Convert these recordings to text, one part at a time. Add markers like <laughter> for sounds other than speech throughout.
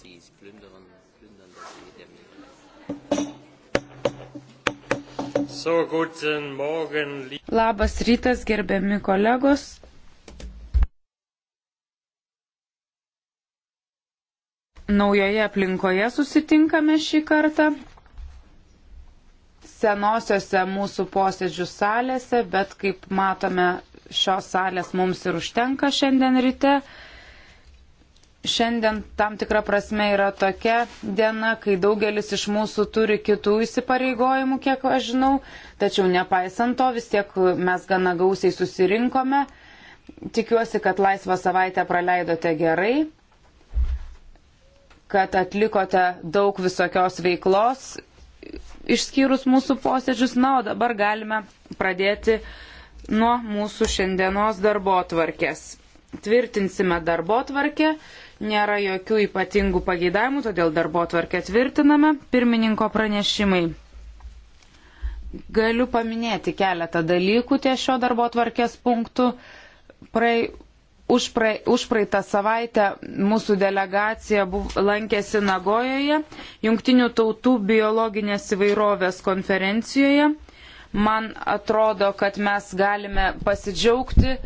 sie, sie plündern, plündern das Edermeer. So, guten Morgen. Labas rytas, gerbiami kolegos. Naujoje aplinkoje susitinkame šį kartą. Senosiose mūsų posėdžių salėse, bet kaip matome, šios salės mums ir užtenka šiandien ryte. Šiandien tam tikra prasme yra tokia diena, kai daugelis iš mūsų turi kitų įsipareigojimų, kiek aš žinau, tačiau nepaisant to vis tiek mes gana gausiai susirinkome. Tikiuosi, kad laisvą savaitę praleidote gerai, kad atlikote daug visokios veiklos, išskyrus mūsų posėdžius. Na, o dabar galime pradėti nuo mūsų šiandienos darbo tvarkės. Tvirtinsime darbo tvarkę. Nėra jokių ypatingų pageidavimų, todėl darbo tvarkę tvirtiname. Pirmininko pranešimai. Galiu paminėti keletą dalykų ties šio darbo tvarkės punktų. Praei, už, pra, už praeitą savaitę mūsų delegacija buv, lankėsi Nagojoje, Junktinių tautų biologinės įvairovės konferencijoje. Man atrodo, kad mes galime pasidžiaugti,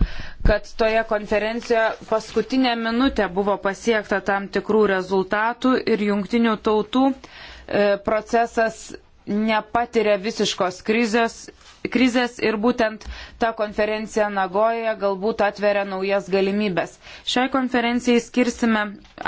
kad toje konferencijoje paskutinė minutė buvo pasiekta tam tikrų rezultatų ir jungtinių tautų e, procesas nepatiria visiškos krizės, krizės ir būtent ta konferencija Nagoje galbūt atveria naujas galimybės. Šiai konferencijai skirsime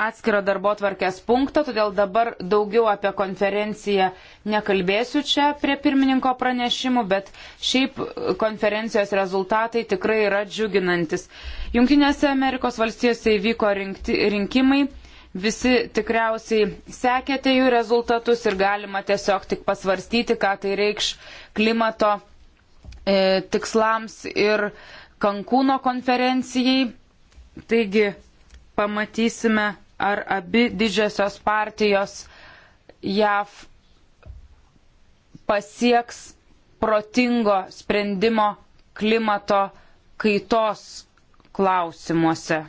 atskirą darbo tvarkės punktą, todėl dabar daugiau apie konferenciją nekalbėsiu čia prie pirmininko pranešimų, bet šiaip konferencijos rezultatai tikrai yra džiuginantis. Junktinėse Amerikos valstijose įvyko rinkti, rinkimai Visi tikriausiai sekėte jų rezultatus ir galima tiesiog tik pasvarstyti, ką tai reikš klimato e, tikslams ir Kankūno konferencijai. Taigi pamatysime, ar abi didžiosios partijos JAV pasieks protingo sprendimo klimato kaitos klausimuose.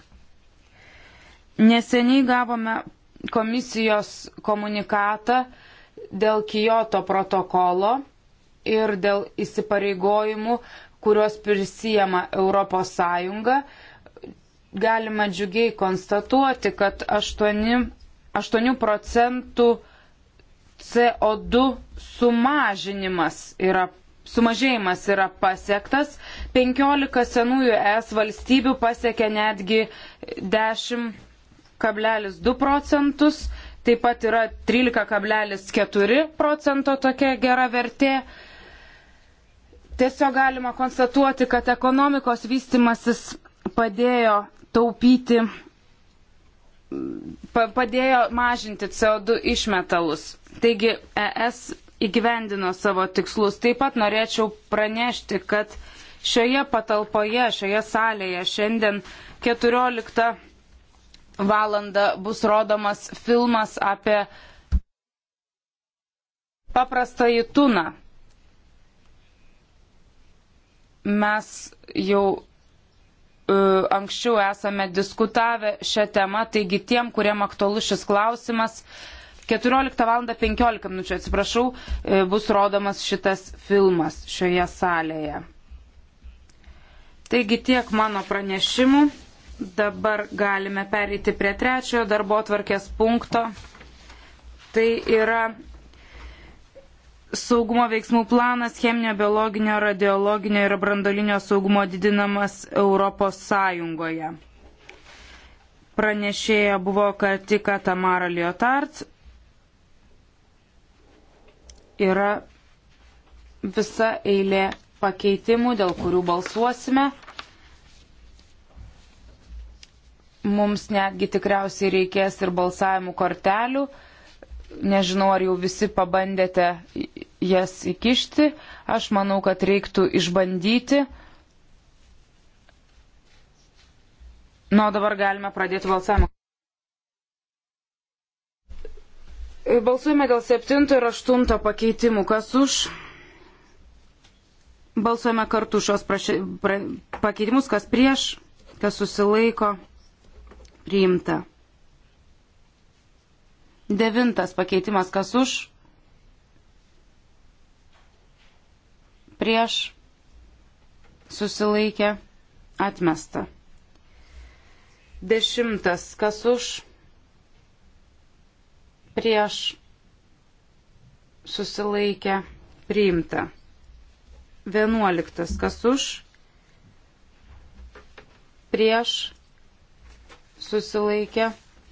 Neseniai gavome komisijos komunikatą dėl Kijoto protokolo ir dėl įsipareigojimų, kuriuos prisijama ES. Galima džiugiai konstatuoti, kad 8, 8 procentų CO2 sumažinimas yra sumažėjimas yra pasiektas, 15 senųjų ES valstybių pasiekė netgi 10 12,2 procentus, taip pat yra 13,4 procento tokia gera vertė. Tiesiog galima konstatuoti, kad ekonomikos vystimasis padėjo taupyti, padėjo mažinti CO2 išmetalus. Taigi ES įgyvendino savo tikslus. Taip pat norėčiau pranešti, kad šioje patalpoje, šioje salėje šiandien 14 valandą bus rodomas filmas apie paprastąjį tuną. Mes jau e, anksčiau esame diskutavę šią temą, taigi tiem, kuriem aktualus šis klausimas, 14.15 minučių, atsiprašau, e, bus rodomas šitas filmas šioje salėje. Taigi tiek mano pranešimų. Dabar galime pereiti prie trečiojo darbo tvarkės punkto. Tai yra saugumo veiksmų planas cheminio, biologinio, radiologinio ir brandolinio saugumo didinamas Europos Sąjungoje. Pranešėja buvo Kartika Tamara Liotart. Yra visa eilė pakeitimų, dėl kurių balsuosime. Mums netgi tikriausiai reikės ir balsavimų kortelių. Nežinau, ar jau visi pabandėte jas įkišti. Aš manau, kad reiktų išbandyti. Na, nu, dabar galime pradėti balsavimą. Balsuojame dėl 7 ir 8 pakeitimų. Kas už? Balsuojame kartu šios prašy... pra... pakeitimus. Kas prieš? Kas susilaiko? priimta. Devintas pakeitimas kas už, prieš, susilaikė, atmesta. Dešimtas kas už, prieš, susilaikė, priimta. Vienuoliktas kas už, prieš, susilaikė,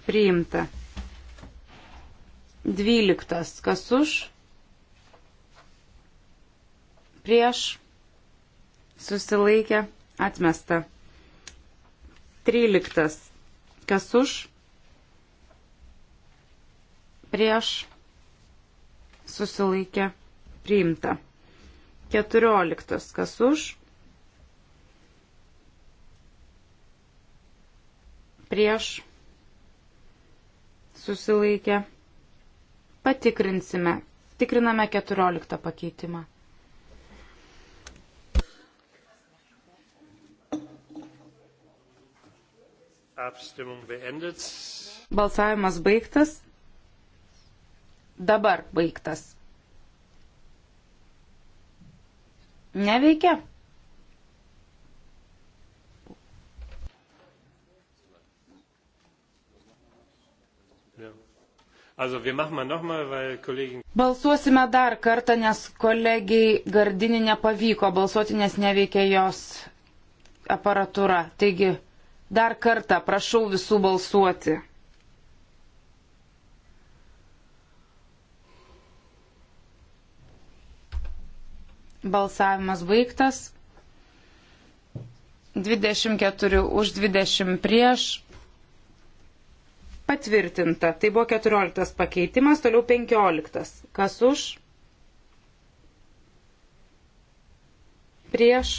priimta. Dvyliktas, kas už, prieš, susilaikė, atmesta. Tryliktas, kas už, prieš, susilaikė, priimta. Keturioliktas, kas už, prieš susilaikė. Patikrinsime. Tikriname 14 pakeitimą. Balsavimas baigtas. Dabar baigtas. Neveikia. Balsuosime dar kartą, nes kolegiai Gardinį nepavyko balsuoti, nes neveikia jos aparatūra. Taigi, dar kartą prašau visų balsuoti. Balsavimas baigtas. 24 už 20 prieš Patvirtinta. Tai buvo 14 pakeitimas, toliau 15. Kas už? Prieš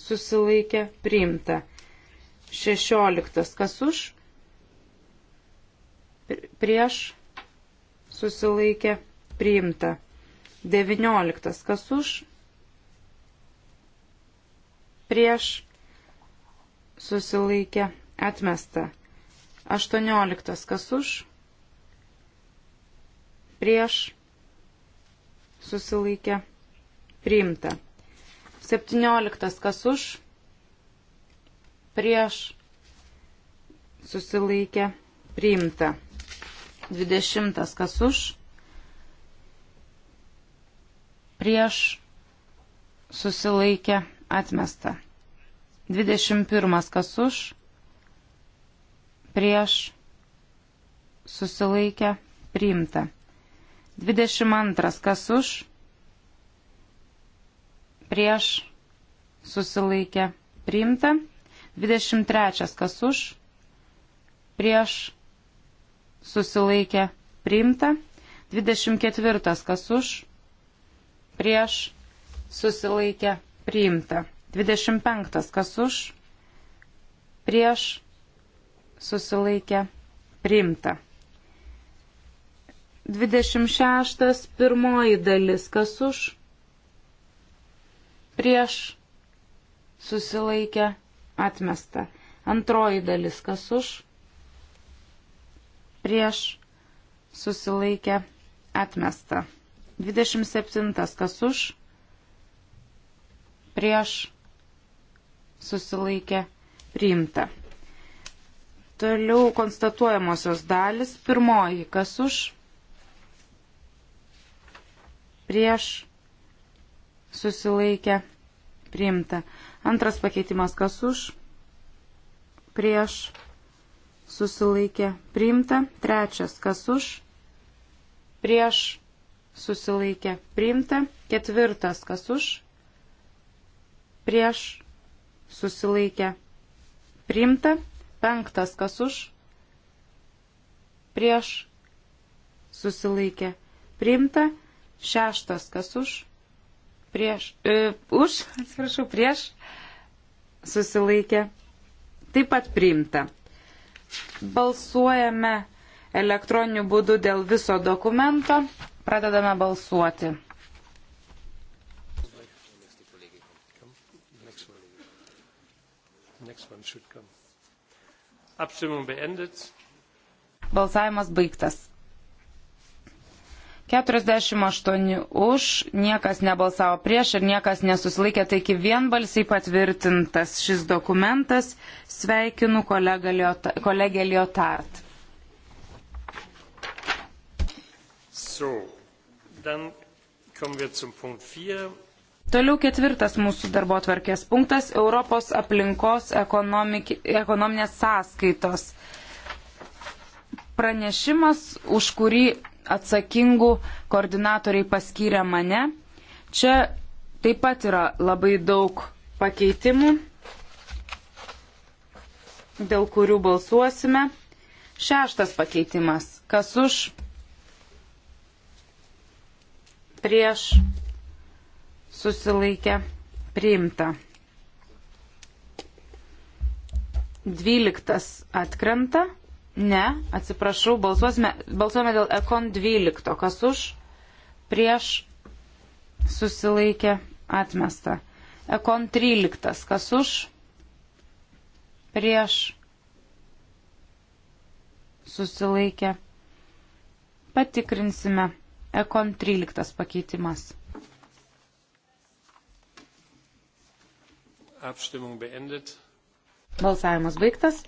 susilaikė priimta. 16. Kas už? Prieš susilaikė priimta. 19. Kas už? Prieš susilaikė atmesta. 18 kas už, prieš, susilaikė, priimta. 17 kas už, prieš, susilaikė, priimta. 20 kas už, prieš, susilaikė, atmesta. 21 kas už, prieš susilaikę priimta. 22. Kas už prieš susilaikę priimta. 23. Kas už prieš susilaikę priimta. 24. Kas už prieš susilaikę priimta. 25. Kas už prieš susilaikė priimta. 26. Pirmoji dalis, kas už, prieš, susilaikė, atmesta. Antroji dalis, kas už, prieš, susilaikė, atmesta. 27. kas už, prieš, susilaikė, priimta. Toliau konstatuojamosios dalis. Pirmoji, kas už, prieš, susilaikę, priimta. Antras pakeitimas, kas už, prieš, susilaikė, priimta. Trečias, kas už, prieš, susilaikė, priimta. Ketvirtas, kas už, prieš, susilaikė, priimta. Penktas, kas už, prieš, susilaikė, priimta. Šeštas, kas už, prieš, e, už, <laughs> atsiprašau, prieš, susilaikė, taip pat priimta. Balsuojame elektroniniu būdu dėl viso dokumento. Pradedame balsuoti. Abstimmung beendet. Balsavimas baigtas. 48 už, niekas nebalsavo prieš ir niekas nesusilaikė, taigi vienbalsiai patvirtintas šis dokumentas. Sveikinu kolegę Liotart. So, dann kommen wir zum Punkt 4. Toliau ketvirtas mūsų darbo tvarkės punktas - Europos aplinkos ekonominės sąskaitos. Pranešimas, už kurį atsakingų koordinatoriai paskyrė mane. Čia taip pat yra labai daug pakeitimų, dėl kurių balsuosime. Šeštas pakeitimas. Kas už? Prieš susilaikė priimta. 12 atkrenta. Ne, atsiprašau, balsuosime, balsuojame dėl Ekon 12. Kas už? Prieš susilaikė atmesta. Ekon 13. Kas už? Prieš susilaikė. Patikrinsime. Ekon 13 pakeitimas. Abstimmung beendet. Balsavimas baigtas.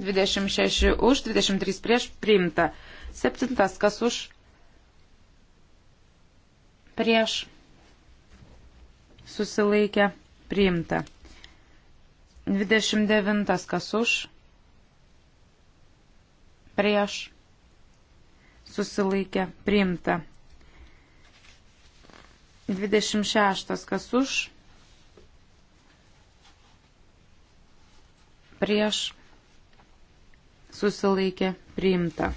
26 už, 23 prieš priimta. Septintas, kas už prieš susilaikė priimta. 29 kas už prieš susilaikė priimta. 26. Kas už? Prieš susilaikė priimta.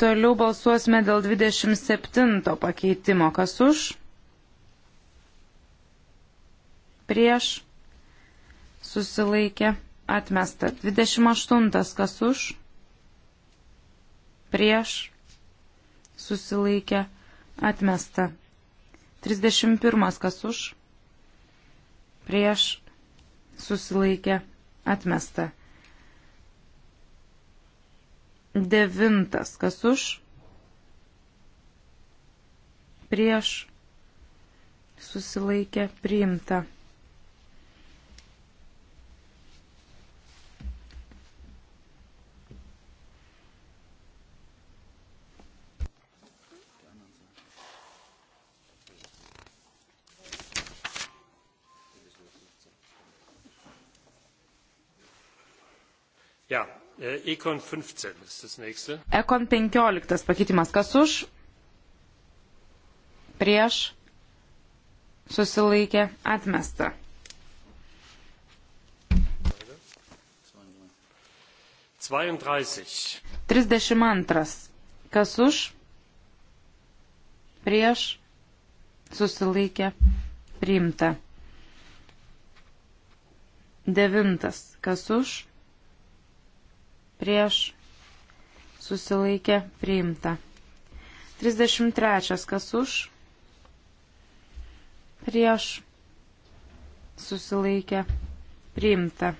Toliau balsuosime dėl 27 pakeitimo. Kas už? Prieš susilaikė atmesta. 28. Kas už? prieš, susilaikė, atmesta. 31 kas už, prieš, susilaikė, atmesta. 9 kas už, prieš, susilaikė, priimta. Ja, äh, Ekon 15 ist das nächste. Ekon 15 pakeitimas. Kas už? Prieš? Susilaikė? Atmesta. Trisdešimt antras. Kas už? Prieš? Susilaikė? Priimta. Devintas. Kas už? prieš susilaikė priimta. 33. Kas už prieš susilaikė priimta.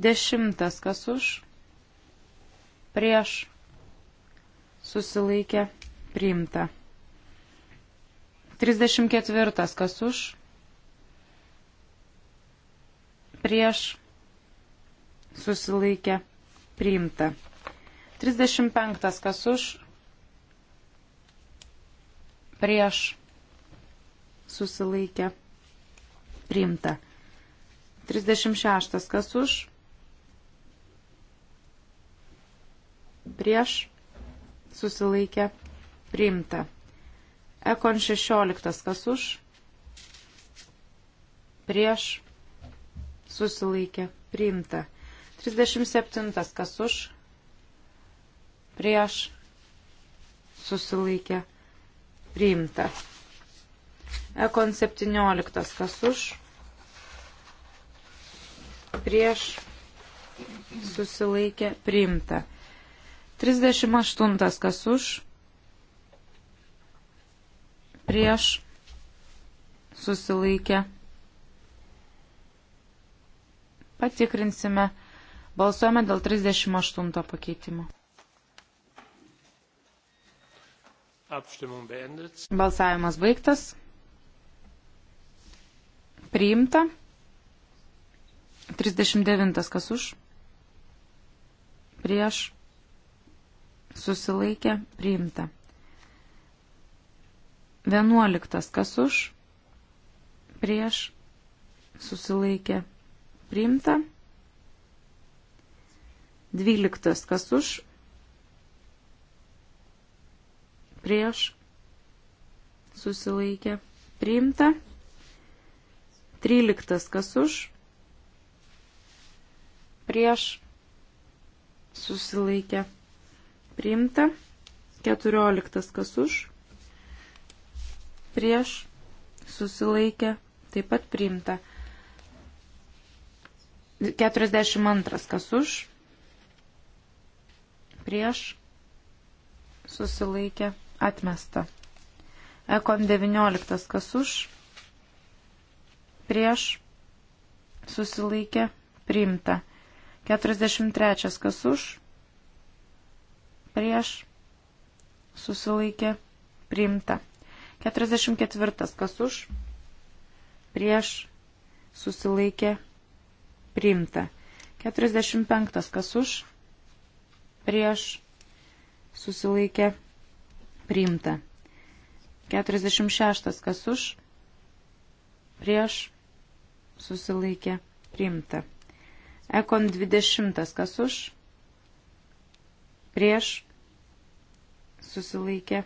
10. Kas už prieš susilaikė priimta. 34. Kas už prieš susilaikė priimta priimta. 35. Kas už? Prieš susilaikė priimta. 36. Kas už? Prieš susilaikė priimta. Ekon 16. Kas už? Prieš susilaikė priimta. 37. Kas už? Prieš susilaikė priimta. Ekon 17. Kas už? Prieš susilaikė priimta. 38. Kas už? Prieš susilaikė. Patikrinsime Balsuojame dėl 38 pakeitimo. Balsavimas baigtas. Priimta. 39 kas už. Prieš. Susilaikė. Priimta. 11 kas už. Prieš. Susilaikė. Priimta. 12. Kas už? Prieš. Susilaikė. Priimta. 13. Kas už? Prieš. Susilaikė. Priimta. 14. Kas už? Prieš. Susilaikė. Taip pat priimta. 42. Kas už? prieš susilaikė atmesta. Ekon 19 kas už prieš susilaikė priimta. 43 kas už prieš susilaikė priimta. 44 kas už prieš susilaikė priimta. 45 kas už prieš prieš susilaikė priimta. 46 kas už prieš susilaikė priimta. Ekon 20 kas už prieš susilaikė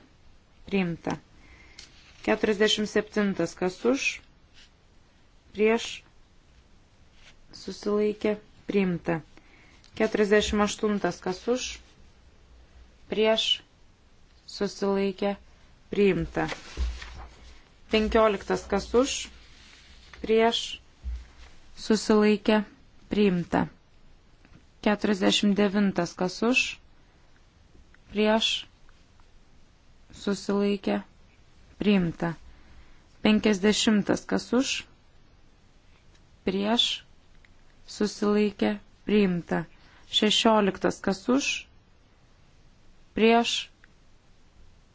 priimta. 47 kas už prieš susilaikė priimta. 48 kas už, prieš, susilaikė, priimta. 15 kas už, prieš, susilaikė, priimta. 49 kas už, prieš, susilaikė, priimta. 50 kas už, prieš, susilaikė, priimta. 16 kas už, prieš,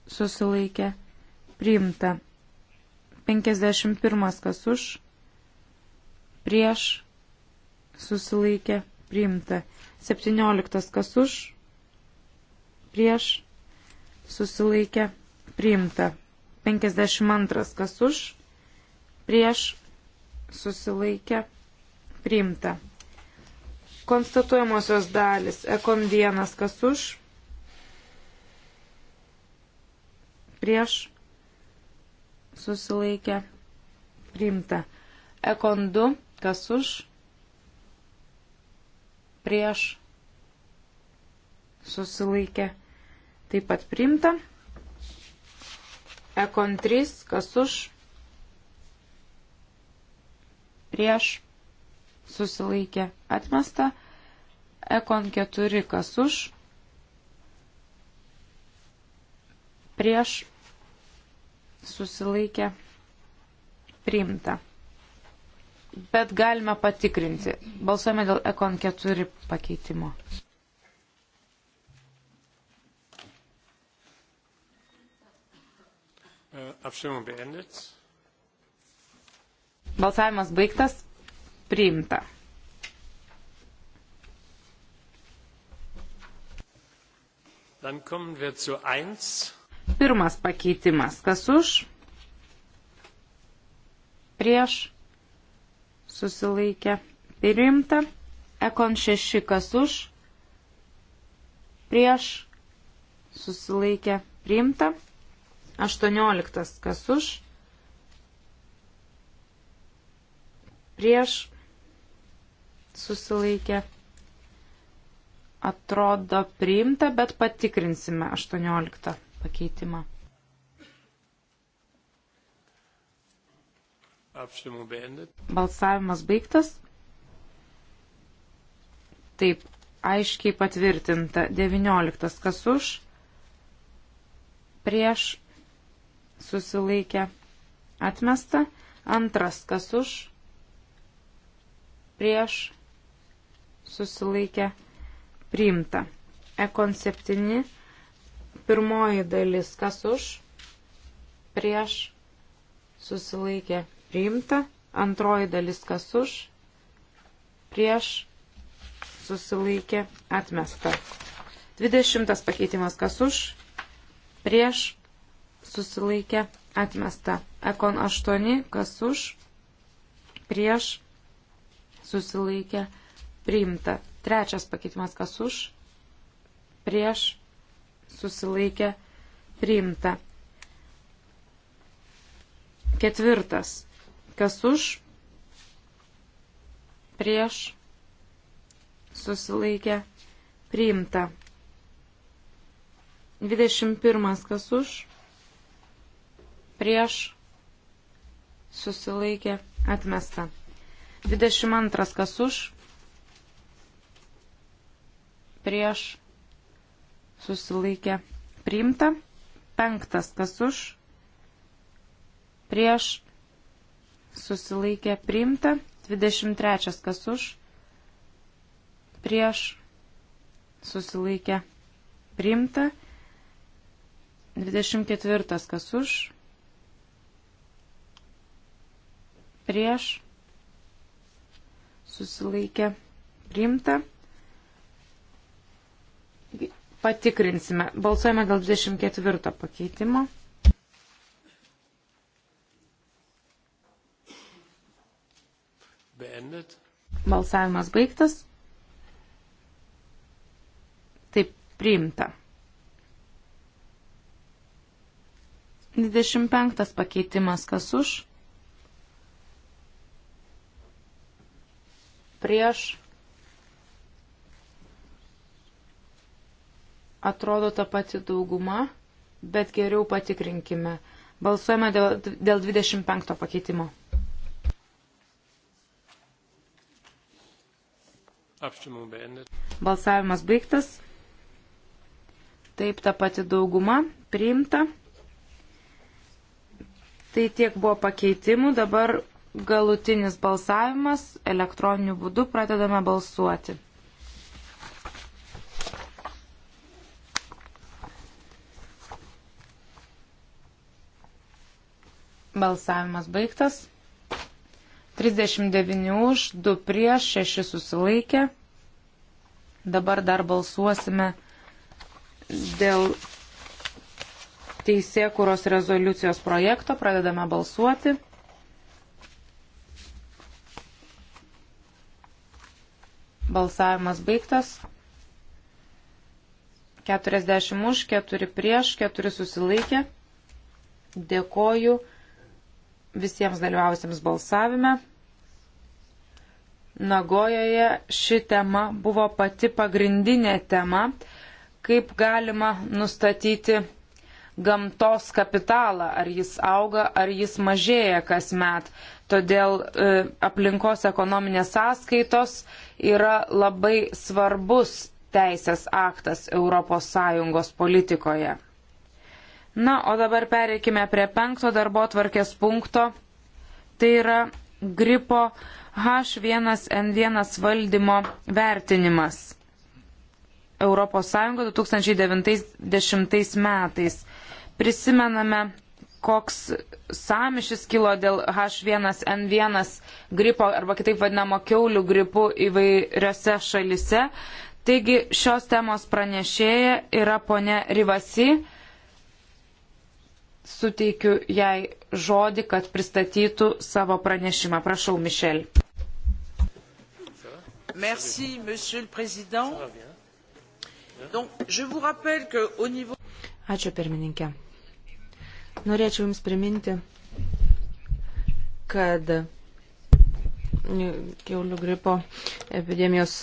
susilaikė, priimta. 51 kas už, prieš, susilaikė, priimta. 17 kas už, prieš, susilaikė, priimta. 52 kas už, prieš, susilaikė, priimta. Konstatuojamosios dalis. Ekon vienas kas už. Prieš. Susilaikė. Priimta. Ekon 2 kas už. Prieš. Susilaikė. Taip pat priimta. Ekon 3 kas už. Prieš susilaikė atmesta, ekon 4 kas už, prieš susilaikė priimta. Bet galime patikrinti. Balsuojame dėl ekon 4 pakeitimo. Äh, Abstimmung beendet. Balsavimas baigtas priimta. Pirmas pakeitimas. Kas už? Prieš. Susilaikė. Priimta. Ekon 6. Kas už? Prieš. Susilaikė. Priimta. 18. Kas už? Prieš susilaikė. Atrodo priimta, bet patikrinsime 18 pakeitimą. Balsavimas baigtas. Taip, aiškiai patvirtinta 19 kas už, prieš susilaikė atmesta, antras kas už, prieš susilaikė priimta. Ekon 7 pirmoji dalis kas už prieš susilaikė priimta. Antroji dalis kas už prieš susilaikė atmesta. 20 pakeitimas kas už prieš susilaikė atmesta. Ekon 8 kas už prieš susilaikė atmesta priimta. Trečias pakeitimas, kas už, prieš, susilaikė, priimta. Ketvirtas, kas už, prieš, susilaikė, priimta. 21 kas už, prieš, susilaikė, atmesta. 22 kas už, prieš susilaikė priimta. Penktas, kas už, prieš susilaikė priimta. 23, kas už, prieš susilaikė priimta. 24, kas už, prieš susilaikė priimta patikrinsime. Balsuojame dėl 24 pakeitimo. Beendet. Balsavimas baigtas. Taip, priimta. 25 pakeitimas kas už? Prieš atrodo ta pati dauguma, bet geriau patikrinkime. Balsuojame dėl, dėl 25 pakeitimo. Balsavimas baigtas. Taip, ta pati dauguma priimta. Tai tiek buvo pakeitimų, dabar galutinis balsavimas elektroniniu būdu pradedame balsuoti. Balsavimas baigtas. 39 už, 2 prieš, 6 susilaikė. Dabar dar balsuosime dėl teisėkuros rezoliucijos projekto. Pradedame balsuoti. Balsavimas baigtas. 40 už, 4 prieš, 4 susilaikė. Dėkoju visiems dalyvausiems balsavime. Nagojoje ši tema buvo pati pagrindinė tema, kaip galima nustatyti gamtos kapitalą, ar jis auga, ar jis mažėja kasmet. Todėl e, aplinkos ekonominės sąskaitos yra labai svarbus teisės aktas ES politikoje. Na, o dabar pereikime prie penkto darbo tvarkės punkto. Tai yra gripo H1N1 valdymo vertinimas. ES 2090 metais. Prisimename, koks samišis kilo dėl H1N1 gripo arba kitaip vadinamo keulių gripų įvairiose šalise. Taigi šios temos pranešėja yra ponia Rivasi suteikiu jai žodį, kad pristatytų savo pranešimą. Prašau, Mišel. Merci, monsieur le président. Donc, je vous rappelle que au niveau... Ačiū, pirmininkė. Norėčiau Jums priminti, kad keulių gripo epidemijos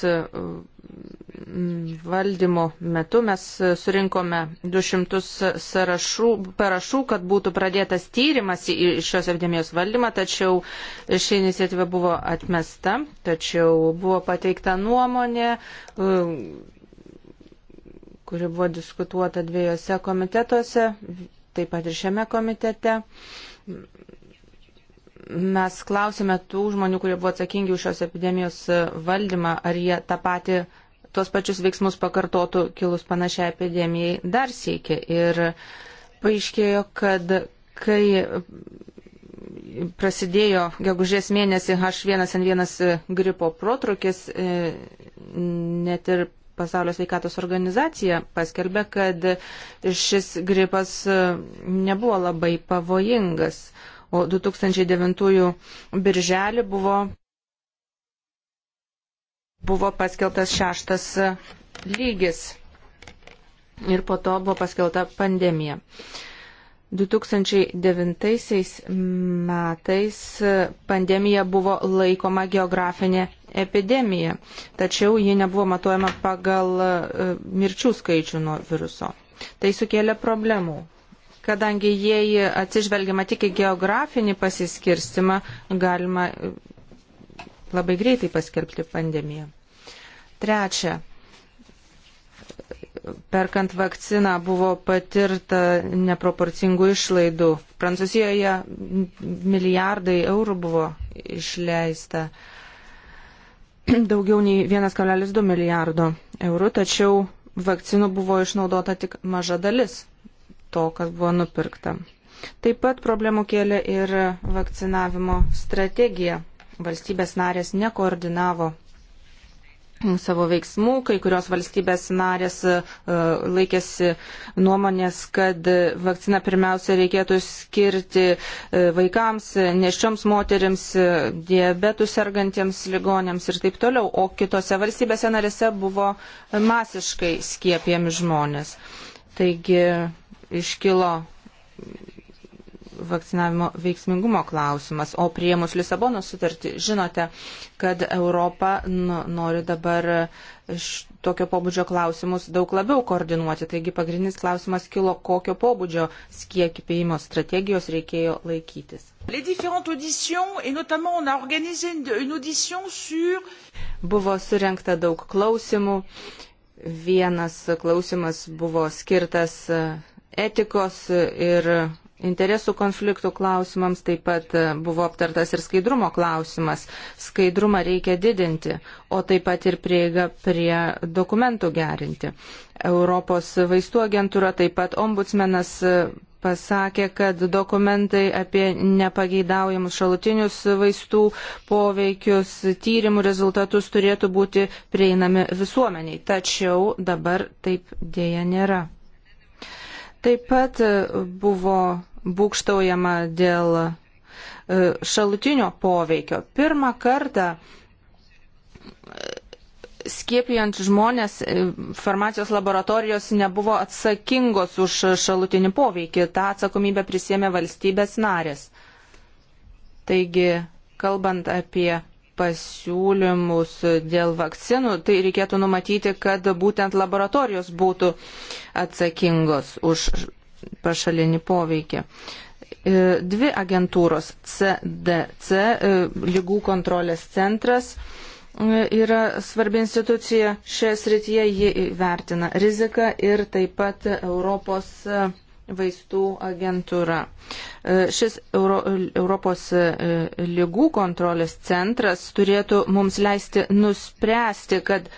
valdymo metu mes surinkome 200 sąrašų, parašų, kad būtų pradėtas tyrimas į šios epidemijos valdymą, tačiau ši iniciatyva buvo atmesta, tačiau buvo pateikta nuomonė, kuri buvo diskutuota dviejose komitetuose, taip pat ir šiame komitete mes klausime tų žmonių, kurie buvo atsakingi už šios epidemijos valdymą, ar jie tą patį tuos pačius veiksmus pakartotų kilus panašiai epidemijai dar siekia. Ir paaiškėjo, kad kai prasidėjo gegužės mėnesį H1N1 gripo protrukis, e, net ir Pasaulio sveikatos organizacija paskelbė, kad šis gripas e, nebuvo labai pavojingas. O 2009 birželį buvo buvo paskeltas šeštas e, lygis ir po to buvo paskelta pandemija. 2009 metais e, pandemija buvo laikoma geografinė epidemija, tačiau ji nebuvo matuojama pagal e, mirčių skaičių nuo viruso. Tai sukėlė problemų, kadangi jei atsižvelgiama tik į geografinį pasiskirstimą, galima labai greitai paskelbti pandemiją. Trečia, perkant vakciną buvo patirta neproporcingų išlaidų. Prancūzijoje milijardai eurų buvo išleista, daugiau nei 1,2 milijardo eurų, tačiau vakcinų buvo išnaudota tik maža dalis to, kas buvo nupirkta. Taip pat problemų kėlė ir vakcinavimo strategija. Valstybės narės nekoordinavo savo veiksmų, kai kurios valstybės narės e, laikėsi nuomonės, kad vakciną pirmiausia reikėtų skirti e, vaikams, neščioms moteriams, e, diabetų sergantiems ligonėms ir taip toliau, o kitose valstybėse narėse buvo masiškai skiepijami žmonės. Taigi iškilo vakcinavimo veiksmingumo klausimas. O priemus Lisabono sutartį žinote, kad Europa nori dabar tokio pobūdžio klausimus daug labiau koordinuoti. Taigi pagrindinis klausimas kilo, kokio pobūdžio skiekį pėjimo strategijos reikėjo laikytis. Buvo surinkta daug klausimų. Vienas klausimas buvo skirtas etikos ir interesų konfliktų klausimams, taip pat e, buvo aptartas ir skaidrumo klausimas. Skaidrumą reikia didinti, o taip pat ir prieiga prie dokumentų gerinti. Europos vaistų agentūra, taip pat ombudsmenas e, pasakė, kad dokumentai apie nepageidaujamus šalutinius vaistų poveikius, tyrimų rezultatus turėtų būti prieinami visuomeniai. Tačiau dabar taip dėja nėra. Taip pat e, buvo būkštaujama dėl e, šalutinio poveikio. Pirmą kartą e, skiepijant žmonės farmacijos laboratorijos nebuvo atsakingos už šalutinį poveikį. Ta atsakomybė prisėmė valstybės narės. Taigi, kalbant apie pasiūlymus dėl vakcinų, tai reikėtų numatyti, kad būtent laboratorijos būtų atsakingos už pašalinį poveikį. E, dvi agentūros CDC, e, lygų kontrolės centras, e, yra svarbi institucija šioje srityje, ji vertina riziką ir taip pat Europos vaistų agentūra. E, šis Euro, Europos e, lygų kontrolės centras turėtų mums leisti nuspręsti, kad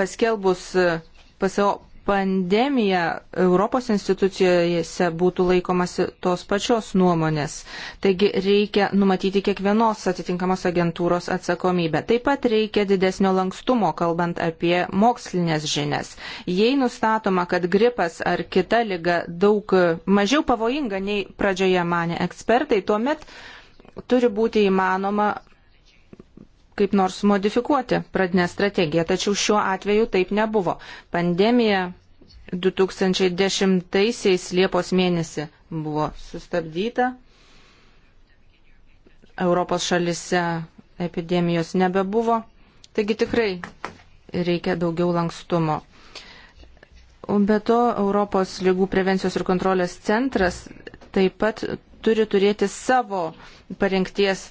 paskelbus e, PSO pandemiją Europos institucijose būtų laikomasi tos pačios nuomonės. Taigi reikia numatyti kiekvienos atitinkamos agentūros atsakomybę. Taip pat reikia didesnio lankstumo, kalbant apie mokslinės žinias. Jei nustatoma, kad gripas ar kita lyga daug mažiau pavojinga nei pradžioje mane ekspertai, tuomet turi būti įmanoma kaip nors modifikuoti pradinę strategiją, tačiau šiuo atveju taip nebuvo. Pandemija 2010 Liepos mėnesį buvo sustabdyta. Europos šalise epidemijos nebebuvo. Taigi tikrai reikia daugiau lankstumo. Be to, Europos lygų prevencijos ir kontrolės centras taip pat turi turėti savo parengties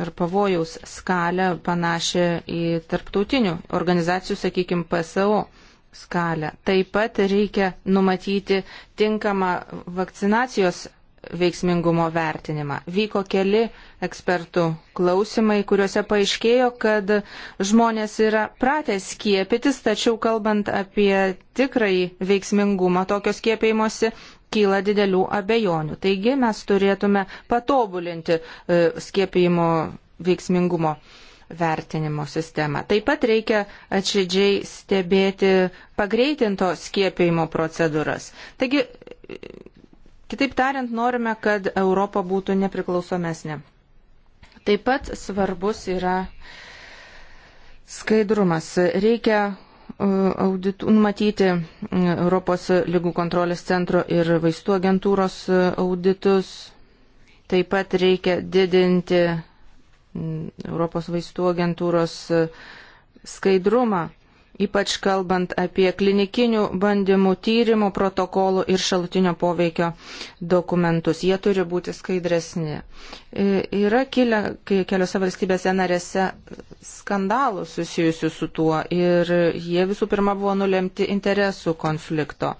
ir pavojaus skalę panašią į tarptautinių organizacijų, sakykime, PSO skalę. Taip pat reikia numatyti tinkamą vakcinacijos veiksmingumo vertinimą. Vyko keli ekspertų klausimai, kuriuose paaiškėjo, kad žmonės yra pratę skiepytis, tačiau kalbant apie tikrąjį veiksmingumą tokio skiepėjimosi, kyla didelių abejonių. Taigi mes turėtume patobulinti e, skiepijimo veiksmingumo vertinimo sistemą. Taip pat reikia atšidžiai stebėti pagreitinto skiepijimo procedūras. Taigi, e, kitaip tariant, norime, kad Europa būtų nepriklausomesnė. Taip pat svarbus yra skaidrumas. Reikia E, auditų, numatyti Europos lygų kontrolės centro ir vaistų agentūros e, auditus. Taip pat reikia didinti Europos vaistų agentūros e, skaidrumą ypač kalbant apie klinikinių bandymų tyrimų protokolų ir šalutinio poveikio dokumentus. Jie turi būti skaidresni. E, yra kilę keliose valstybėse narėse skandalų susijusių su tuo ir jie visų pirma buvo nulemti interesų konflikto.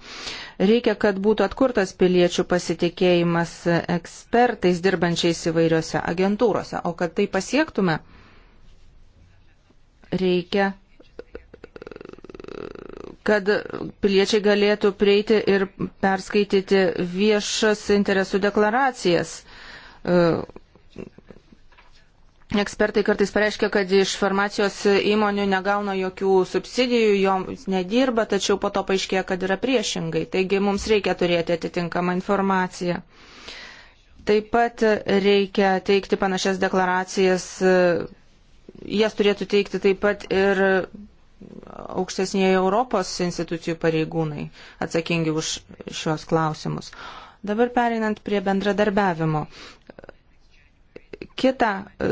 Reikia, kad būtų atkurtas piliečių pasitikėjimas ekspertais dirbančiais įvairiose agentūrose, o kad tai pasiektume, reikia kad piliečiai galėtų prieiti ir perskaityti viešas interesų deklaracijas. E, ekspertai kartais pareiškia, kad iš farmacijos įmonių negauna jokių subsidijų, joms nedirba, tačiau po to paaiškėja, kad yra priešingai. Taigi mums reikia turėti atitinkamą informaciją. Taip pat reikia teikti panašias deklaracijas, e, jas turėtų teikti taip pat ir aukštesnėje Europos institucijų pareigūnai atsakingi už šios klausimus. Dabar pereinant prie bendradarbiavimo. Kita e,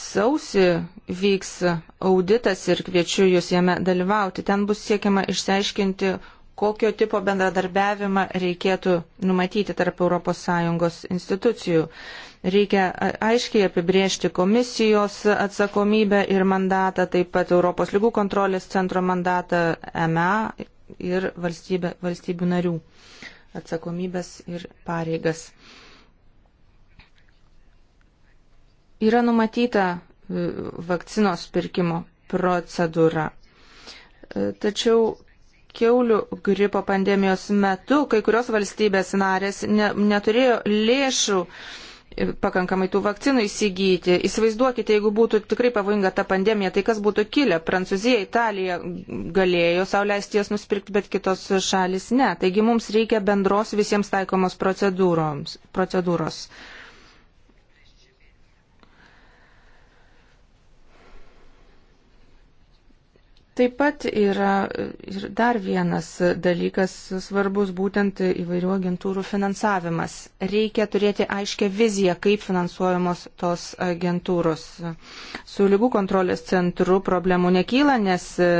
sausi vyks auditas ir kviečiu jūs jame dalyvauti. Ten bus siekiama išsiaiškinti, kokio tipo bendradarbiavimą reikėtų numatyti tarp ES institucijų. Reikia aiškiai apibriežti komisijos atsakomybę ir mandatą, taip pat Europos lygų kontrolės centro mandatą EMA ir valstybė, valstybių narių atsakomybės ir pareigas. Yra numatyta e, vakcinos pirkimo procedūra. E, tačiau keulių gripo pandemijos metu kai kurios valstybės narės ne, neturėjo lėšų pakankamai tų vakcinų įsigyti. Įsivaizduokite, jeigu būtų tikrai pavojinga ta pandemija, tai kas būtų kilę? Prancūzija, Italija galėjo sauliaisti jas nusipirkti, bet kitos šalis ne. Taigi mums reikia bendros visiems taikomos procedūros. Taip pat yra e, ir dar vienas dalykas svarbus, būtent įvairių agentūrų finansavimas. Reikia turėti aiškę viziją, kaip finansuojamos tos agentūros. Su lygų kontrolės centru problemų nekyla, nes e,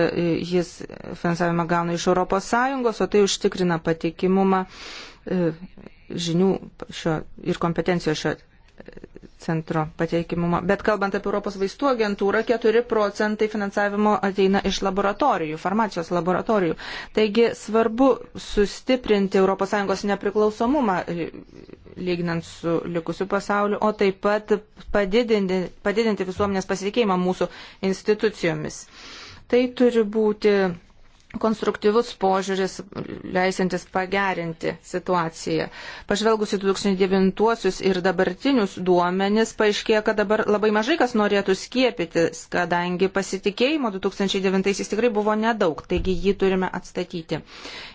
jis finansavimą gauna iš ES, o tai užtikrina patikimumą e, žinių šio, ir kompetencijos šio centro pateikimumo. Bet kalbant apie Europos vaistų agentūrą, 4 procentai finansavimo ateina iš laboratorijų, farmacijos laboratorijų. Taigi svarbu sustiprinti ES nepriklausomumą e, lyginant su likusiu pasauliu, o taip pat padidinti, padidinti visuomenės pasitikėjimą mūsų institucijomis. Tai turi būti konstruktyvus požiūris, leisantis pagerinti situaciją. Pažvelgus į 2009 ir dabartinius duomenis, paaiškėjo, kad dabar labai mažai kas norėtų skiepytis, kadangi pasitikėjimo 2009 tikrai buvo nedaug, taigi jį turime atstatyti.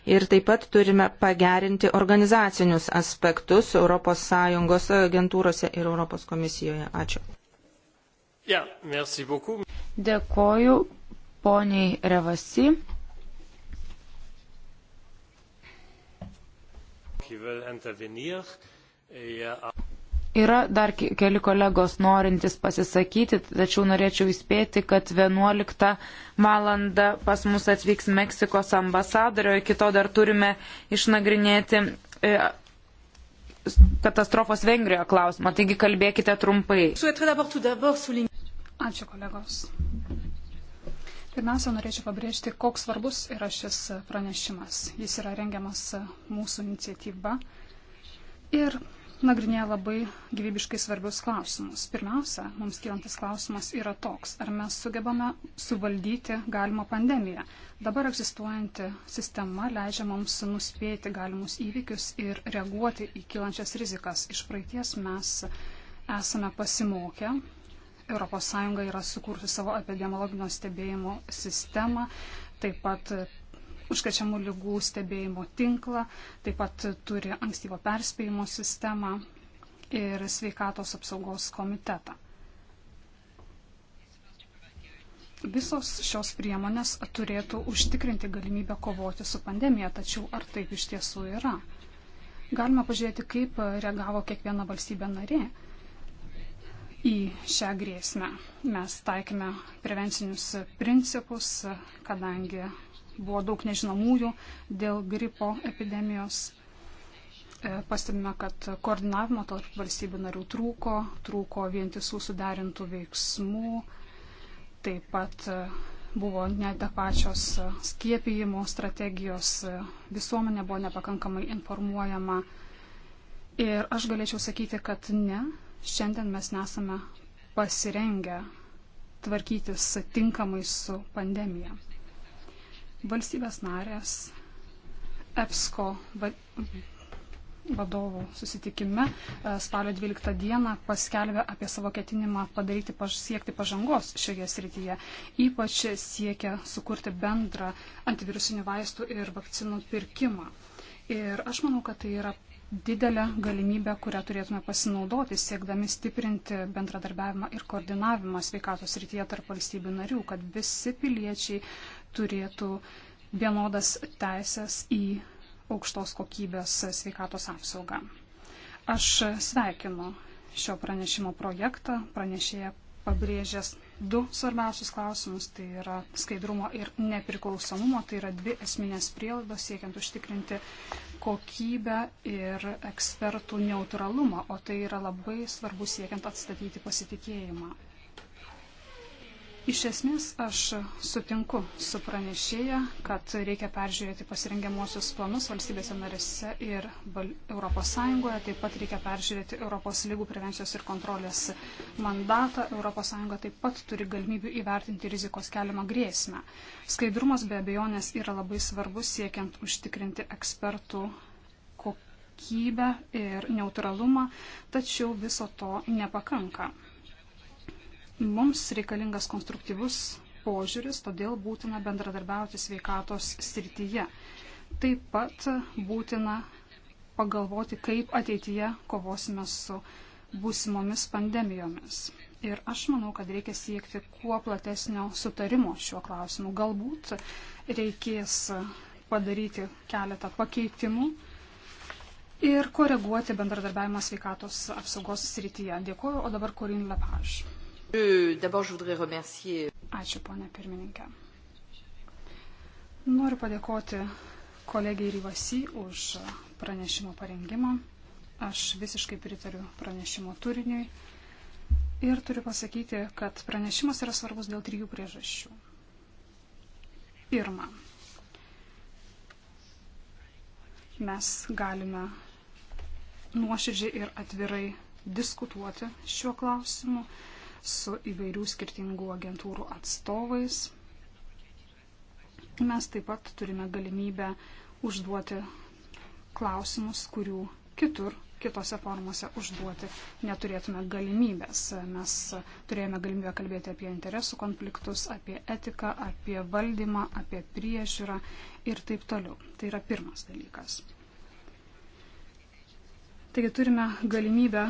Ir taip pat turime pagerinti organizacinius aspektus ES agentūrose ir ES komisijoje. Ačiū. Ja, Dėkoju poniai Revasi. Yra dar keli kolegos norintys pasisakyti, tačiau norėčiau įspėti, kad 11 valandą pas mus atvyks Meksikos ambasadorio, iki to dar turime išnagrinėti e, katastrofos Vengrijoje klausimą, taigi kalbėkite trumpai. Ačiū kolegos. Pirmiausia, norėčiau pabrėžti, koks svarbus yra šis pranešimas. Jis yra rengiamas mūsų iniciatyva ir nagrinėja labai gyvybiškai svarbius klausimus. Pirmiausia, mums kylantis klausimas yra toks, ar mes sugebame suvaldyti galimą pandemiją. Dabar egzistuojanti sistema leidžia mums nuspėti galimus įvykius ir reaguoti į kylančias rizikas. Iš praeities mes esame pasimokę ES yra sukurti savo epidemiologinio stebėjimo sistemą, taip pat užkačiamų lygų stebėjimo tinklą, taip pat turi ankstyvo perspėjimo sistemą ir sveikatos apsaugos komitetą. Visos šios priemonės turėtų užtikrinti galimybę kovoti su pandemija, tačiau ar taip iš tiesų yra? Galima pažiūrėti, kaip reagavo kiekviena valstybė narė į šią grėsmę. Mes taikėme prevencinius principus, kadangi buvo daug nežinomųjų dėl gripo epidemijos. E, pastebime, kad koordinavimo tarp valstybių narių trūko, trūko vientisų suderintų veiksmų, taip pat e, buvo neadekvačios e, skiepijimo strategijos, visuomenė buvo nepakankamai informuojama. Ir aš galėčiau sakyti, kad ne, Šiandien mes nesame pasirengę tvarkytis tinkamai su pandemija. Valstybės narės EPSCO vadovų susitikime e, spalio 12 dieną paskelbė apie savo ketinimą padaryti, siekti pažangos šioje srityje. Ypač siekia sukurti bendrą antivirusinių vaistų ir vakcinų pirkimą. Ir aš manau, kad tai yra didelę galimybę, kurią turėtume pasinaudoti, siekdami stiprinti bendradarbiavimą ir koordinavimą sveikatos rytyje tarp valstybių narių, kad visi piliečiai turėtų vienodas teisės į aukštos kokybės sveikatos apsaugą. Aš sveikinu šio pranešimo projektą, pranešėja pabrėžęs du svarbiausius klausimus, tai yra skaidrumo ir nepriklausomumo, tai yra dvi esminės prielaidos siekiant užtikrinti kokybę ir ekspertų neutralumą, o tai yra labai svarbu siekiant atstatyti pasitikėjimą. Iš esmės aš sutinku su pranešėja, kad reikia peržiūrėti pasirengiamuosius planus valstybėse narėse ir ES, taip pat reikia peržiūrėti Europos lygų prevencijos ir kontrolės mandatą, ES taip pat turi galimybių įvertinti rizikos keliamą grėsmę. Skaidrumas be abejonės yra labai svarbus siekiant užtikrinti ekspertų kokybę ir neutralumą, tačiau viso to nepakanka. Mums reikalingas konstruktyvus požiūris, todėl būtina bendradarbiauti sveikatos srityje. Taip pat būtina pagalvoti, kaip ateityje kovosime su būsimomis pandemijomis. Ir aš manau, kad reikia siekti kuo platesnio sutarimo šiuo klausimu. Galbūt reikės padaryti keletą pakeitimų ir koreguoti bendradarbiavimą sveikatos apsaugos srityje. Dėkuoju, o dabar Korin Lepaž. Ačiū, ponė pirmininkė. Noriu padėkoti kolegiai Ryvasi už pranešimo parengimą. Aš visiškai pritariu pranešimo turiniui ir turiu pasakyti, kad pranešimas yra svarbus dėl trijų priežasčių. Pirma, mes galime nuoširdžiai ir atvirai diskutuoti šiuo klausimu su įvairių skirtingų agentūrų atstovais. Mes taip pat turime galimybę užduoti klausimus, kurių kitur, kitose formose užduoti neturėtume galimybės. Mes turėjome galimybę kalbėti apie interesų konfliktus, apie etiką, apie valdymą, apie priežiūrą ir taip toliau. Tai yra pirmas dalykas. Taigi turime galimybę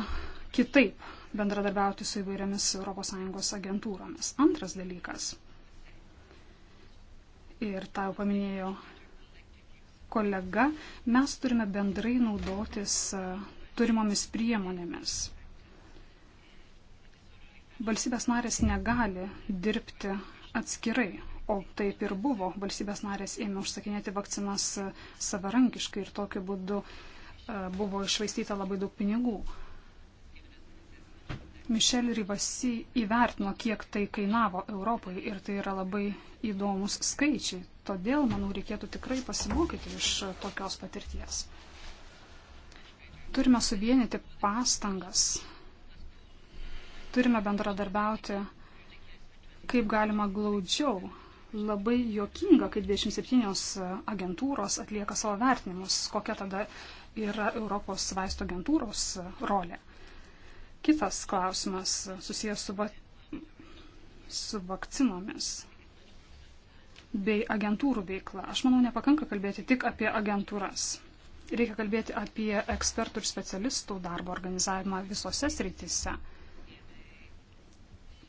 kitaip bendradarbiauti su įvairiomis ES agentūromis. Antras dalykas, ir tą jau paminėjo kolega, mes turime bendrai naudotis e, turimomis priemonėmis. Valstybės narės negali dirbti atskirai O taip ir buvo. Valstybės narės ėmė užsakinėti vakcinas e, savarankiškai ir tokiu būdu e, buvo išvaistyta labai daug pinigų. Mišel Rivasi įvertino, kiek tai kainavo Europai ir tai yra labai įdomus skaičiai. Todėl, manau, reikėtų tikrai pasimokyti iš tokios patirties. Turime suvienyti pastangas, turime bendradarbiauti kaip galima glaudžiau. Labai jokinga, kai 27 agentūros atlieka savo vertinimus, kokia tada yra Europos vaisto agentūros rolė. Kitas klausimas susijęs su, va, su vakcinomis bei agentūrų veikla. Aš manau, nepakanka kalbėti tik apie agentūras. Reikia kalbėti apie ekspertų ir specialistų darbo organizavimą visose srityse.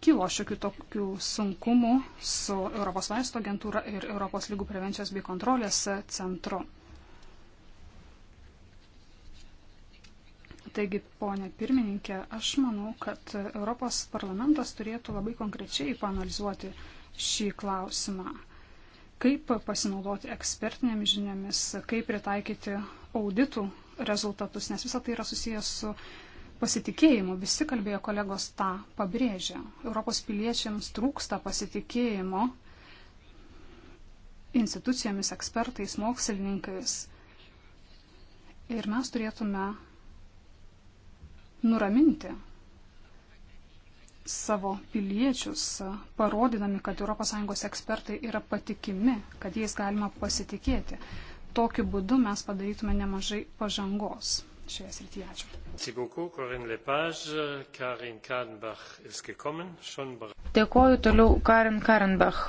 Kilo šiokių tokių sunkumų su Europos vaisto agentūra ir Europos lygų prevencijos bei kontrolės centru. Taigi, ponė pirmininkė, aš manau, kad Europos parlamentas turėtų labai konkrečiai panalizuoti šį klausimą. Kaip pasinaudoti ekspertinėmis žiniomis, kaip pritaikyti auditų rezultatus, nes visa tai yra susijęs su pasitikėjimu. Visi kalbėjo kolegos tą pabrėžę. Europos piliečiams trūksta pasitikėjimo institucijomis, ekspertais, mokslininkais. Ir mes turėtume nuraminti savo piliečius, parodydami, kad ES ekspertai yra patikimi, kad jais galima pasitikėti. Tokiu būdu mes padarytume nemažai pažangos šioje srityje. Ačiū. Dėkoju toliau Karin Karenbach.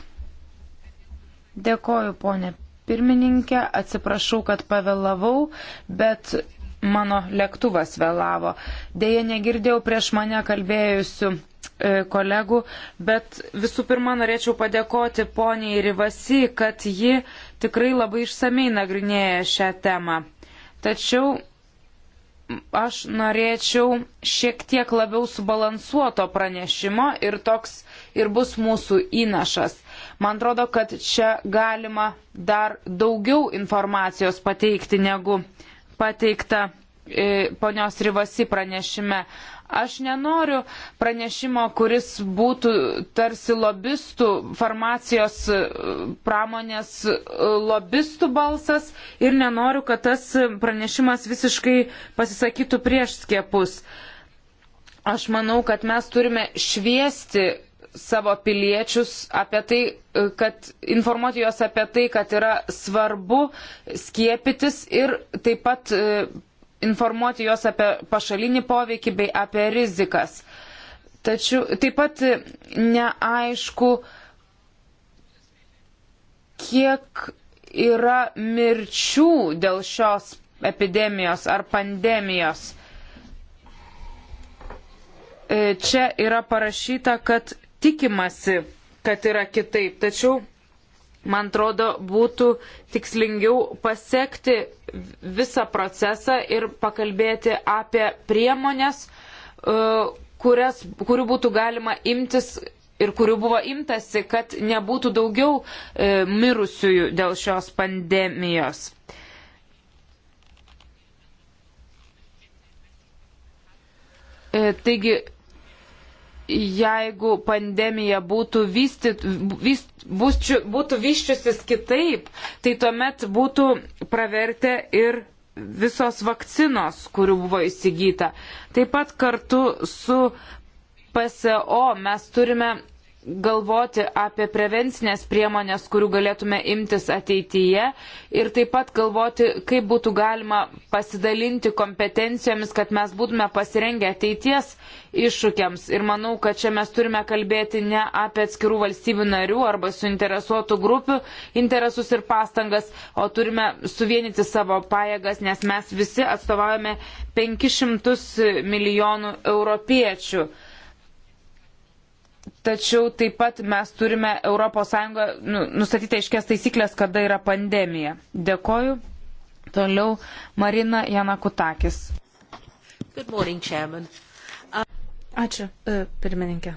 Dėkoju, ponė pirmininkė, atsiprašau, kad pavėlavau, bet mano lėktuvas vėlavo. Deja, negirdėjau prieš mane kalbėjusių e, kolegų, bet visų pirma norėčiau padėkoti poniai Rivasi, kad ji tikrai labai išsamei nagrinėja šią temą. Tačiau aš norėčiau šiek tiek labiau subalansuoto pranešimo ir toks ir bus mūsų įnašas. Man atrodo, kad čia galima dar daugiau informacijos pateikti negu uh, pateikta e, ponios Rivasi pranešime. Aš nenoriu pranešimo, kuris būtų tarsi lobistų, farmacijos e, pramonės e, lobistų balsas ir nenoriu, kad tas pranešimas visiškai pasisakytų prieš skiepus. Aš manau, kad mes turime šviesti savo piliečius apie tai, e, kad informuoti juos apie tai, kad yra svarbu skiepytis ir taip pat e, informuoti juos apie pašalinį poveikį bei apie rizikas. Tačiau taip pat neaišku, kiek yra mirčių dėl šios epidemijos ar pandemijos e, čia yra parašyta, kad tikimasi, kad yra kitaip. Tačiau, man atrodo, būtų tikslingiau pasiekti visą procesą ir pakalbėti apie priemonės, e, kurias, kurių būtų galima imtis ir kurių buvo imtasi, kad nebūtų daugiau e, mirusiųjų dėl šios pandemijos. E, taigi, jeigu pandemija būtų, vystyt, vyst, būčių, būtų vyščiusis kitaip, tai tuomet būtų pravertę ir visos vakcinos, kurių buvo įsigyta. Taip pat kartu su PSO mes turime galvoti apie prevencinės priemonės, kurių galėtume imtis ateityje ir taip pat galvoti, kaip būtų galima pasidalinti kompetencijomis, kad mes būtume pasirengę ateities iššūkiams. Ir manau, kad čia mes turime kalbėti ne apie atskirų valstybių narių arba suinteresuotų grupių interesus ir pastangas, o turime suvienyti savo pajėgas, nes mes visi atstovaujame 500 milijonų europiečių tačiau taip pat mes turime ES nu, nustatyti aiškės taisyklės, kada yra pandemija. Dėkoju. Toliau Marina Janakutakis. Good morning, Chairman. Uh... Ačiū, e, pirmininkė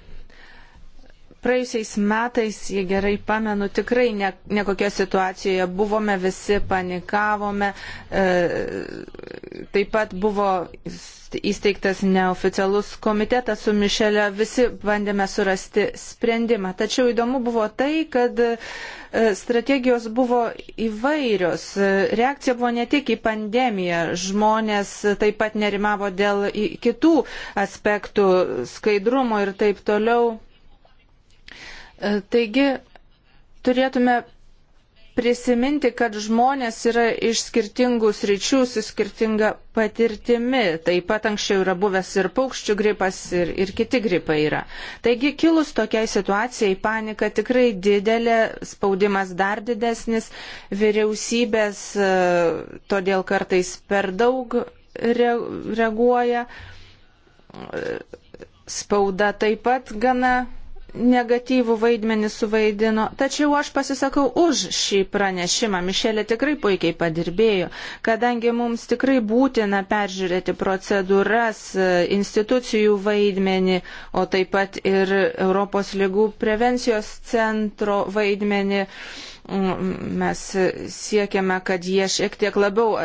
praėjusiais metais, jei gerai pamenu, tikrai ne, nekokio situacijoje buvome, visi panikavome, e, taip pat buvo įsteigtas neoficialus komitetas su Mišelė, visi bandėme surasti sprendimą. Tačiau įdomu buvo tai, kad e, strategijos buvo įvairios. Reakcija buvo ne tik į pandemiją, žmonės taip pat nerimavo dėl kitų aspektų skaidrumo ir taip toliau. E, taigi turėtume prisiminti, kad žmonės yra iš skirtingų sričių su skirtinga patirtimi. Taip pat anksčiau yra buvęs ir paukščių gripas, ir, ir kiti gripai yra. Taigi kilus tokiai situacijai, panika tikrai didelė, spaudimas dar didesnis, vyriausybės e, todėl kartais per daug reaguoja, e, spauda taip pat gana negatyvų vaidmenį suvaidino, tačiau aš pasisakau už šį pranešimą. Mišelė tikrai puikiai padirbėjo, kadangi mums tikrai būtina peržiūrėti procedūras, institucijų vaidmenį, o taip pat ir Europos lygų prevencijos centro vaidmenį. Mm, mes siekiame, kad jie šiek tiek labiau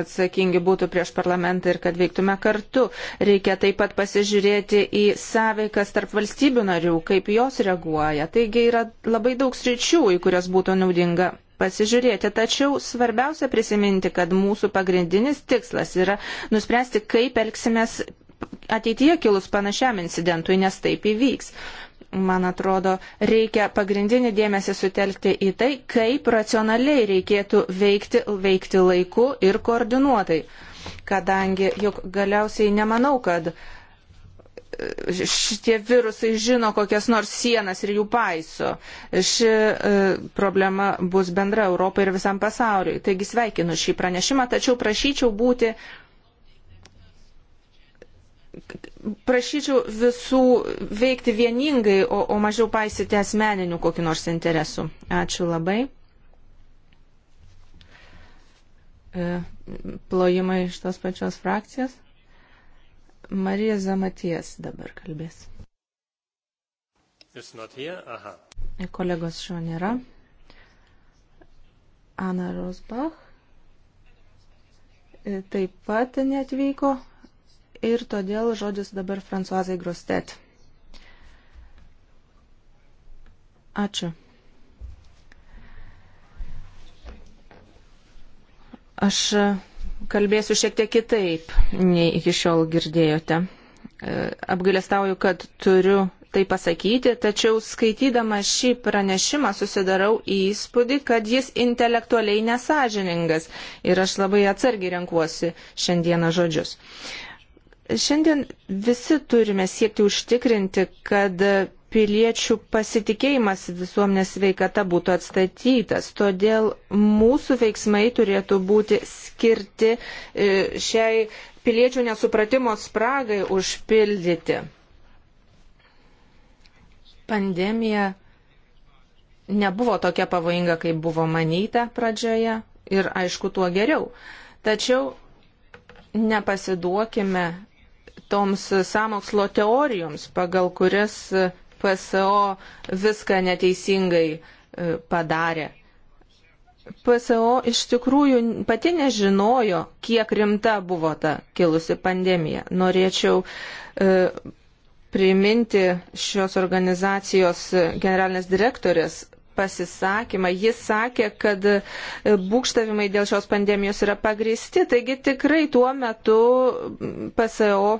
atsakingi būtų prieš parlamentą ir kad veiktume kartu. Reikia taip pat pasižiūrėti į sąveikas tarp valstybių narių, kaip jos reaguoja. Taigi yra labai daug sričių, į kurias būtų naudinga pasižiūrėti. Tačiau svarbiausia prisiminti, kad mūsų pagrindinis tikslas yra nuspręsti, kaip elgsimės ateityje kilus panašiam incidentui, nes taip įvyks man atrodo, reikia pagrindinį dėmesį sutelkti į tai, kaip racionaliai reikėtų veikti, veikti laiku ir koordinuotai. Kadangi juk galiausiai nemanau, kad e, šitie virusai žino kokias nors sienas ir jų paiso. Ši e, problema bus bendra Europai ir visam pasauliui. Taigi sveikinu šį pranešimą, tačiau prašyčiau būti prašyčiau visų veikti vieningai, o, o mažiau paisyti asmeninių kokiu nors interesu. Ačiū labai. E, plojimai iš tos pačios frakcijos. Marija Zamaties dabar kalbės. E, kolegos šio nėra. Ana Rosbach e, taip pat netvyko ir todėl žodis dabar Fransuazai Grostet. Ačiū. Aš kalbėsiu šiek tiek kitaip, nei iki šiol girdėjote. E, apgailestauju, kad turiu tai pasakyti, tačiau skaitydama šį pranešimą susidarau įspūdį, kad jis intelektualiai nesažiningas ir aš labai atsargiai renkuosi šiandieną žodžius. Šiandien visi turime siekti užtikrinti, kad piliečių pasitikėjimas visuomenės veikata būtų atstatytas. Todėl mūsų veiksmai turėtų būti skirti e, šiai piliečių nesupratimo spragai užpildyti. Pandemija nebuvo tokia pavojinga, kaip buvo manyta pradžioje ir aišku, tuo geriau. Tačiau nepasiduokime toms samokslo teorijoms, pagal kurias PSO viską neteisingai e, padarė. PSO iš tikrųjų pati nežinojo, kiek rimta buvo ta kilusi pandemija. Norėčiau e, priminti šios organizacijos generalinės direktorės pasisakymą. Jis sakė, kad e, būkštavimai dėl šios pandemijos yra pagristi, taigi tikrai tuo metu PSO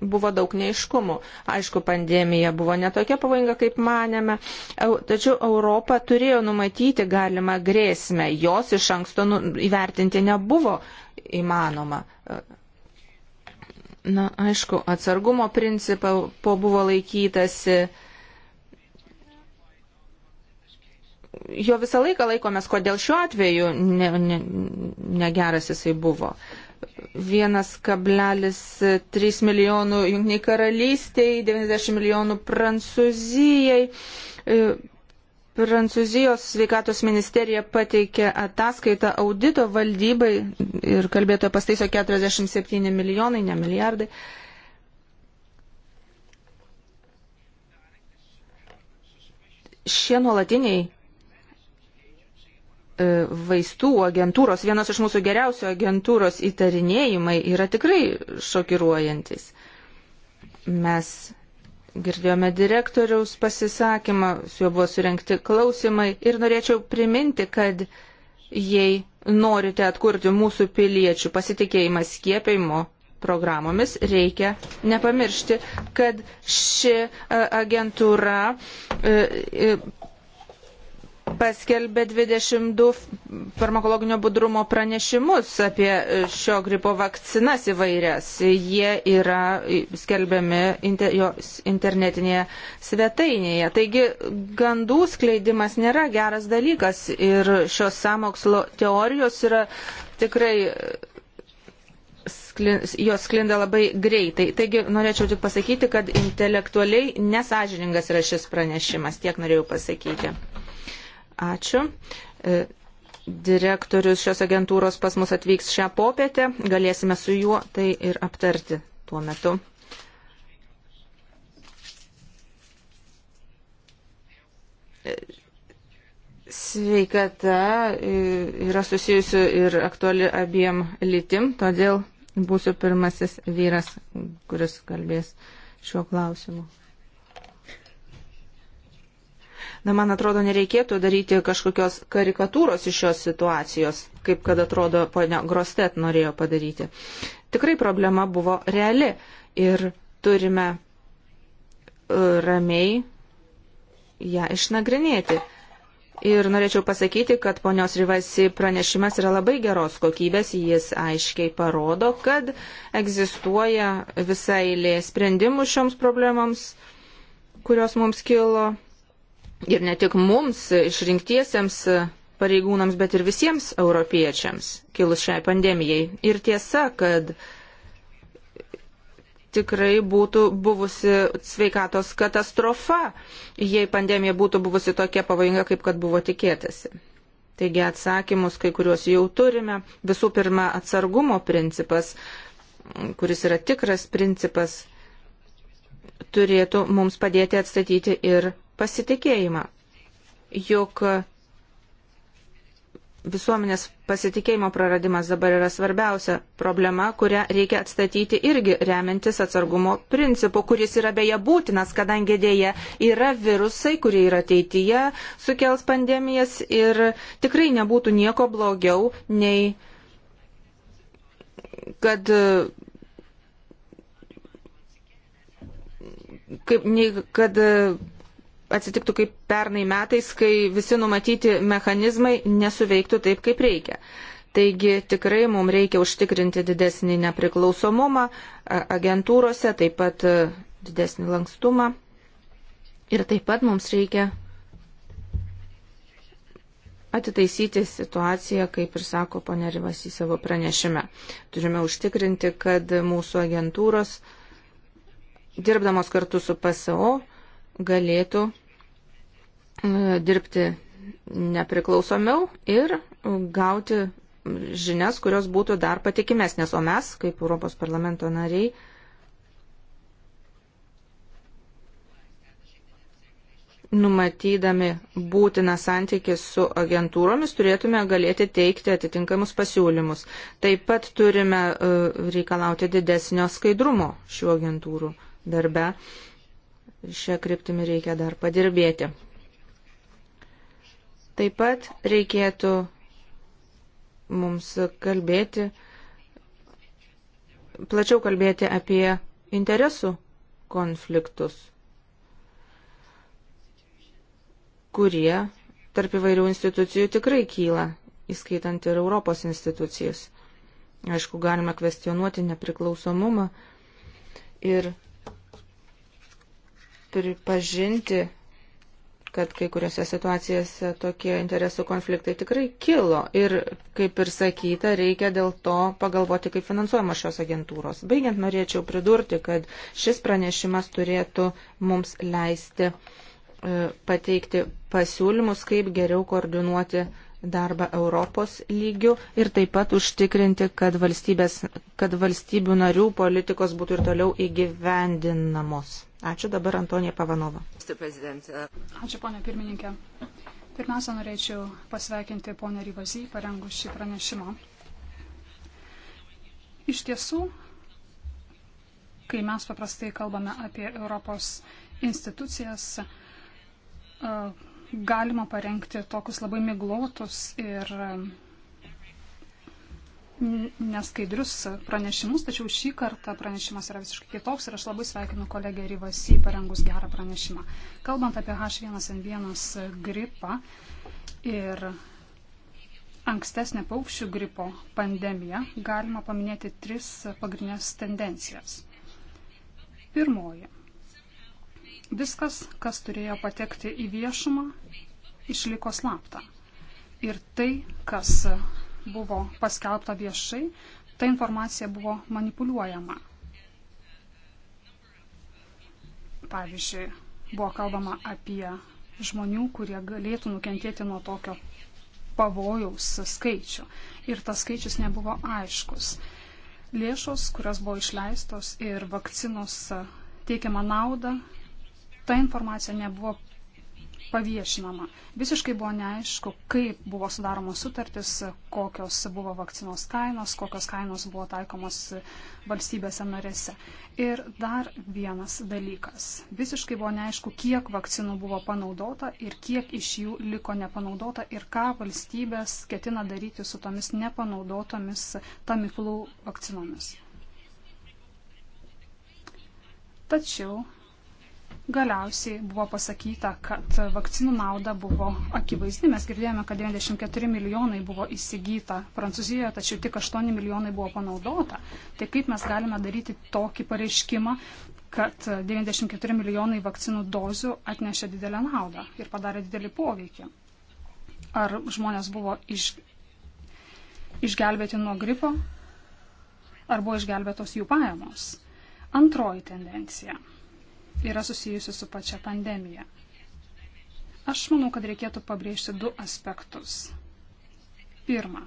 buvo daug neiškumų. Aišku, pandemija buvo netokia pavojinga, kaip manėme, tačiau Europa turėjo numatyti galimą grėsmę, jos iš anksto nu, įvertinti nebuvo įmanoma. Na, aišku, atsargumo principą po buvo laikytasi. Jo visą laiką laikomės, kodėl šiuo atveju ne, ne, negeras jisai buvo. Uh, 1,3 milijonų Junktiniai karalystiai, 90 milijonų Prancūzijai. E, Prancūzijos sveikatos ministerija pateikė ataskaitą audito valdybai ir kalbėtojo pastaiso 47 milijonai, ne milijardai. Šie nuolatiniai E, vaistų agentūros, vienos iš mūsų geriausių agentūros įtarinėjimai yra tikrai šokiruojantis. Mes girdėjome direktoriaus pasisakymą, su juo buvo surinkti klausimai ir norėčiau priminti, kad jei norite atkurti mūsų piliečių pasitikėjimą skiepimo programomis, reikia nepamiršti, kad ši e, agentūra e, paskelbė 22 farmakologinio budrumo pranešimus apie šio gripo vakcinas įvairias. Jie yra skelbiami inter, jos internetinėje svetainėje. Taigi gandų skleidimas nėra geras dalykas ir šios samokslo teorijos yra tikrai. E, jos sklinda labai greitai. Taigi norėčiau tik pasakyti, kad intelektualiai nesažiningas yra šis pranešimas. Tiek norėjau pasakyti. Ačiū. E, direktorius šios agentūros pas mus atvyks šią popietę. Galėsime su juo tai ir aptarti tuo metu. E, sveikata e, yra susijusi ir aktuali abiem lytim, todėl būsiu pirmasis vyras, kuris kalbės šiuo klausimu. Na, man atrodo, nereikėtų daryti kažkokios karikatūros iš šios situacijos, kaip kad atrodo ponia Grostet norėjo padaryti. Tikrai problema buvo reali ir turime e, ramiai ją išnagrinėti. Ir norėčiau pasakyti, kad ponios Rivasi pranešimas yra labai geros kokybės, jis aiškiai parodo, kad egzistuoja visai lė sprendimų šioms problemams, kurios mums kilo ir ne tik mums, išrinktiesiems pareigūnams, bet ir visiems europiečiams kilus šiai pandemijai. Ir tiesa, kad tikrai būtų buvusi sveikatos katastrofa, jei pandemija būtų buvusi tokia pavojinga, kaip kad buvo tikėtasi. Taigi atsakymus, kai kuriuos jau turime. Visų pirma, atsargumo principas, kuris yra tikras principas, turėtų mums padėti atstatyti ir pasitikėjimą. Juk visuomenės pasitikėjimo praradimas dabar yra svarbiausia problema, kurią reikia atstatyti irgi remiantis atsargumo principu, kuris yra beje būtinas, kadangi dėja yra virusai, kurie ir ateityje sukels pandemijas ir tikrai nebūtų nieko blogiau nei kad kaip, nei, kad atsitiktų kaip pernai metais, kai visi numatyti mechanizmai nesuveiktų taip, kaip reikia. Taigi tikrai mums reikia užtikrinti didesnį nepriklausomumą agentūrose, taip pat didesnį lankstumą. Ir taip pat mums reikia atitaisyti situaciją, kaip ir sako ponė Rivas į savo pranešime. Turime užtikrinti, kad mūsų agentūros, dirbdamos kartu su PSO, galėtų e, dirbti nepriklausomiau ir gauti žinias, kurios būtų dar patikimesnės. O mes, kaip Europos parlamento nariai, numatydami būtiną santykį su agentūromis, turėtume galėti teikti atitinkamus pasiūlymus. Taip pat turime e, reikalauti didesnio skaidrumo šių agentūrų darbe ir šią kryptimį reikia dar padirbėti. Taip pat reikėtų mums kalbėti, plačiau kalbėti apie interesų konfliktus, kurie tarp įvairių institucijų tikrai kyla, įskaitant ir Europos institucijas. Aišku, galima kvestionuoti nepriklausomumą ir pripažinti, kad kai kuriuose situacijose tokie interesų konfliktai tikrai kilo ir, kaip ir sakyta, reikia dėl to pagalvoti, kaip finansuojama šios agentūros. Baigiant, norėčiau pridurti, kad šis pranešimas turėtų mums leisti e, pateikti pasiūlymus, kaip geriau koordinuoti darbą Europos lygių ir taip pat užtikrinti, kad, kad valstybių narių politikos būtų ir toliau įgyvendinamos. Ačiū dabar Antonija Pavanova. Uh, Ačiū ponia pirmininkė. Pirmiausia, norėčiau pasveikinti ponę Ryvazį, parengus šį pranešimą. Iš tiesų, kai mes paprastai kalbame apie Europos institucijas, uh, galima parengti tokius labai miglotus ir um, neskaidrius pranešimus, tačiau šį kartą pranešimas yra visiškai kitoks ir aš labai sveikinu kolegę Ryvasi parengus gerą pranešimą. Kalbant apie H1N1 gripą ir ankstesnę paukščių gripo pandemiją, galima paminėti tris pagrindinės tendencijas. Pirmoji Viskas, kas turėjo patekti į viešumą, išliko slapta. Ir tai, kas buvo paskelbta viešai, ta informacija buvo manipuliuojama. Pavyzdžiui, buvo kalbama apie žmonių, kurie galėtų nukentėti nuo tokio pavojaus skaičių. Ir tas skaičius nebuvo aiškus. Lėšos, kurios buvo išleistos ir vakcinos teikiama nauda ta informacija nebuvo paviešinama. Visiškai buvo neaišku, kaip buvo sudaromos sutartis, kokios buvo vakcinos kainos, kokios kainos buvo taikomos valstybėse narėse. Ir dar vienas dalykas. Visiškai buvo neaišku, kiek vakcinų buvo panaudota ir kiek iš jų liko nepanaudota ir ką valstybės ketina daryti su tomis nepanaudotomis tamiflų vakcinomis. Tačiau Galiausiai buvo pasakyta, kad vakcinų nauda buvo akivaizdi. Mes girdėjome, kad 94 milijonai buvo įsigyta Prancūzijoje, tačiau tik 8 milijonai buvo panaudota. Tai kaip mes galime daryti tokį pareiškimą, kad 94 milijonai vakcinų dozių atnešė didelę naudą ir padarė didelį poveikį? Ar žmonės buvo iš, išgelbėti nuo gripo, ar buvo išgelbėtos jų pajamos? Antroji tendencija yra susijusi su pačia pandemija. Aš manau, kad reikėtų pabrėžti du aspektus. Pirma,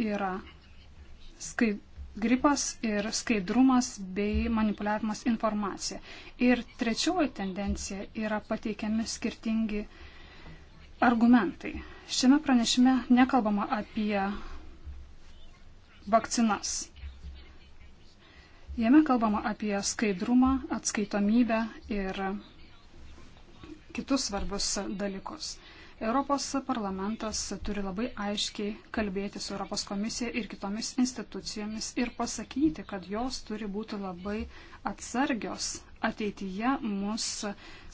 yra skai, gripas ir skaidrumas bei manipuliavimas informacija. Ir trečioji tendencija yra pateikiami skirtingi argumentai. Šiame pranešime nekalbama apie vakcinas. Jame kalbama apie skaidrumą, atskaitomybę ir kitus svarbus dalykus. Europos parlamentas turi labai aiškiai kalbėti su Europos komisija ir kitomis institucijomis ir pasakyti, kad jos turi būti labai atsargios ateityje mus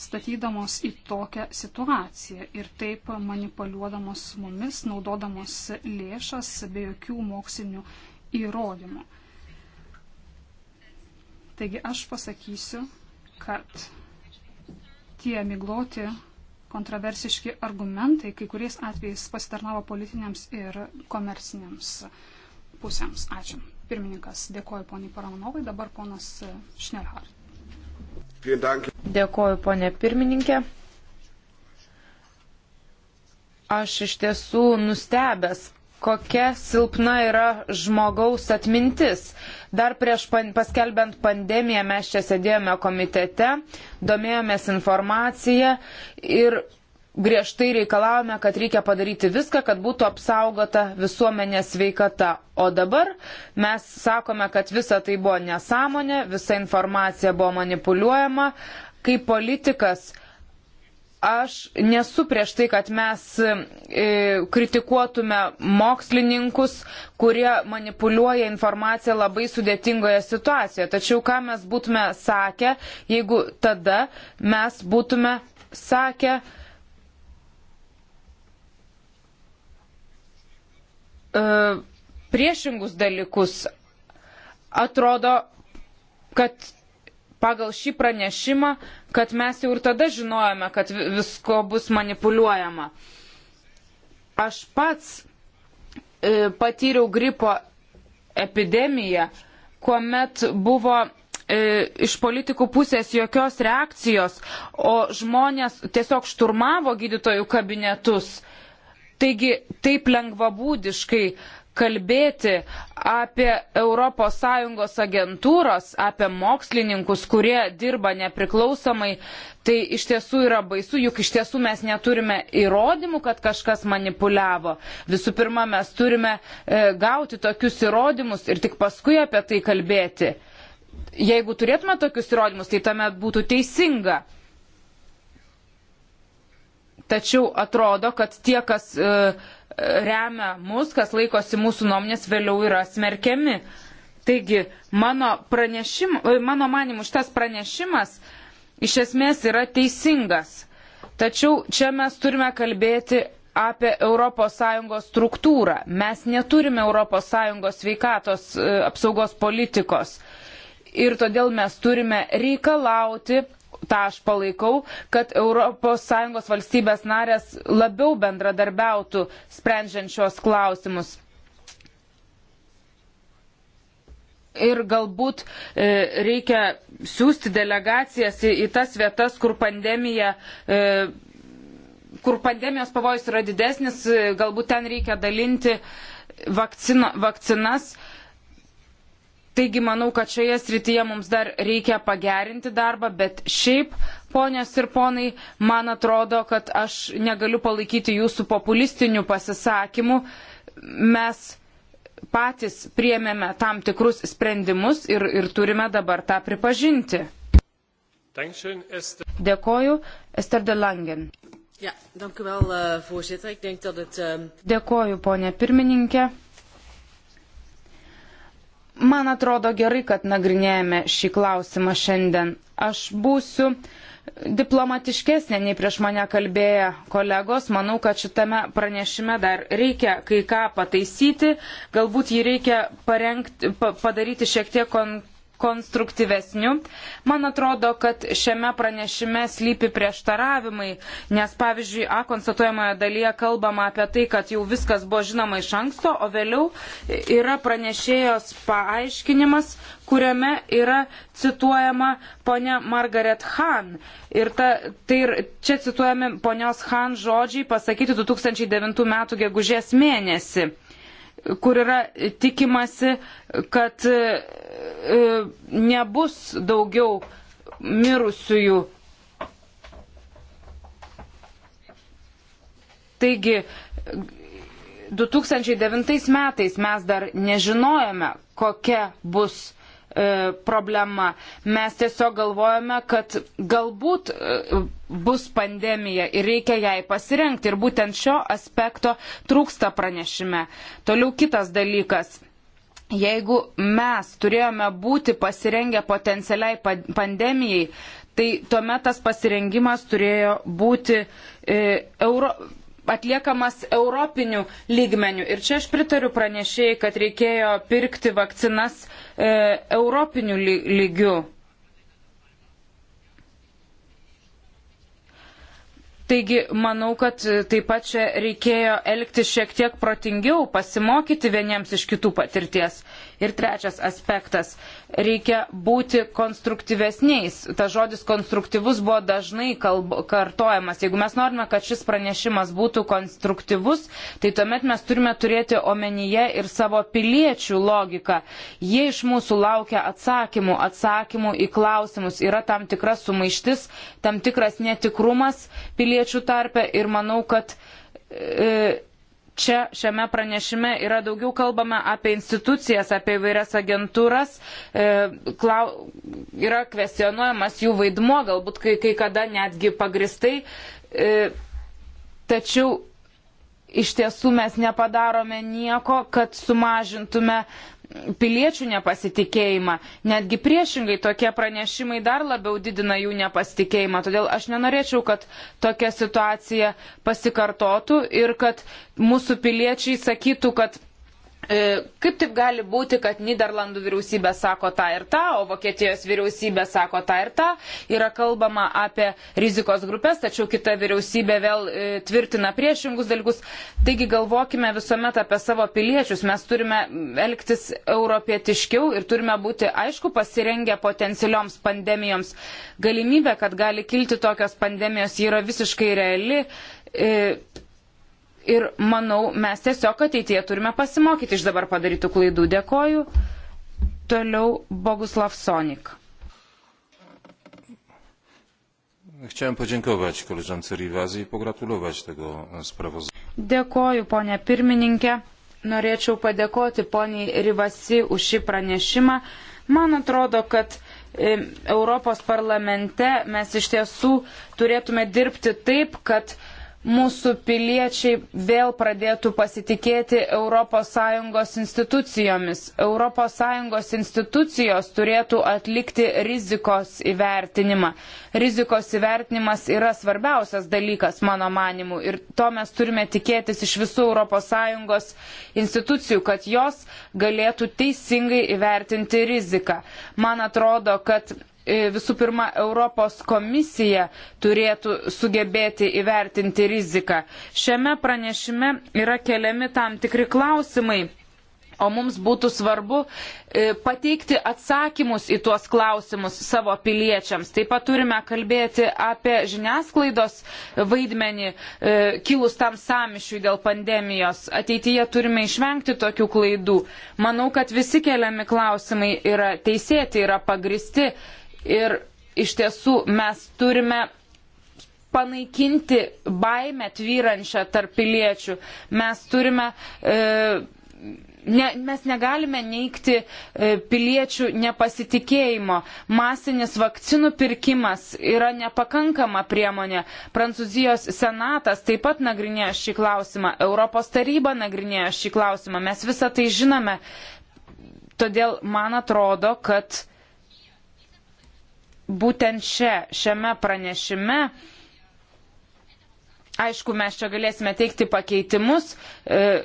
statydamos į tokią situaciją ir taip manipuliuodamos mumis, naudodamos lėšas be jokių mokslinių įrodymų. Taigi aš pasakysiu, kad tie migloti kontroversiški argumentai kai kuriais atvejais pasitarnavo politiniams ir komerciniams pusėms. Ačiū. Pirmininkas, dėkoju poniai Paramanovai, dabar ponas Šnelhar. Dėkoju ponė pirmininkė. Aš iš tiesų nustebęs, kokia silpna yra žmogaus atmintis. Dar prieš pan, paskelbent pandemiją mes čia sėdėjome komitete, domėjomės informaciją ir griežtai reikalavome, kad reikia padaryti viską, kad būtų apsaugota visuomenės sveikata. O dabar mes sakome, kad visa tai buvo nesąmonė, visa informacija buvo manipuliuojama. Kaip politikas aš nesu prieš tai, kad mes e, kritikuotume mokslininkus, kurie manipuliuoja informaciją labai sudėtingoje situacijoje. Tačiau ką mes būtume sakę, jeigu tada mes būtume sakę, e, priešingus dalykus. Atrodo, kad pagal šį pranešimą, kad mes jau ir tada žinojome, kad visko bus manipuliuojama. Aš pats e, patyriau gripo epidemiją, kuomet buvo e, iš politikų pusės jokios reakcijos, o žmonės tiesiog šturmavo gydytojų kabinetus. Taigi taip lengvabūdiškai kalbėti apie ES agentūros, apie mokslininkus, kurie dirba nepriklausomai, tai iš tiesų yra baisu, juk iš tiesų mes neturime įrodymų, kad kažkas manipuliavo. Visų pirma, mes turime e, gauti tokius įrodymus ir tik paskui apie tai kalbėti. Jeigu turėtume tokius įrodymus, tai tame būtų teisinga. Tačiau atrodo, kad tie, kas e, remia mus, kas laikosi mūsų nuomonės, vėliau yra smerkiami. Taigi, mano, pranešim, mano manimu, šitas pranešimas iš esmės yra teisingas. Tačiau čia mes turime kalbėti apie ES struktūrą. Mes neturime ES sveikatos e, apsaugos politikos. Ir todėl mes turime reikalauti tą aš palaikau, kad ES valstybės narės labiau bendradarbiautų sprendžiant šios klausimus. ir galbūt e, reikia siūsti delegacijas į, į tas vietas, kur pandemija. E, kur pandemijos pavojus yra didesnis, e, galbūt ten reikia dalinti vakcino, vakcinas. Taigi manau, kad šioje srityje mums dar reikia pagerinti darbą, bet šiaip, ponios ir ponai, man atrodo, kad aš negaliu palaikyti jūsų populistinių pasisakymų. Mes patys priemėme tam tikrus sprendimus ir, ir turime dabar tą pripažinti. Dėkoju, Ester de Langen. Ja, dank u wel, uh, voorzitter. Ik denk dat het. Uh... Dėkoju, ponė pirmininkė. Man atrodo gerai, kad nagrinėjame šį klausimą šiandien. Aš būsiu diplomatiškesnė nei prieš mane kalbėję kolegos. Manau, kad šitame pranešime dar reikia kai ką pataisyti. Galbūt jį reikia parengti, pa, padaryti šiek tiek kon, konstruktyvesniu. Man atrodo, kad šiame pranešime slypi prieštaravimai, nes pavyzdžiui, A konstatuojamoje dalyje kalbama apie tai, kad jau viskas buvo žinoma iš anksto, o vėliau yra pranešėjos paaiškinimas, kuriame yra cituojama ponia Margaret Han. Ir ta, tai ir čia cituojami ponios Han žodžiai pasakyti 2009 m. gegužės mėnesį kur yra tikimasi, kad e, e, nebus daugiau mirusiųjų. Taigi, 2009 metais mes dar nežinojome, kokia bus E, problema. Mes tiesiog galvojame, kad galbūt e, bus pandemija ir reikia jai pasirengti ir būtent šio aspekto trūksta pranešime. Toliau kitas dalykas. Jeigu mes turėjome būti pasirengę potencialiai pandemijai, tai tuomet tas pasirengimas turėjo būti e, euro, atliekamas europiniu lygmeniu. Ir čia aš pritariu pranešėjai, kad reikėjo pirkti vakcinas e, europiniu lygiu. Taigi, manau, kad taip pat čia reikėjo elgti šiek tiek protingiau, pasimokyti vieniems iš kitų patirties. Ir trečias aspektas. E, reikia būti konstruktyvesniais. Ta žodis konstruktyvus buvo dažnai kalb, kartojamas. Jeigu mes norime, kad šis pranešimas būtų konstruktyvus, tai tuomet mes turime turėti omenyje ir savo piliečių logiką. Jie iš mūsų laukia atsakymų, atsakymų į klausimus. Yra tam tikra sumaištis, tam tikras netikrumas piliečių tarpe ir manau, kad e, čia šiame pranešime yra daugiau kalbama apie institucijas, apie įvairias agentūras, e, klau, yra kvestionuojamas jų vaidmuo, galbūt kai, kai kada netgi pagristai. E, tačiau iš tiesų mes nepadarome nieko, kad sumažintume piliečių nepasitikėjimą. Netgi priešingai tokie pranešimai dar labiau didina jų nepasitikėjimą. Todėl aš nenorėčiau, kad tokia situacija pasikartotų ir kad mūsų piliečiai sakytų, kad E, kaip taip gali būti, kad Niderlandų vyriausybė sako tą ir tą, o Vokietijos vyriausybė sako tą ir tą, yra kalbama apie rizikos grupės, tačiau kita vyriausybė vėl e, tvirtina priešingus dalykus. Taigi galvokime visuomet apie savo piliečius, mes turime elgtis europietiškiau ir turime būti aišku pasirengę potencialioms pandemijoms. Galimybė, kad gali kilti tokios pandemijos, yra visiškai reali. E, Ir manau, mes tiesiog ateityje turime pasimokyti iš dabar padarytų klaidų. Dėkoju. Toliau Boguslav Sonik. Chciałem podziękować koleżance Rivazi i pogratulować tego sprawozdania. Dėkoju, ponė pirmininkė. Norėčiau padėkoti poniai Rivasi už šį pranešimą. Man atrodo, kad e, Europos parlamente mes iš tiesų turėtume dirbti taip, kad uh, mūsų piliečiai vėl pradėtų pasitikėti ES institucijomis. ES institucijos turėtų atlikti rizikos įvertinimą. Rizikos įvertinimas yra svarbiausias dalykas, mano manimu, ir to mes turime tikėtis iš visų ES institucijų, kad jos galėtų teisingai įvertinti riziką. Man atrodo, kad E, visų pirma Europos komisija turėtų sugebėti įvertinti riziką. Šiame pranešime yra keliami tam tikri klausimai. O mums būtų svarbu e, pateikti atsakymus į tuos klausimus savo piliečiams. Taip pat turime kalbėti apie žiniasklaidos vaidmenį e, kilus tam samišiui dėl pandemijos. Ateityje turime išvengti tokių klaidų. Manau, kad visi keliami klausimai yra teisėti, yra pagristi Ir iš tiesų mes turime panaikinti baimę tvyrančią tarp piliečių. Mes turime. E, Ne, mes negalime neikti e, piliečių nepasitikėjimo. Masinis vakcinų pirkimas yra nepakankama priemonė. Prancūzijos senatas taip pat nagrinėjo šį klausimą. Europos taryba nagrinėjo šį klausimą. Mes visą tai žinome. Todėl man atrodo, kad būtent čia, šiame pranešime, aišku, mes čia galėsime teikti pakeitimus, e,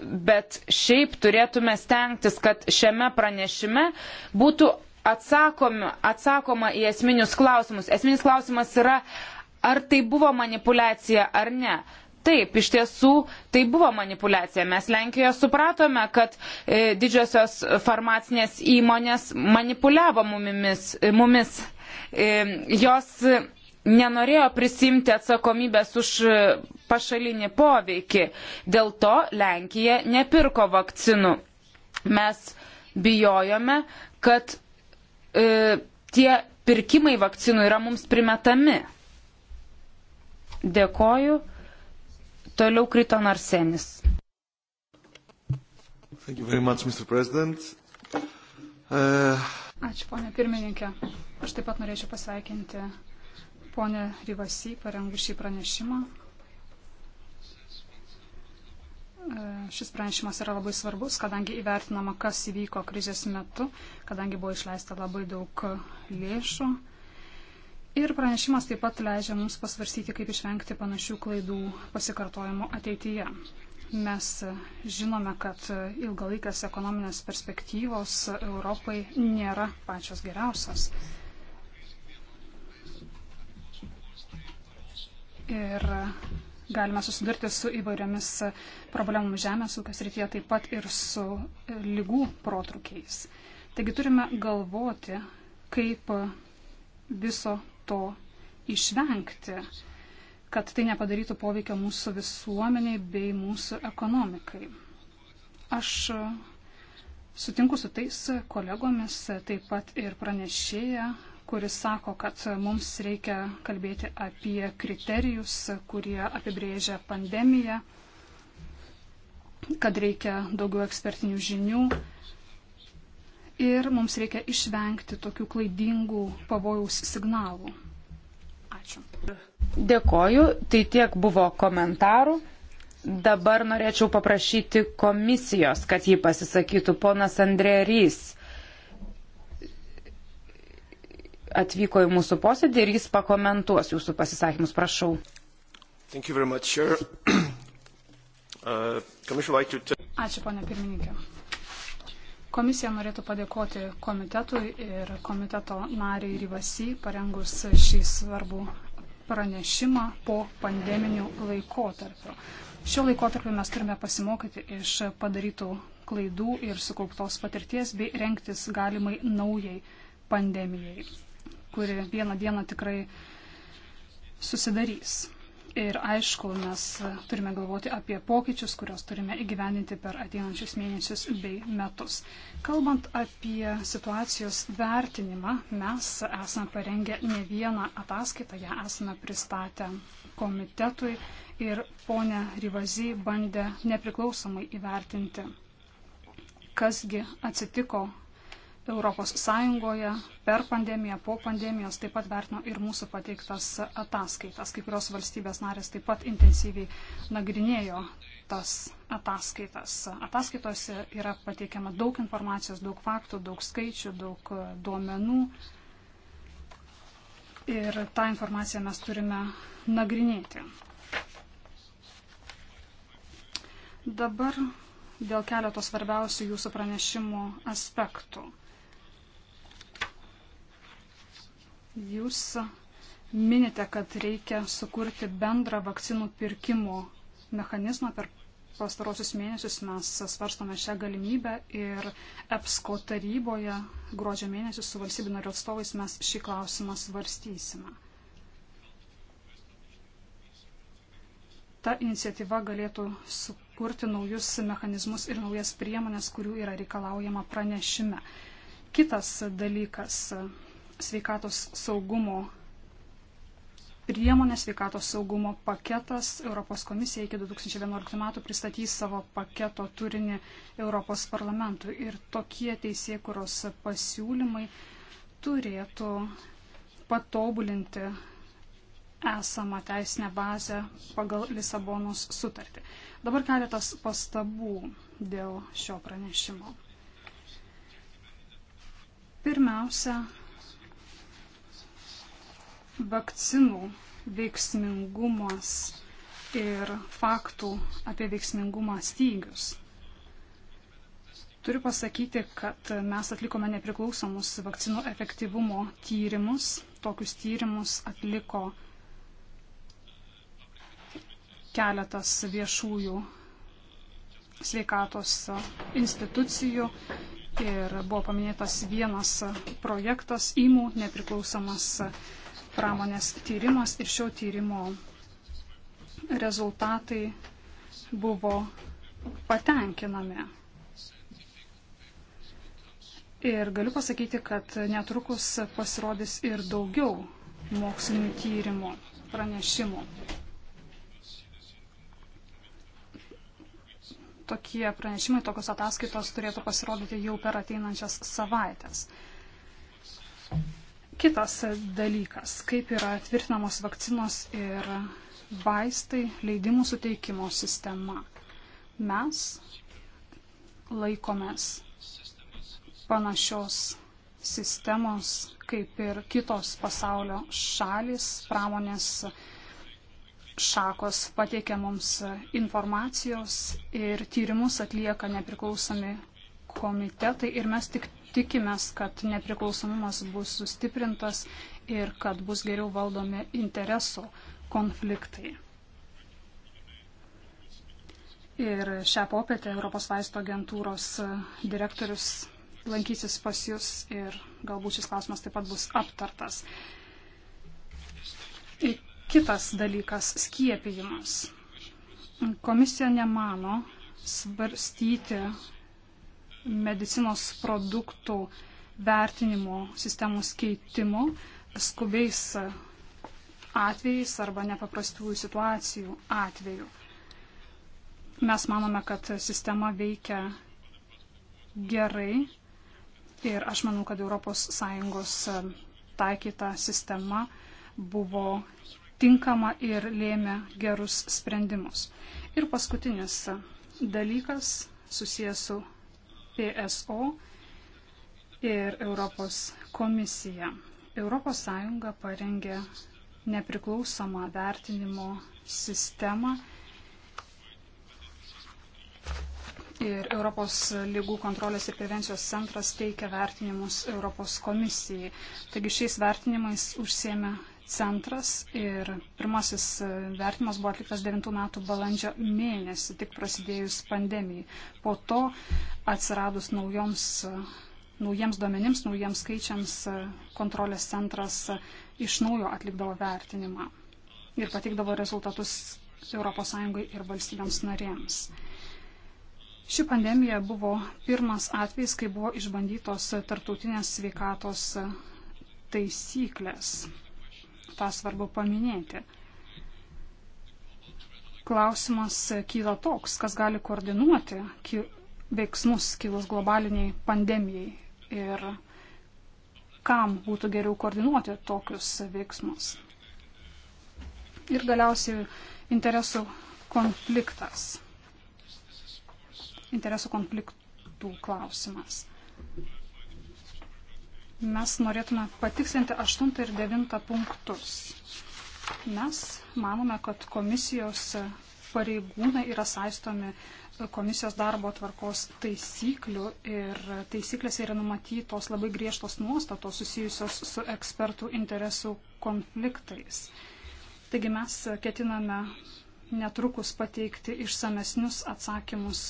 bet šiaip turėtume stengtis, kad šiame pranešime būtų atsakoma, atsakoma į esminius klausimus. Esminis klausimas yra, ar tai buvo manipulacija ar ne. Taip, iš tiesų tai buvo manipulacija. Mes Lenkijoje supratome, kad e, didžiosios farmacinės įmonės manipuliavo mumis. E, mumis. E, jos nenorėjo prisimti atsakomybės už e, pašalinį poveikį. Dėl to Lenkija nepirko vakcinų. Mes bijojome, kad e, tie pirkimai vakcinų yra mums primetami. Dėkoju. Toliau krito Narsenis. Much, uh... Ačiū, ponė pirmininkė. Aš taip pat norėčiau pasveikinti ponę Ryvasį parengus šį pranešimą. Uh, šis pranešimas yra labai svarbus, kadangi įvertinama, kas įvyko krizės metu, kadangi buvo išleista labai daug lėšų Ir pranešimas taip pat leidžia mums pasvarsyti, kaip išvengti panašių klaidų pasikartojimo ateityje. Mes žinome, kad ilgalaikės ekonominės perspektyvos Europai nėra pačios geriausios. Ir galime susidurti su įvairiomis problemomis žemės ūkio srityje, taip pat ir su lygų protrukiais. Taigi turime galvoti, kaip viso to išvengti, kad tai nepadarytų poveikio mūsų visuomeniai bei mūsų ekonomikai. Aš sutinku su tais kolegomis, taip pat ir pranešėja, kuris sako, kad mums reikia kalbėti apie kriterijus, kurie apibrėžia pandemiją, kad reikia daugiau ekspertinių žinių, ir mums reikia išvengti tokių klaidingų pavojaus signalų. Ačiū. Dėkoju, tai tiek buvo komentarų. Dabar norėčiau paprašyti komisijos, kad jį pasisakytų ponas Andrėrys. Atvyko į mūsų posėdį ir jis pakomentuos jūsų pasisakymus, prašau. Much, sure. <clears throat> uh, like to... Ačiū, ponė pirmininkė. Komisija norėtų padėkoti komitetui ir komiteto nariai Ryvasi parengus šį svarbų pranešimą po pandeminių laikotarpių. Šiuo laikotarpiu mes turime pasimokyti iš padarytų klaidų ir sukauptos patirties bei renktis galimai naujai pandemijai, kuri vieną dieną tikrai susidarys. Ir aišku, mes turime galvoti apie pokyčius, kuriuos turime įgyveninti per ateinančius mėnesius bei metus. Kalbant apie situacijos vertinimą, mes esame parengę ne vieną ataskaitą, ją esame pristatę komitetui ir ponė Rivazy bandė nepriklausomai įvertinti, kasgi atsitiko ES per pandemiją, po pandemijos taip pat vertino ir mūsų pateiktas ataskaitas. Kai kurios valstybės narės taip pat intensyviai nagrinėjo tas ataskaitas. Ataskaitose yra pateikiama daug informacijos, daug faktų, daug skaičių, daug duomenų. Ir tą informaciją mes turime nagrinėti. Dabar dėl keletos svarbiausių jūsų pranešimų aspektų. Jūs minite, kad reikia sukurti bendrą vakcinų pirkimo mechanizmą. Per pastarosius mėnesius mes svarstome šią galimybę ir EPSCO taryboje gruodžio mėnesį su valstybių narių atstovais mes šį klausimą svarstysime. Ta iniciatyva galėtų sukurti naujus mechanizmus ir naujas priemonės, kurių yra reikalaujama pranešime. Kitas dalykas sveikatos saugumo priemonė, sveikatos saugumo paketas. Europos komisija iki 2011 metų pristatys savo paketo turinį Europos parlamentui. Ir tokie teisėkuros pasiūlymai turėtų patobulinti esamą teisinę bazę pagal Lisabonos sutartį. Dabar keletas pastabų dėl šio pranešimo. Pirmiausia, vakcinų veiksmingumas ir faktų apie veiksmingumą stygius. Turiu pasakyti, kad mes atlikome nepriklausomus vakcinų efektyvumo tyrimus. Tokius tyrimus atliko keletas viešųjų sveikatos institucijų ir buvo paminėtas vienas projektas įmų nepriklausomas pramonės tyrimas ir šio tyrimo rezultatai buvo patenkinami. Ir galiu pasakyti, kad netrukus pasirodys ir daugiau mokslinių tyrimų pranešimų. Tokie pranešimai, tokios ataskaitos turėtų pasirodyti jau per ateinančias savaitės. Kitas dalykas, kaip yra tvirtinamos vakcinos ir vaistai, leidimų suteikimo sistema. Mes laikomės panašios sistemos kaip ir kitos pasaulio šalis, pramonės šakos pateikia mums informacijos ir tyrimus atlieka nepriklausomi komitetai ir mes tik tikimės, kad nepriklausomumas bus sustiprintas ir kad bus geriau valdomi interesų konfliktai. Ir šią popietę Europos vaisto agentūros direktorius lankysis pas jūs ir galbūt šis klausimas taip pat bus aptartas. Ir kitas dalykas - skiepijimas. Komisija nemano svarstyti medicinos produktų vertinimo sistemos keitimo skubiais atvejais arba nepaprastųjų situacijų atveju. Mes manome, kad sistema veikia gerai ir aš manau, kad ES taikyta sistema buvo tinkama ir lėmė gerus sprendimus. Ir paskutinis dalykas susijęs su PSO ir Europos komisija. Europos Sąjunga parengė nepriklausomą vertinimo sistemą ir Europos lygų kontrolės ir prevencijos centras teikia vertinimus Europos komisijai. Taigi šiais vertinimais užsėmė centras ir pirmasis e, vertimas buvo atliktas 9 metų balandžio mėnesį, tik prasidėjus pandemijai. Po to atsiradus naujoms, e, naujiems duomenims, naujiems skaičiams, e, kontrolės centras iš naujo atlikdavo vertinimą ir pateikdavo rezultatus ES ir valstybėms narėms. Ši pandemija buvo pirmas atvejs, kai buvo išbandytos tarptautinės sveikatos taisyklės tą svarbu paminėti. Klausimas kyla toks, kas gali koordinuoti veiksmus kilus globaliniai pandemijai ir kam būtų geriau koordinuoti tokius veiksmus. Ir galiausiai interesų konfliktas. Interesų konfliktų klausimas mes norėtume patikslinti 8 ir 9 punktus. Mes manome, kad komisijos pareigūnai yra saistomi komisijos darbo tvarkos taisyklių ir taisyklėse yra numatytos labai griežtos nuostatos susijusios su ekspertų interesų konfliktais. Taigi mes ketiname netrukus pateikti išsamesnius atsakymus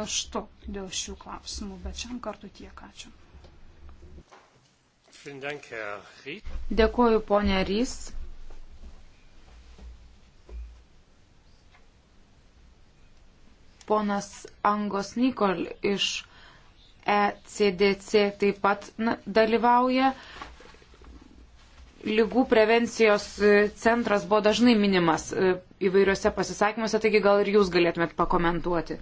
raštu dėl šių klausimų, bet šiam kartu tiek ačiū. Dėkuoju, ponė Rys. Ponas Angos Nikol iš ECDC taip pat na, dalyvauja. Uh, lygų prevencijos e, centras buvo dažnai minimas e, įvairiuose pasisakymuose, taigi gal ir jūs galėtumėt pakomentuoti.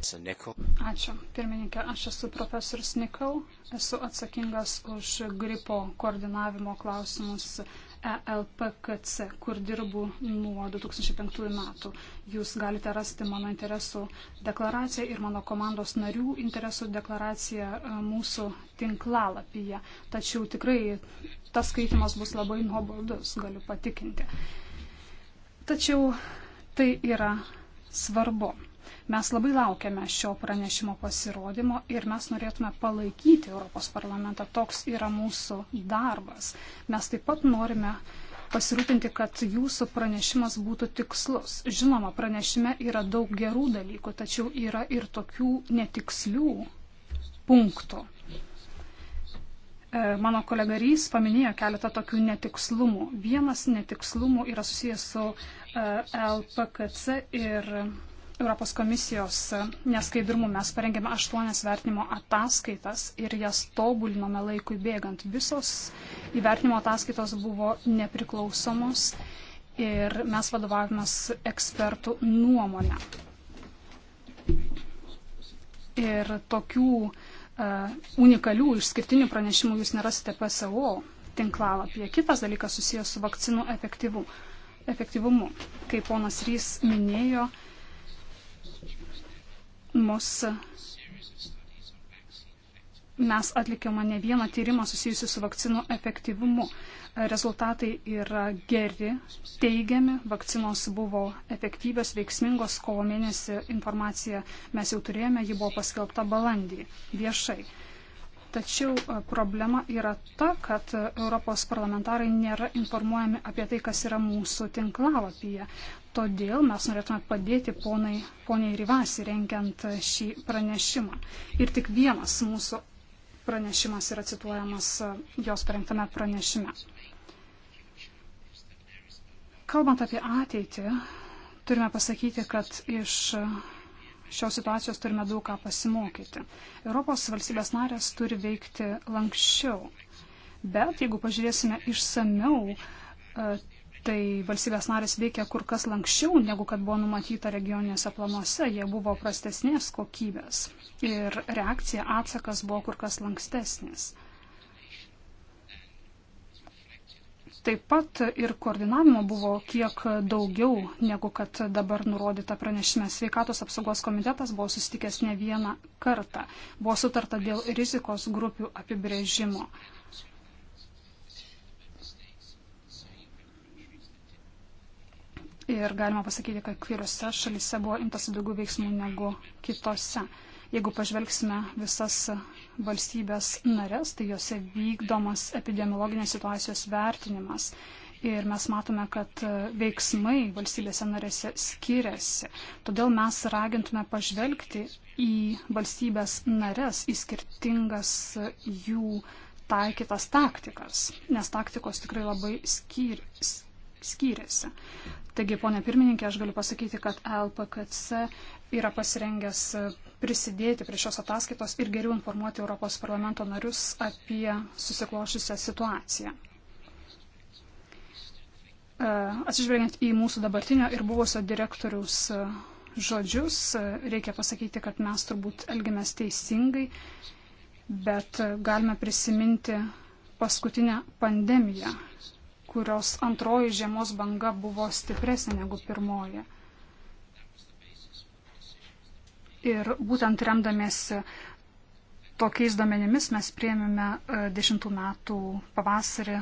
Ačiū, pirmininkė. Aš esu profesorius Nikol, esu atsakingas už gripo koordinavimo klausimus ELPKC, kur dirbu nuo 2005 metų. Jūs galite rasti mano interesų deklaraciją ir mano komandos narių interesų deklaraciją e, mūsų tinklalapyje. Tačiau tikrai tas skaitimas bus labai nuobodus, galiu patikinti. Tačiau tai yra svarbu. Mes labai laukiame šio pranešimo pasirodymo ir mes norėtume palaikyti Europos parlamentą. Toks yra mūsų darbas. Mes taip pat norime pasirūpinti, kad jūsų pranešimas būtų tikslus. Žinoma, pranešime yra daug gerų dalykų, tačiau yra ir tokių netikslių punktų. E, mano kolega Rys paminėjo keletą tokių netikslumų. Vienas netikslumų yra susijęs su e, LPKC ir Europos komisijos neskaidrumų. Mes parengėme aštuonias vertinimo ataskaitas ir jas tobulinome laikui bėgant. Visos įvertinimo ataskaitos buvo nepriklausomos ir mes vadovavomės ekspertų nuomonę. Ir tokių uh, unikalių, išskirtinių pranešimų jūs nerasite PSO tinklalapyje. Kitas dalykas susijęs su vakcinų efektyvu, efektyvumu. Kaip ponas Rys minėjo, uh, mus mes atlikėme ne vieną tyrimą susijusiu su vakcinų efektyvumu. Rezultatai yra geri, teigiami, vakcinos buvo efektyvios, veiksmingos, kovo mėnesį informaciją mes jau turėjome, ji buvo paskelbta balandį viešai. Tačiau e, problema yra ta, kad Europos parlamentarai nėra informuojami apie tai, kas yra mūsų tinklalapyje. Todėl mes norėtume padėti ponai, poniai Rivasi renkiant šį pranešimą. Ir tik vienas mūsų pranešimas yra cituojamas e, jos parengtame pranešime. Kalbant apie ateitį, turime pasakyti, kad iš šios situacijos turime daug ką pasimokyti. Europos valstybės narės turi veikti lankščiau. Bet jeigu pažiūrėsime išsameu, e, tai valstybės narės veikia kur kas lankščiau, negu kad buvo numatyta regioninėse planuose, jie buvo prastesnės kokybės ir reakcija, atsakas buvo kur kas lankstesnis. Taip pat ir koordinavimo buvo kiek daugiau, negu kad dabar nurodyta pranešime. Sveikatos apsaugos komitetas buvo susitikęs ne vieną kartą. Buvo sutarta dėl rizikos grupių apibrėžimo. Ir galima pasakyti, kad kuriuose šalyse buvo imtasi daugiau veiksmų negu kitose. Jeigu pažvelgsime visas valstybės narės, tai juose vykdomas epidemiologinės situacijos vertinimas. Ir mes matome, kad veiksmai valstybėse narėse skiriasi. Todėl mes ragintume pažvelgti į valstybės narės, į skirtingas jų taikytas taktikas, nes taktikos tikrai labai skyr, skyrėsi. Taigi, ponė pirmininkė, aš galiu pasakyti, kad LPKC yra pasirengęs prisidėti prie šios ataskaitos ir geriau informuoti Europos parlamento narius apie susiklošusią situaciją. E, atsižvelgiant į mūsų dabartinio ir buvusio direktoriaus e, žodžius, e, reikia pasakyti, kad mes turbūt elgiamės teisingai, bet galime prisiminti paskutinę pandemiją kurios antroji žiemos banga buvo stipresnė negu pirmoji. Ir būtent remdamiesi tokiais duomenimis mes prieimėme e, dešimtų metų pavasarį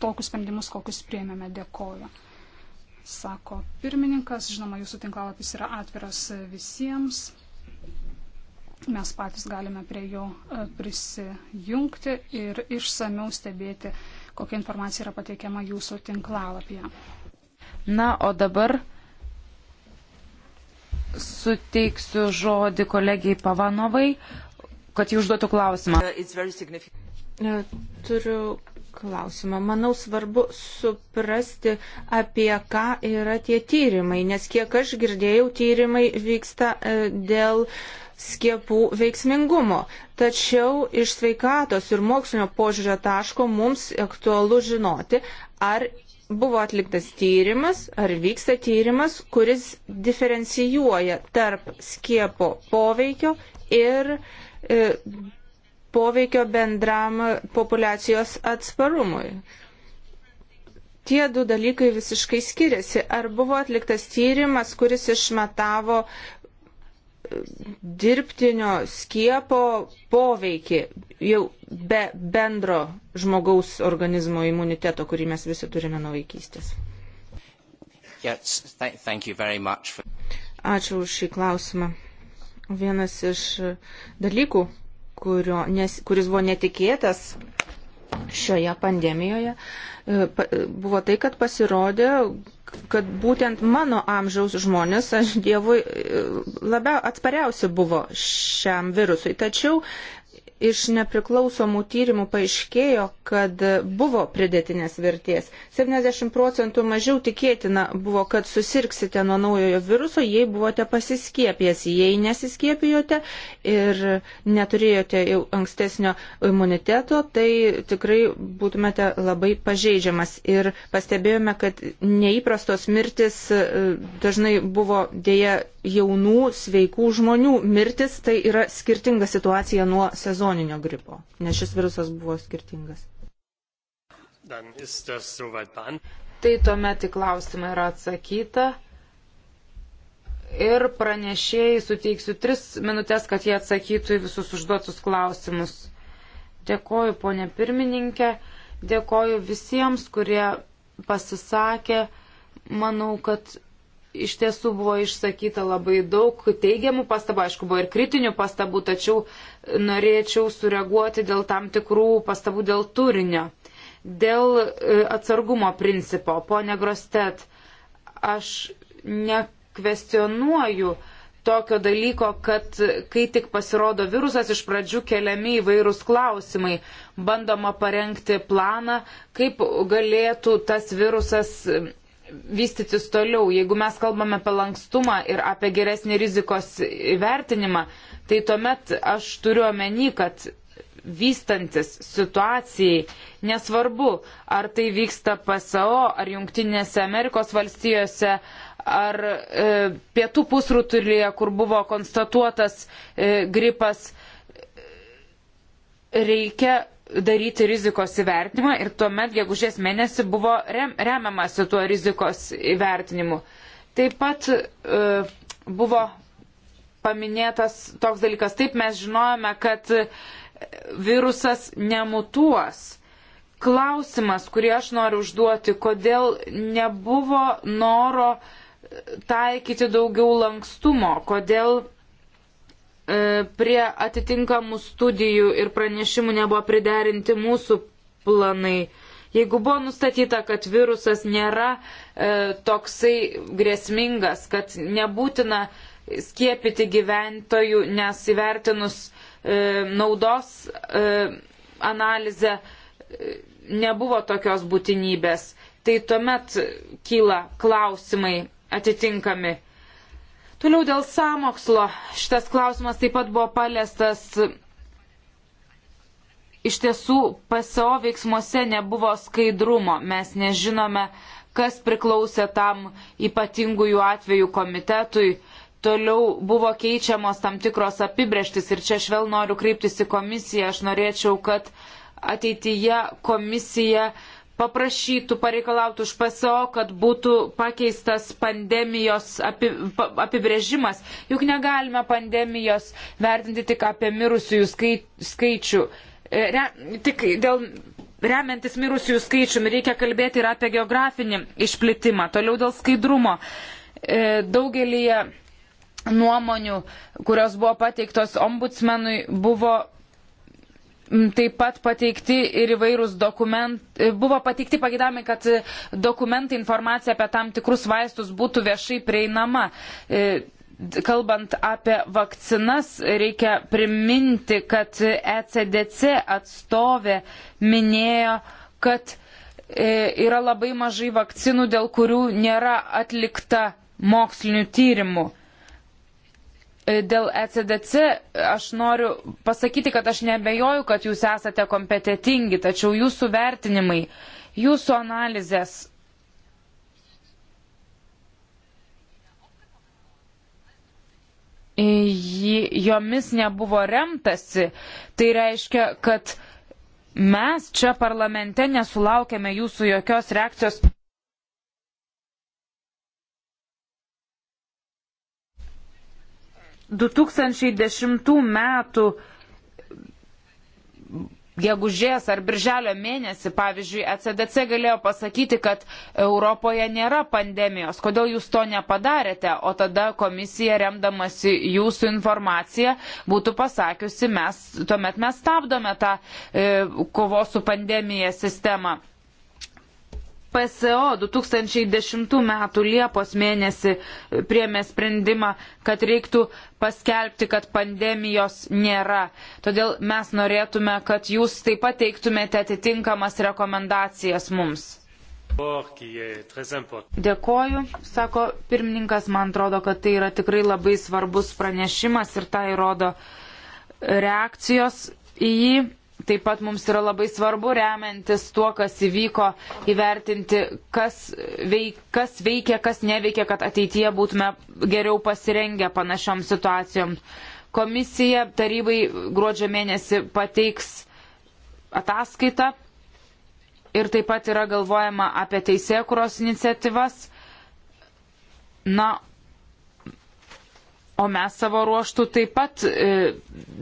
tokius sprendimus, kokius prieimėme. Dėkoju. Sako pirmininkas, žinoma, jūsų tinklalapis yra atviras visiems mes patys galime prie jo e, prisijungti ir išsameu stebėti kokia informacija yra pateikiama jūsų tinklalapyje. Na, o dabar suteiksiu žodį kolegijai Pavanovai, kad jį užduotų klausimą. Uh, uh, turiu klausimą. Manau svarbu suprasti, apie ką yra tie tyrimai, nes kiek aš girdėjau, tyrimai vyksta uh, dėl skiepų veiksmingumo. Tačiau iš sveikatos ir mokslinio požiūrio taško mums aktualu žinoti, ar buvo atliktas tyrimas, ar vyksta tyrimas, kuris diferencijuoja tarp skiepo poveikio ir e, poveikio bendram populacijos atsparumui. Tie du dalykai visiškai skiriasi. Ar buvo atliktas tyrimas, kuris išmatavo dirbtinio skiepo poveikį jau be bendro žmogaus organizmo imuniteto, kurį mes visi turime nuo vaikystės. Yes, for... Ačiū už šį klausimą. Vienas iš dalykų, kurio, nes, kuris buvo netikėtas šioje pandemijoje, e, e, buvo tai, kad pasirodė kad būtent mano amžiaus žmonės, aš Dievui, e, labiau atspariausi buvo šiam virusui. Tačiau iš nepriklausomų tyrimų paaiškėjo, kad buvo pridėtinės vertės. 70 procentų mažiau tikėtina buvo, kad susirksite nuo naujojo viruso, jei buvote pasiskiepijęs, jei nesiskiepijote ir neturėjote jau ankstesnio imuniteto, tai tikrai būtumėte labai pažeidžiamas. Ir pastebėjome, kad neįprastos mirtis e, dažnai buvo dėja jaunų, sveikų žmonių mirtis tai yra skirtinga situacija nuo sezoninio gripo, nes šis virusas buvo skirtingas. Tai tuomet į klausimą yra atsakyta. Ir pranešėjai suteiksiu tris minutės, kad jie atsakytų į visus užduotus klausimus. Dėkoju, ponė pirmininkė, dėkoju visiems, kurie pasisakė. Manau, kad iš tiesų buvo išsakyta labai daug teigiamų pastabų, aišku, buvo ir kritinių pastabų, tačiau norėčiau sureaguoti dėl tam tikrų pastabų dėl turinio. Dėl e, atsargumo principo, ponė Grostet, aš nekvestionuoju tokio dalyko, kad kai tik pasirodo virusas, iš pradžių keliami įvairūs klausimai, bandoma parengti planą, kaip galėtų tas virusas vystytis toliau. Jeigu mes kalbame apie lankstumą ir apie geresnį rizikos vertinimą, tai tuomet aš turiu omeny, kad vystantis situacijai, nesvarbu, ar tai vyksta PSO, ar Junktinėse Amerikos valstijose, ar e, pietų pusrutulyje, kur buvo konstatuotas e, gripas, reikia daryti rizikos įvertinimą ir tuomet gegužės mėnesį buvo rem, remiamasi tuo rizikos įvertinimu. Taip pat e, buvo paminėtas toks dalykas, taip mes žinojame, kad virusas nemutuos. Klausimas, kurį aš noriu užduoti, kodėl nebuvo noro taikyti daugiau lankstumo, kodėl E, prie atitinkamų studijų ir pranešimų nebuvo priderinti mūsų planai. Jeigu buvo nustatyta, kad virusas nėra e, toksai grėsmingas, kad nebūtina skiepyti gyventojų, nes įvertinus e, naudos e, analizę e, nebuvo tokios būtinybės, tai tuomet kyla klausimai atitinkami Toliau dėl samokslo. Šitas klausimas taip pat buvo paliestas. Iš tiesų, PSO veiksmuose nebuvo skaidrumo. Mes nežinome, kas priklausė tam ypatingųjų atvejų komitetui. Toliau buvo keičiamos tam tikros apibrėžtis ir čia aš vėl noriu kreiptis į komisiją. Aš norėčiau, kad ateityje komisija uh, paprašytų, pareikalautų iš PSO, kad būtų pakeistas pandemijos api, pa, apibrėžimas. Juk negalime pandemijos vertinti tik apie mirusiųjų skai, skaičių. E, re, tik dėl remiantis mirusiųjų skaičiumi reikia kalbėti ir apie geografinį išplitimą. Toliau dėl skaidrumo. E, Daugelį nuomonių, kurios buvo pateiktos ombudsmenui, buvo taip pat pateikti ir įvairūs dokumentai, e, buvo pateikti pagidami, kad dokumentai, informacija apie tam tikrus vaistus būtų viešai prieinama. E, kalbant apie vakcinas, reikia priminti, kad ECDC atstovė minėjo, kad e, yra labai mažai vakcinų, dėl kurių nėra atlikta mokslinių tyrimų. E, dėl ECDC aš noriu pasakyti, kad aš nebejoju, kad jūs esate kompetitingi, tačiau jūsų vertinimai, jūsų analizės e, jomis nebuvo remtasi, tai reiškia, kad mes čia parlamente nesulaukėme jūsų jokios reakcijos. 2010 metų gegužės ar birželio mėnesį, pavyzdžiui, ECDC galėjo pasakyti, kad Europoje nėra pandemijos, kodėl jūs to nepadarėte, o tada komisija, remdamasi jūsų informaciją, būtų pasakiusi, mes, tuomet mes stabdome tą e, kovos su pandemija sistemą. PSO 2010 m. Liepos mėnesį priemė sprendimą, kad reiktų paskelbti, kad pandemijos nėra. Todėl mes norėtume, kad jūs taip pat teiktumėte atitinkamas rekomendacijas mums. Dėkoju, sako pirmininkas, man atrodo, kad tai yra tikrai labai svarbus pranešimas ir tai rodo reakcijos į jį Taip pat mums yra labai svarbu remiantis tuo, kas įvyko, įvertinti, kas, veik, kas veikia, kas neveikia, kad ateityje būtume geriau pasirengę panašiom situacijom. Komisija tarybai gruodžio mėnesį pateiks ataskaitą ir taip pat yra galvojama apie teisėkuros iniciatyvas. Na, o mes savo ruoštų taip pat e,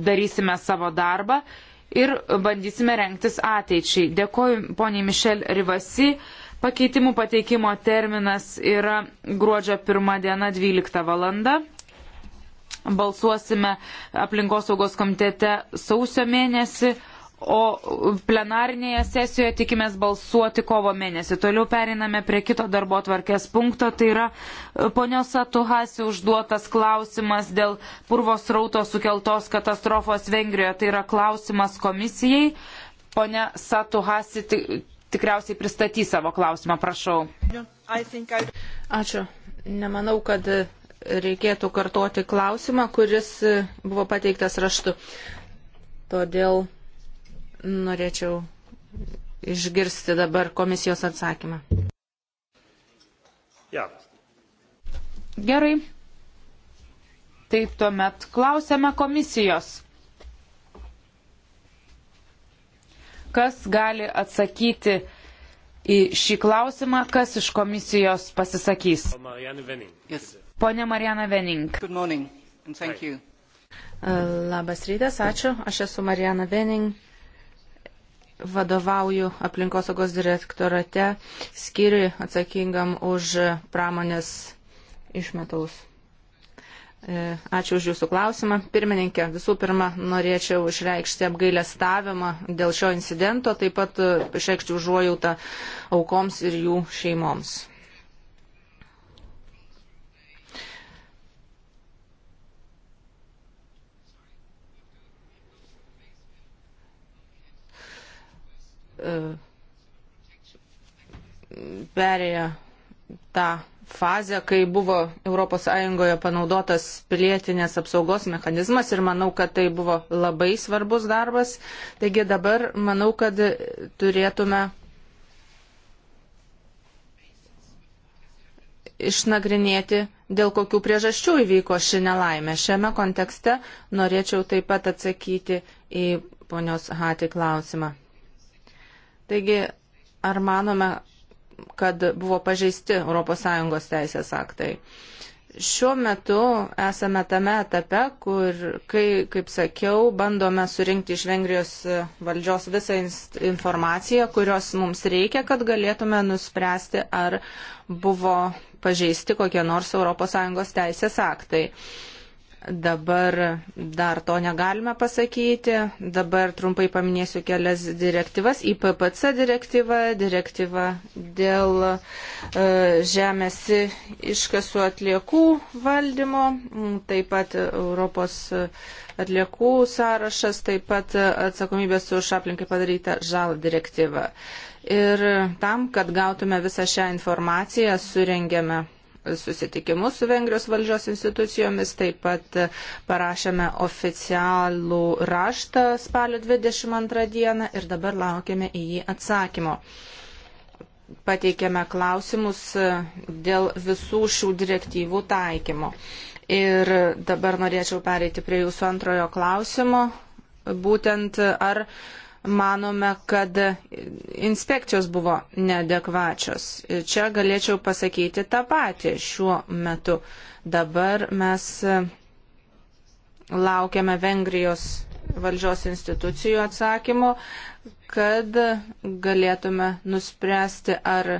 darysime savo darbą ir bandysime renktis ateičiai. Dėkoju poniai Mišel Rivasi. Pakeitimų pateikimo terminas yra gruodžio 1 diena 12 valanda. Balsuosime aplinkosaugos komitete sausio mėnesį o plenarinėje sesijoje tikimės balsuoti kovo mėnesį. Toliau periname prie kito darbo tvarkės punkto, tai yra e, ponios Atuhasi užduotas klausimas dėl purvos rauto sukeltos katastrofos Vengrijoje. Tai yra klausimas komisijai. Pone Satuhasi tikriausiai pristatys savo klausimą, prašau. Ačiū. Nemanau, kad reikėtų kartoti klausimą, kuris buvo pateiktas raštu. Todėl Norėčiau išgirsti dabar komisijos atsakymą. Ja. Gerai. Taip tuomet klausėme komisijos. Kas gali atsakyti į šį klausimą, kas iš komisijos pasisakys? Yes. Pone Marijana Vening. Labas rytas, ačiū. Aš esu Marijana Vening vadovauju aplinkosaugos direktorate skiriui atsakingam už pramonės išmetaus. E, ačiū už Jūsų klausimą. Pirmininkė, visų pirma, norėčiau išreikšti apgailę stavimą dėl šio incidento, taip pat išreikšti užuojautą aukoms ir jų šeimoms. E, perėję tą fazę, kai buvo ES panaudotas pilietinės apsaugos mechanizmas ir manau, kad tai buvo labai svarbus darbas. Taigi dabar manau, kad turėtume išnagrinėti, dėl kokių priežasčių įvyko ši nelaimė. Šiame kontekste norėčiau taip pat atsakyti į ponios Hati klausimą. Taigi, ar manome, kad buvo pažeisti ES teisės aktai? Šiuo metu esame tame etape, kur, kai, kaip sakiau, bandome surinkti iš Vengrijos valdžios visą informaciją, kurios mums reikia, kad galėtume nuspręsti, ar buvo pažeisti kokie nors ES teisės aktai. Dabar dar to negalime pasakyti. Dabar trumpai paminėsiu kelias direktyvas. IPPC direktyva, direktyva dėl e, žemės iškasų atliekų valdymo, taip pat Europos atliekų sąrašas, taip pat atsakomybės už aplinkai padarytą žalą direktyva. Ir tam, kad gautume visą šią informaciją, surengėme susitikimus su Vengrijos valdžios institucijomis, taip pat parašėme oficialų raštą spalio 22 dieną ir dabar laukiame į jį atsakymo pateikėme klausimus dėl visų šių direktyvų taikymo. Ir dabar norėčiau pereiti prie jūsų antrojo klausimo, būtent ar manome, kad inspekcijos buvo neadekvačios. Čia galėčiau pasakyti tą patį šiuo metu. Dabar mes e, laukiame Vengrijos valdžios institucijų atsakymo, kad galėtume nuspręsti, ar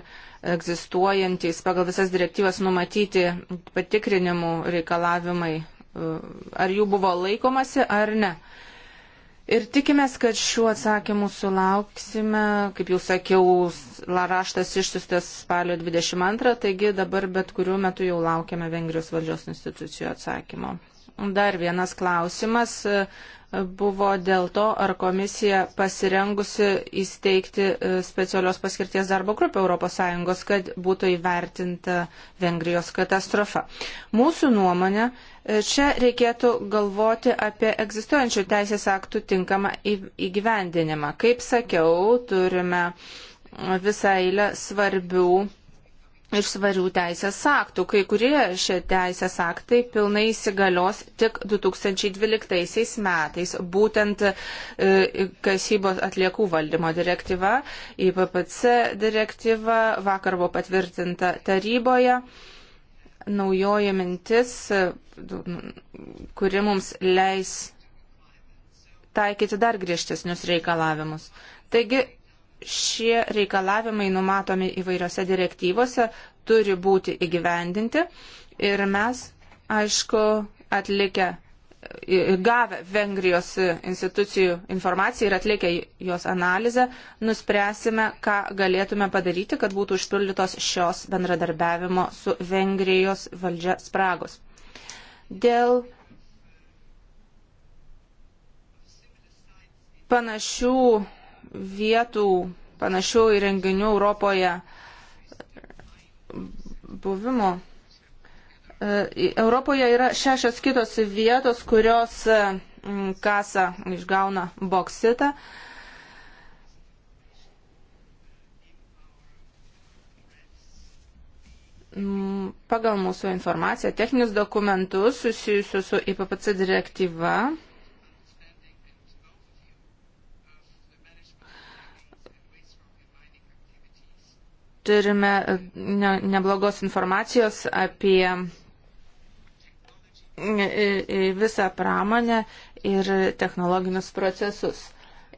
egzistuojantys pagal visas direktyvas numatyti patikrinimų reikalavimai, e, ar jų buvo laikomasi ar ne. Ir tikimės, kad šiuo atsakymu sulauksime, kaip jau sakiau, raštas išsiustas spalio 22, taigi dabar bet kuriuo metu jau laukiame Vengrijos valdžios institucijų atsakymo. Dar vienas klausimas e, buvo dėl to, ar komisija pasirengusi įsteigti e, specialios paskirties darbo grupę ES, kad būtų įvertinta Vengrijos katastrofa. Mūsų nuomonė, Čia reikėtų galvoti apie egzistuojančių teisės aktų tinkamą įgyvendinimą. Kaip sakiau, turime visą eilę svarbių ir svarių teisės aktų. Kai kurie šie teisės aktai pilnai įsigalios tik 2012 metais. Būtent e, kasybos atliekų valdymo direktyva, IPPC direktyva vakar buvo patvirtinta taryboje naujoji mintis, kuri mums leis taikyti dar griežtesnius reikalavimus. Taigi šie reikalavimai numatomi įvairiose direktyvose, turi būti įgyvendinti ir mes, aišku, atlikę gavę Vengrijos institucijų informaciją ir atlikę jos analizę, nuspręsime, ką galėtume padaryti, kad būtų užpildytos šios bendradarbiavimo su Vengrijos valdžia spragos. Dėl panašių vietų, panašių įrenginių Europoje buvimo E, Europoje yra šešios kitos vietos, kurios e, kasa išgauna boksitą. Pagal mūsų informaciją, techninius dokumentus susijusius su IPPC direktyva, turime e, ne, neblogos informacijos apie visą pramonę ir technologinius procesus.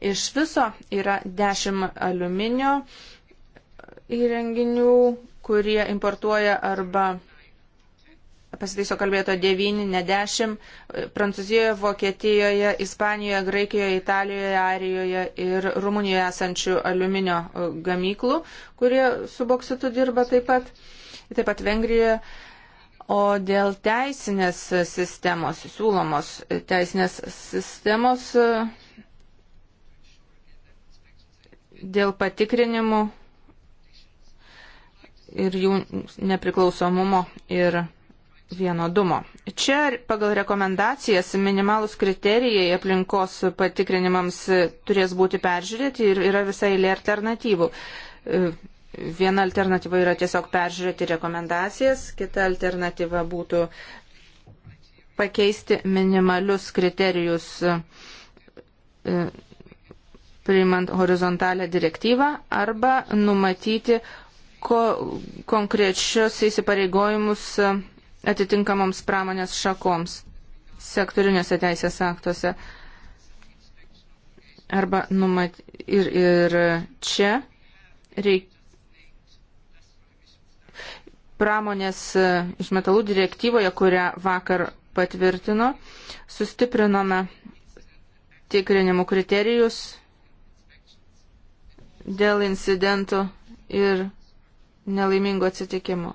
Iš viso yra 10 aliuminio įrenginių, kurie importuoja arba pasitaiso kalbėto 9, ne 10, Prancūzijoje, Vokietijoje, Ispanijoje, Graikijoje, Italijoje, Arijoje ir Rumunijoje esančių aliuminio e, gamyklų, kurie su boksitu dirba taip pat, taip pat Vengrijoje, O dėl teisinės sistemos, siūlomos teisinės sistemos, dėl patikrinimų ir jų nepriklausomumo ir vienodumo. Čia pagal rekomendacijas minimalus kriterijai aplinkos patikrinimams turės būti peržiūrėti ir yra visai lė alternatyvų. Viena alternatyva yra tiesiog peržiūrėti rekomendacijas, kita alternatyva būtų pakeisti minimalius kriterijus e, priimant horizontalę direktyvą arba numatyti ko, konkrečius įsipareigojimus e, atitinkamoms pramonės šakoms sektoriniuose teisės aktuose. Arba numat ir, ir čia reik, pramonės e, iš metalų direktyvoje, kurią vakar patvirtino, sustiprinome tikrinimų kriterijus dėl incidentų ir nelaimingų atsitikimų.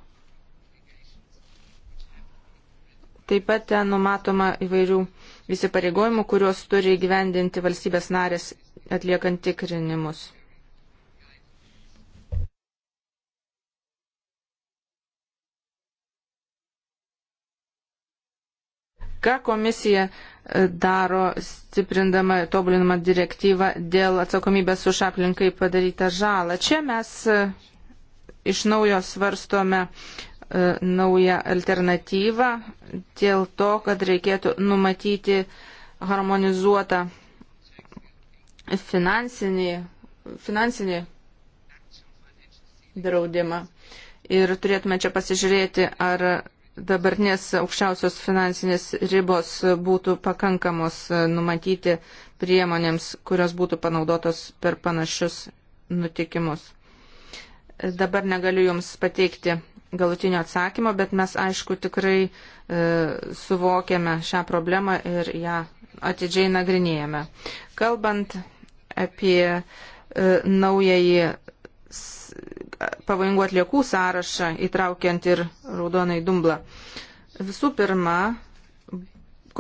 Taip pat ten numatoma įvairių įsipareigojimų, kuriuos turi įgyvendinti valstybės narės atliekant tikrinimus. Ką komisija e, daro stiprindama ir tobulinama direktyva dėl atsakomybės už aplinkai padarytą žalą? Čia mes e, iš naujo svarstome e, naują alternatyvą dėl to, kad reikėtų numatyti harmonizuotą finansinį, finansinį draudimą. Ir turėtume čia pasižiūrėti, ar dabartinės aukščiausios finansinės ribos būtų pakankamos e, numatyti priemonėms, kurios būtų panaudotos per panašius nutikimus. E, dabar negaliu Jums pateikti galutinio atsakymo, bet mes aišku tikrai e, suvokiame šią problemą ir ją atidžiai nagrinėjame. Kalbant apie e, naująjį pavojingų atliekų sąrašą, įtraukiant ir raudonai dumblą. Visų pirma,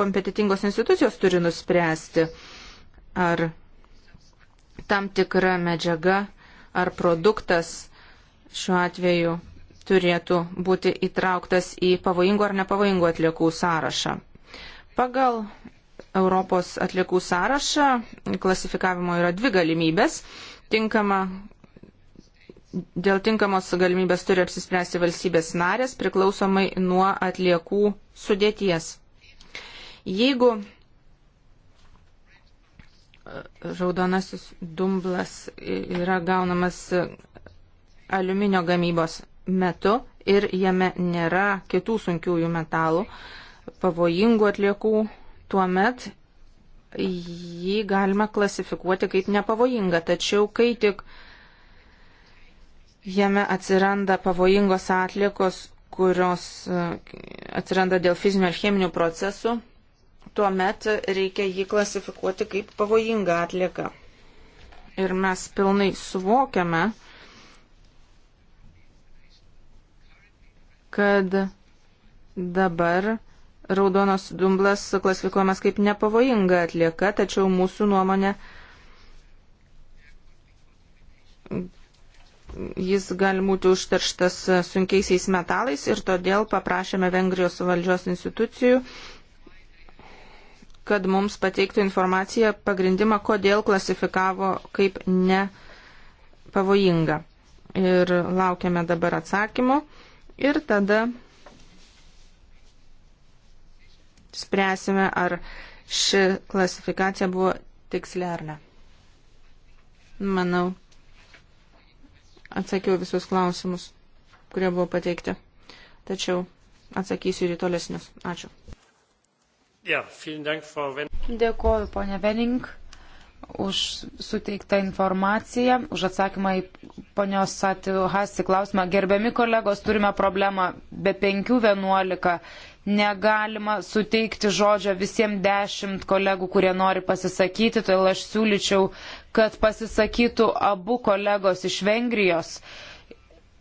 kompetitingos institucijos turi nuspręsti, ar tam tikra medžiaga ar produktas šiuo atveju turėtų būti įtrauktas į pavojingų ar nepavojingų atliekų sąrašą. Pagal Europos atliekų sąrašą klasifikavimo yra dvi galimybės - tinkama Dėl tinkamos galimybės turi apsispręsti valstybės narės priklausomai nuo atliekų sudėties. Jeigu e, raudonasis dumblas yra gaunamas aliuminio gamybos metu ir jame nėra kitų sunkiųjų metalų, pavojingų atliekų, tuomet jį galima klasifikuoti kaip nepavojingą. Tačiau, kai tik uh, Jame atsiranda pavojingos atlikos, kurios e, atsiranda dėl fizinių ar cheminių procesų. Tuomet reikia jį klasifikuoti kaip pavojingą atliką. Ir mes pilnai suvokiame, kad dabar raudonos dumblas klasifikuojamas kaip nepavojinga atlieka, tačiau mūsų nuomonė jis gali būti užterštas sunkiaisiais metalais ir todėl paprašėme Vengrijos valdžios institucijų, kad mums pateiktų informaciją pagrindimą, kodėl klasifikavo kaip nepavojinga. Ir laukiame dabar atsakymo ir tada spręsime, ar ši klasifikacija buvo tiksli ar ne. Manau, atsakiau visus klausimus, kurie buvo pateikti. Tačiau atsakysiu ir į tolesnius. Ačiū. Ja, Dank, Frau Dėkoju, ponia Vening, už suteiktą informaciją, už atsakymą į ponios Satiu Hasi klausimą. Gerbiami kolegos, turime problemą be 5.11 negalima suteikti žodžio visiems dešimt kolegų, kurie nori pasisakyti, todėl aš siūlyčiau, kad pasisakytų abu kolegos iš Vengrijos,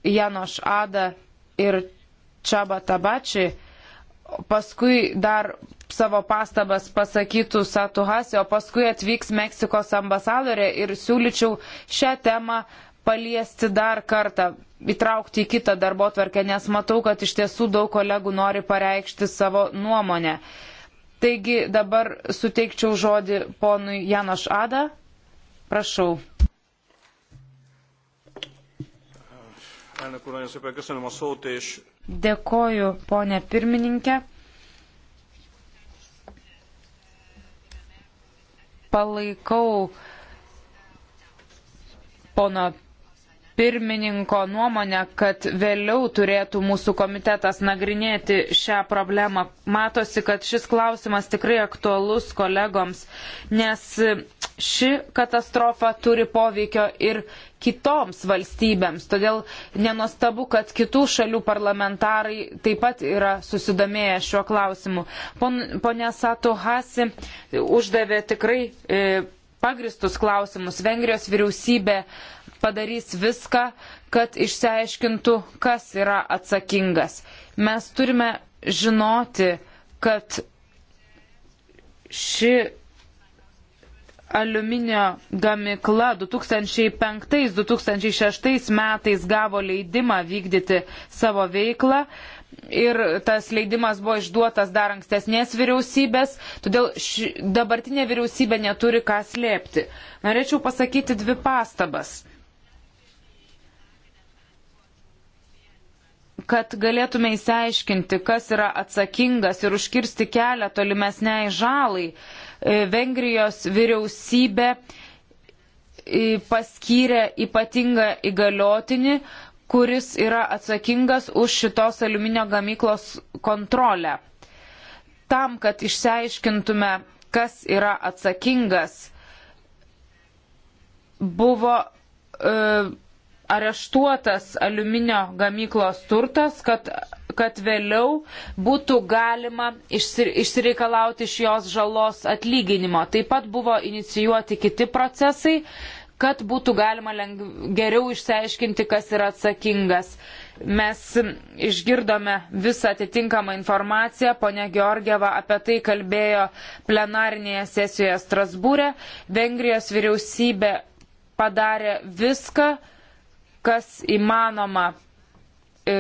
Janoš Ada ir Čaba Tabači, paskui dar savo pastabas pasakytų Satuhasi, o paskui atvyks Meksikos ambasadorė ir siūlyčiau šią temą paliesti dar kartą, įtraukti į kitą darbo tvarkę, nes matau, kad iš tiesų daug kolegų nori pareikšti savo nuomonę. Taigi dabar suteikčiau žodį ponui Janoš Ada. Prašau. Dėkoju, ponė pirmininkė. Palaikau pono pirmininko nuomonę, kad vėliau turėtų mūsų komitetas nagrinėti šią problemą. Matosi, kad šis klausimas tikrai aktualus kolegoms, nes ši katastrofa turi poveikio ir kitoms valstybėms. Todėl nenostabu, kad kitų šalių parlamentarai taip pat yra susidomėję šiuo klausimu. Pon, pone Satu Hasi uždavė tikrai. E, pagristus klausimus. Vengrijos vyriausybė padarys viską, kad išsiaiškintų, kas yra atsakingas. Mes turime žinoti, kad ši aliuminio gamikla 2005-2006 metais gavo leidimą vykdyti savo veiklą ir tas leidimas buvo išduotas dar ankstesnės vyriausybės, todėl ši, dabartinė vyriausybė neturi ką slėpti. Norėčiau pasakyti dvi pastabas. kad galėtume įsiaiškinti, kas yra atsakingas ir užkirsti kelią tolimesniai žalai, e, Vengrijos vyriausybė e, paskyrė ypatingą įgaliotinį, kuris yra atsakingas už šitos aliuminio gamyklos kontrolę. Tam, kad išsiaiškintume, kas yra atsakingas, buvo e, areštuotas aliuminio gamyklos turtas, kad, kad vėliau būtų galima išsireikalauti iš jos žalos atlyginimo. Taip pat buvo inicijuoti kiti procesai, kad būtų galima lengv, geriau išsiaiškinti, kas yra atsakingas. Mes išgirdome visą atitinkamą informaciją, ponia Georgieva apie tai kalbėjo plenarinėje sesijoje Strasbūrė. Vengrijos vyriausybė padarė viską, kas įmanoma e,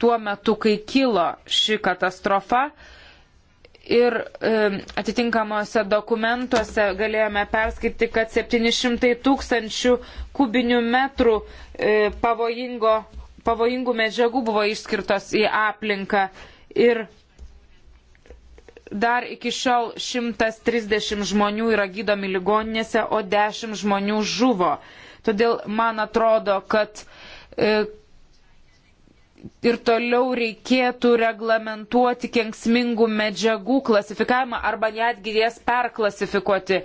tuo metu, kai kilo ši katastrofa. Ir e, atitinkamuose dokumentuose galėjome perskaityti, kad 700 tūkstančių kubinių metrų e, pavojingo, pavojingų medžiagų buvo išskirtos į aplinką. Ir dar iki šiol 130 žmonių yra gydomi ligoninėse, o 10 žmonių žuvo. E, Todėl man atrodo, kad e, ir toliau reikėtų reglamentuoti kenksmingų medžiagų klasifikavimą arba netgi jas perklasifikuoti.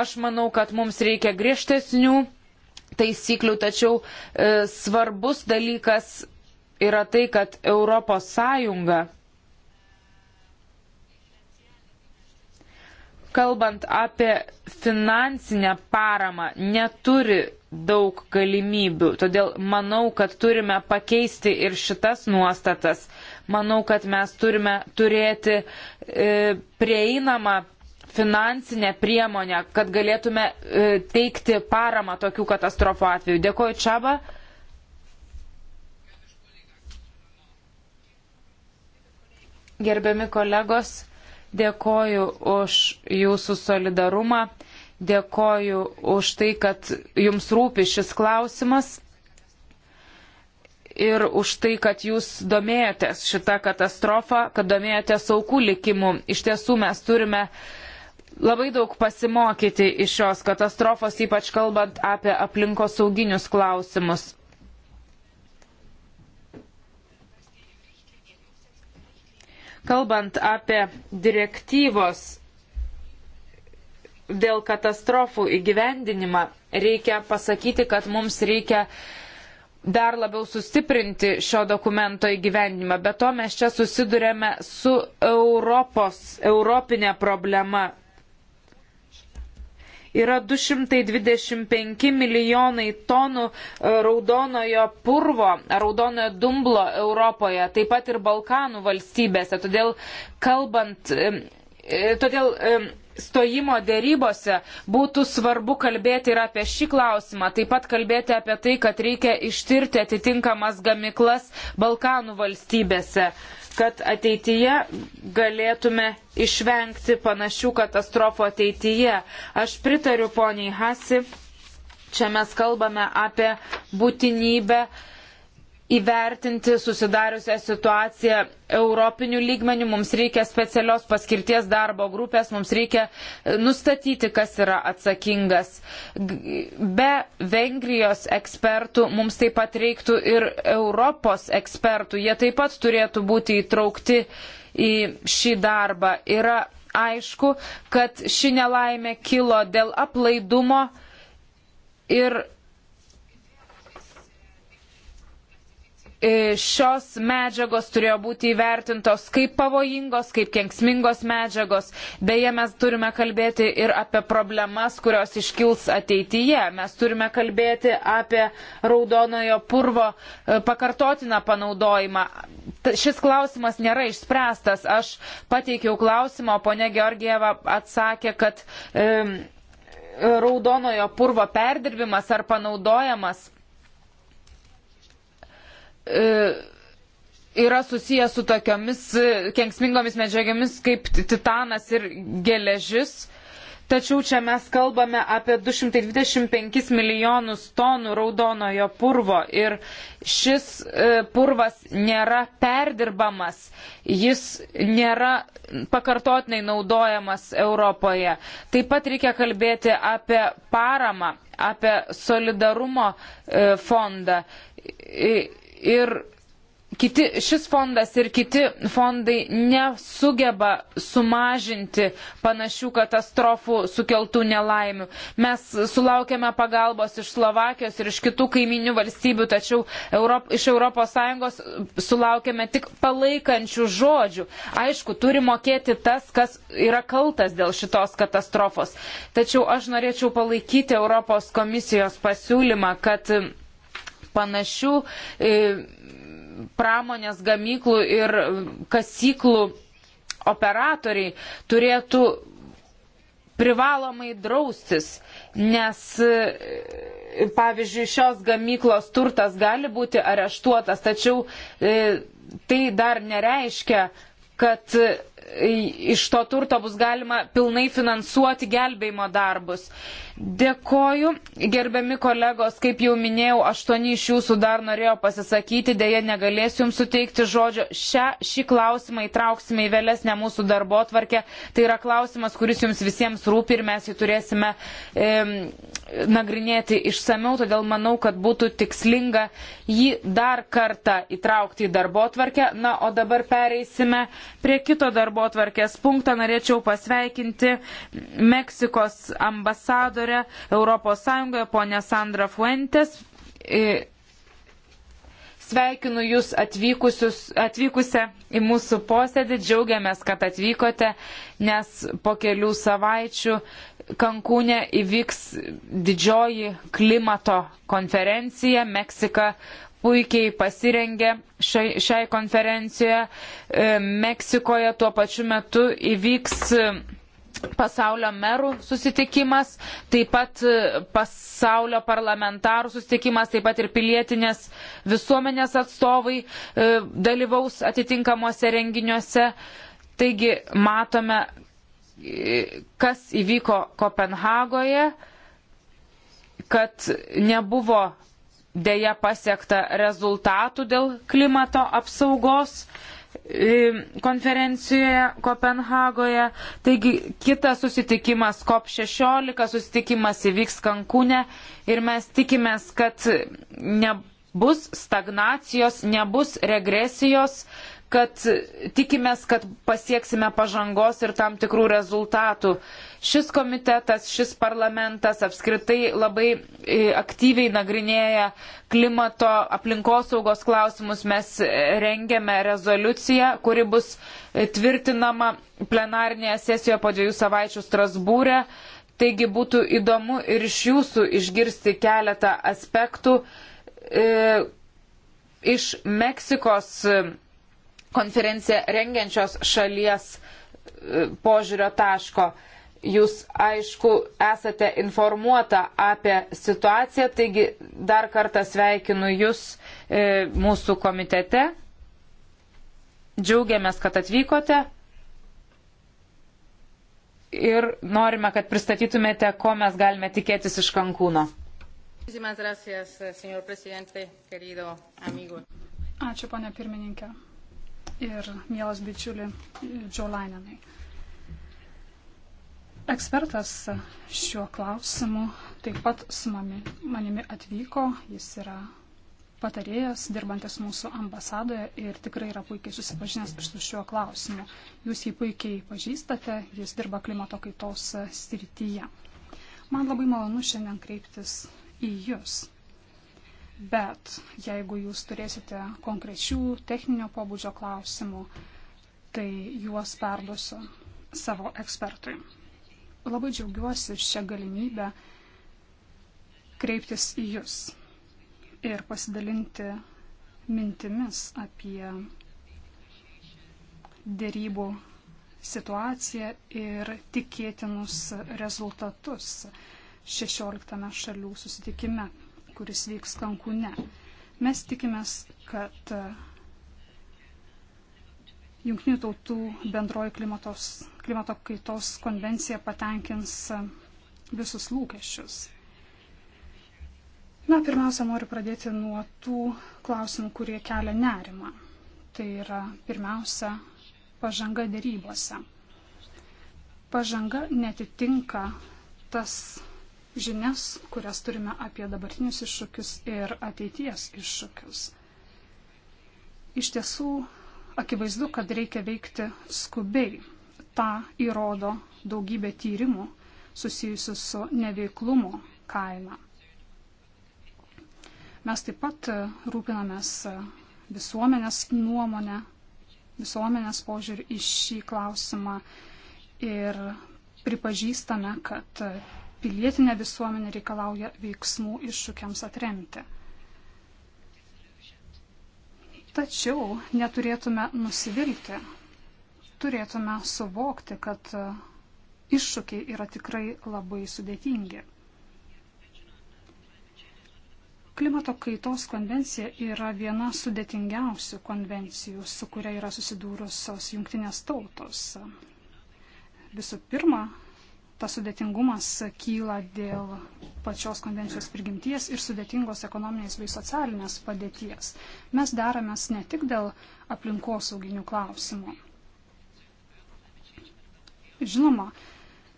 Aš manau, kad mums reikia griežtesnių taisyklių, tačiau e, svarbus dalykas yra tai, kad Europos Sąjunga, kalbant apie finansinę paramą, neturi daug galimybių. Todėl manau, kad turime pakeisti ir šitas nuostatas. Manau, kad mes turime turėti e, prieinamą finansinę priemonę, kad galėtume e, teikti paramą tokių katastrofų atveju. Dėkuoju, Čaba. Gerbiami kolegos, dėkoju už jūsų solidarumą. Dėkoju už tai, kad jums rūpi šis klausimas ir už tai, kad jūs domėjotės šitą katastrofą, kad domėjotės aukų likimu. Iš tiesų mes turime labai daug pasimokyti iš šios katastrofos, ypač kalbant apie aplinkos sauginius klausimus. Kalbant apie direktyvos dėl katastrofų įgyvendinimą, reikia pasakyti, kad mums reikia dar labiau sustiprinti šio dokumento įgyvendinimą. Be to mes čia susidurėme su Europos, europinė problema. Yra 225 milijonai tonų e, raudonojo purvo, raudonojo dumblo Europoje, taip pat ir Balkanų valstybėse. Todėl kalbant, e, e, todėl stojimo dėrybose būtų svarbu kalbėti ir apie šį klausimą, taip pat kalbėti apie tai, kad reikia ištirti atitinkamas gamiklas Balkanų valstybėse, kad ateityje galėtume išvengti panašių katastrofų ateityje. Aš pritariu poniai Hasi, čia mes kalbame apie būtinybę įvertinti susidariusią situaciją europinių lygmenių, mums reikia specialios paskirties darbo grupės, mums reikia e, nustatyti, kas yra atsakingas. Be Vengrijos ekspertų mums taip pat reiktų ir Europos ekspertų, jie taip pat turėtų būti įtraukti į šį darbą. Yra aišku, kad ši nelaimė kilo dėl aplaidumo ir E, šios medžiagos turėjo būti įvertintos kaip pavojingos, kaip kenksmingos medžiagos. Beje, mes turime kalbėti ir apie problemas, kurios iškils ateityje. Mes turime kalbėti apie raudonojo purvo e, pakartotiną panaudojimą. Šis klausimas nėra išspręstas. Aš pateikiau klausimą, o ponė Georgieva atsakė, kad e, raudonojo purvo perdirbimas ar panaudojimas E, yra susijęs su tokiomis e, kenksmingomis medžiagomis kaip titanas ir geležis. Tačiau čia mes kalbame apie 225 milijonus tonų raudonojo purvo ir šis e, purvas nėra perdirbamas, jis nėra pakartotinai naudojamas Europoje. Taip pat reikia kalbėti apie paramą, apie solidarumo fondą ir kiti, šis fondas ir kiti fondai nesugeba sumažinti panašių katastrofų sukeltų nelaimių. Mes sulaukėme pagalbos iš Slovakijos ir iš kitų kaiminių valstybių, tačiau Europ, iš ES sulaukėme tik palaikančių žodžių. Aišku, turi mokėti tas, kas yra kaltas dėl šitos katastrofos. Tačiau aš norėčiau palaikyti Europos komisijos pasiūlymą, kad panašių e, pramonės gamyklų ir kasyklų operatoriai turėtų privalomai draustis, nes, e, pavyzdžiui, šios gamyklos turtas gali būti areštuotas, tačiau e, tai dar nereiškia, kad iš to turto bus galima pilnai finansuoti gelbėjimo darbus. Dėkoju, gerbiami kolegos, kaip jau minėjau, aštuoni iš jūsų dar norėjo pasisakyti, dėje negalėsiu jums suteikti žodžio. Šią, šį klausimą įtrauksime į vėlesnę mūsų darbo tvarkę. Tai yra klausimas, kuris jums visiems rūpi ir mes jį turėsime e, nagrinėti išsameu, todėl manau, kad būtų tikslinga jį dar kartą įtraukti į darbo tvarkę. Na, o dabar pereisime prie kito darbo tvarkės punktą. Norėčiau pasveikinti Meksikos ambasadorių ambasadorę ES, ponę Sandra Fuentes. Sveikinu Jūs atvykusią į mūsų posėdį, džiaugiamės, kad atvykote, nes po kelių savaičių Kankūne įvyks didžioji klimato konferencija. Meksika puikiai pasirengė šiai, šiai konferencijoje. E, Meksikoje tuo pačiu metu įvyks pasaulio merų susitikimas, taip pat e, pasaulio parlamentarų susitikimas, taip pat ir pilietinės visuomenės atstovai e, dalyvaus atitinkamuose renginiuose. Taigi matome, e, kas įvyko Kopenhagoje, kad nebuvo dėja pasiekta rezultatų dėl klimato apsaugos konferencijoje Kopenhagoje. Taigi kitas susitikimas COP16, susitikimas įvyks Kankūne ir mes tikimės, kad nebus stagnacijos, nebus regresijos, kad tikimės, kad pasieksime pažangos ir tam tikrų rezultatų. Šis komitetas, šis parlamentas apskritai labai e, aktyviai nagrinėja klimato aplinkosaugos klausimus. Mes rengiame rezoliuciją, kuri bus e, tvirtinama plenarinėje sesijoje po dviejų savaičių Strasbūrė. Taigi būtų įdomu ir iš jūsų išgirsti keletą aspektų. E, iš Meksikos konferenciją rengiančios šalies e, požiūrio taško. Jūs, aišku, esate informuota apie situaciją, taigi dar kartą sveikinu Jūs e, mūsų komitete. Džiaugiamės, kad atvykote ir norime, kad pristatytumėte, ko mes galime tikėtis iš Kankūno. Ačiū, ponė pirmininkė ir mielas bičiuli Džiolainenai. Ekspertas šiuo klausimu taip pat su mami, manimi atvyko, jis yra patarėjas, dirbantis mūsų ambasadoje ir tikrai yra puikiai susipažinęs su šiuo klausimu. Jūs jį puikiai pažįstate, jis dirba klimato kaitos srityje. Man labai malonu šiandien kreiptis į Jūs. Bet jeigu jūs turėsite konkrečių techninio pobūdžio klausimų, tai juos perduosiu savo ekspertui. Labai džiaugiuosi šią galimybę kreiptis į Jūs ir pasidalinti mintimis apie dėrybų situaciją ir tikėtinus rezultatus 16 šalių susitikime kuris vyks Kankūne. Mes tikimės, kad e, Junktinių tautų bendroji klimatos, klimato kaitos konvencija patenkins e, visus lūkesčius. Na, pirmiausia, noriu pradėti nuo tų klausimų, kurie kelia nerimą. Tai yra pirmiausia pažanga dėrybose. Pažanga netitinka tas žinias, kurias turime apie dabartinius iššūkius ir ateities iššūkius. Iš tiesų, akivaizdu, kad reikia veikti skubiai. Ta įrodo daugybė tyrimų susijusių su neveiklumo kaina. Mes taip pat rūpinamės visuomenės nuomonę, visuomenės požiūrį į šį klausimą ir pripažįstame, kad pilietinė visuomenė reikalauja veiksmų iššūkiams atremti. Tačiau neturėtume nusivilti, turėtume suvokti, kad e, iššūkiai yra tikrai labai sudėtingi. Klimato kaitos konvencija yra viena sudėtingiausių konvencijų, su kuria yra susidūrusios jungtinės tautos. Visų pirma, tas sudėtingumas kyla dėl pačios konvencijos prigimties ir sudėtingos ekonominės bei socialinės padėties. Mes deramės ne tik dėl aplinkosauginių klausimų. Žinoma,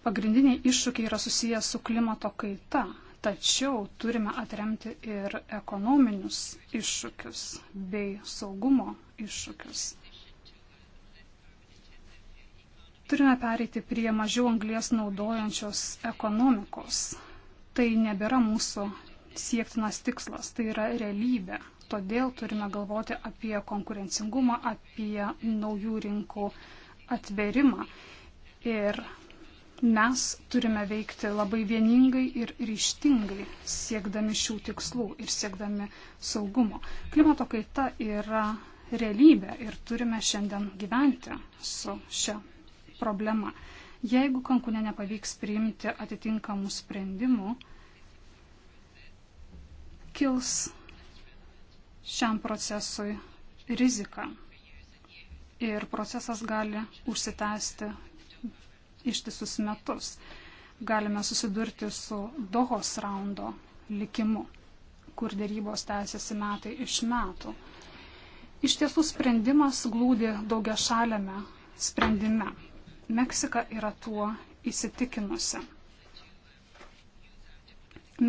pagrindiniai iššūkiai yra susijęs su klimato kaita, tačiau turime atremti ir ekonominius iššūkius bei saugumo iššūkius. Turime pereiti prie mažiau anglės naudojančios ekonomikos. Tai nebėra mūsų siektinas tikslas, tai yra realybė. Todėl turime galvoti apie konkurencingumą, apie naujų rinkų atverimą. Ir mes turime veikti labai vieningai ir ryštingai, siekdami šių tikslų ir siekdami saugumo. Klimato kaita yra realybė ir turime šiandien gyventi su šia problema. Jeigu Kankūne nepavyks priimti atitinkamų sprendimų, kils šiam procesui rizika ir procesas gali užsitęsti ištisus metus. Galime susidurti su Dohos raundo likimu, kur dėrybos tęsiasi metai iš metų. Iš tiesų sprendimas glūdi daugia šalėme sprendime. Meksika yra tuo įsitikinusi.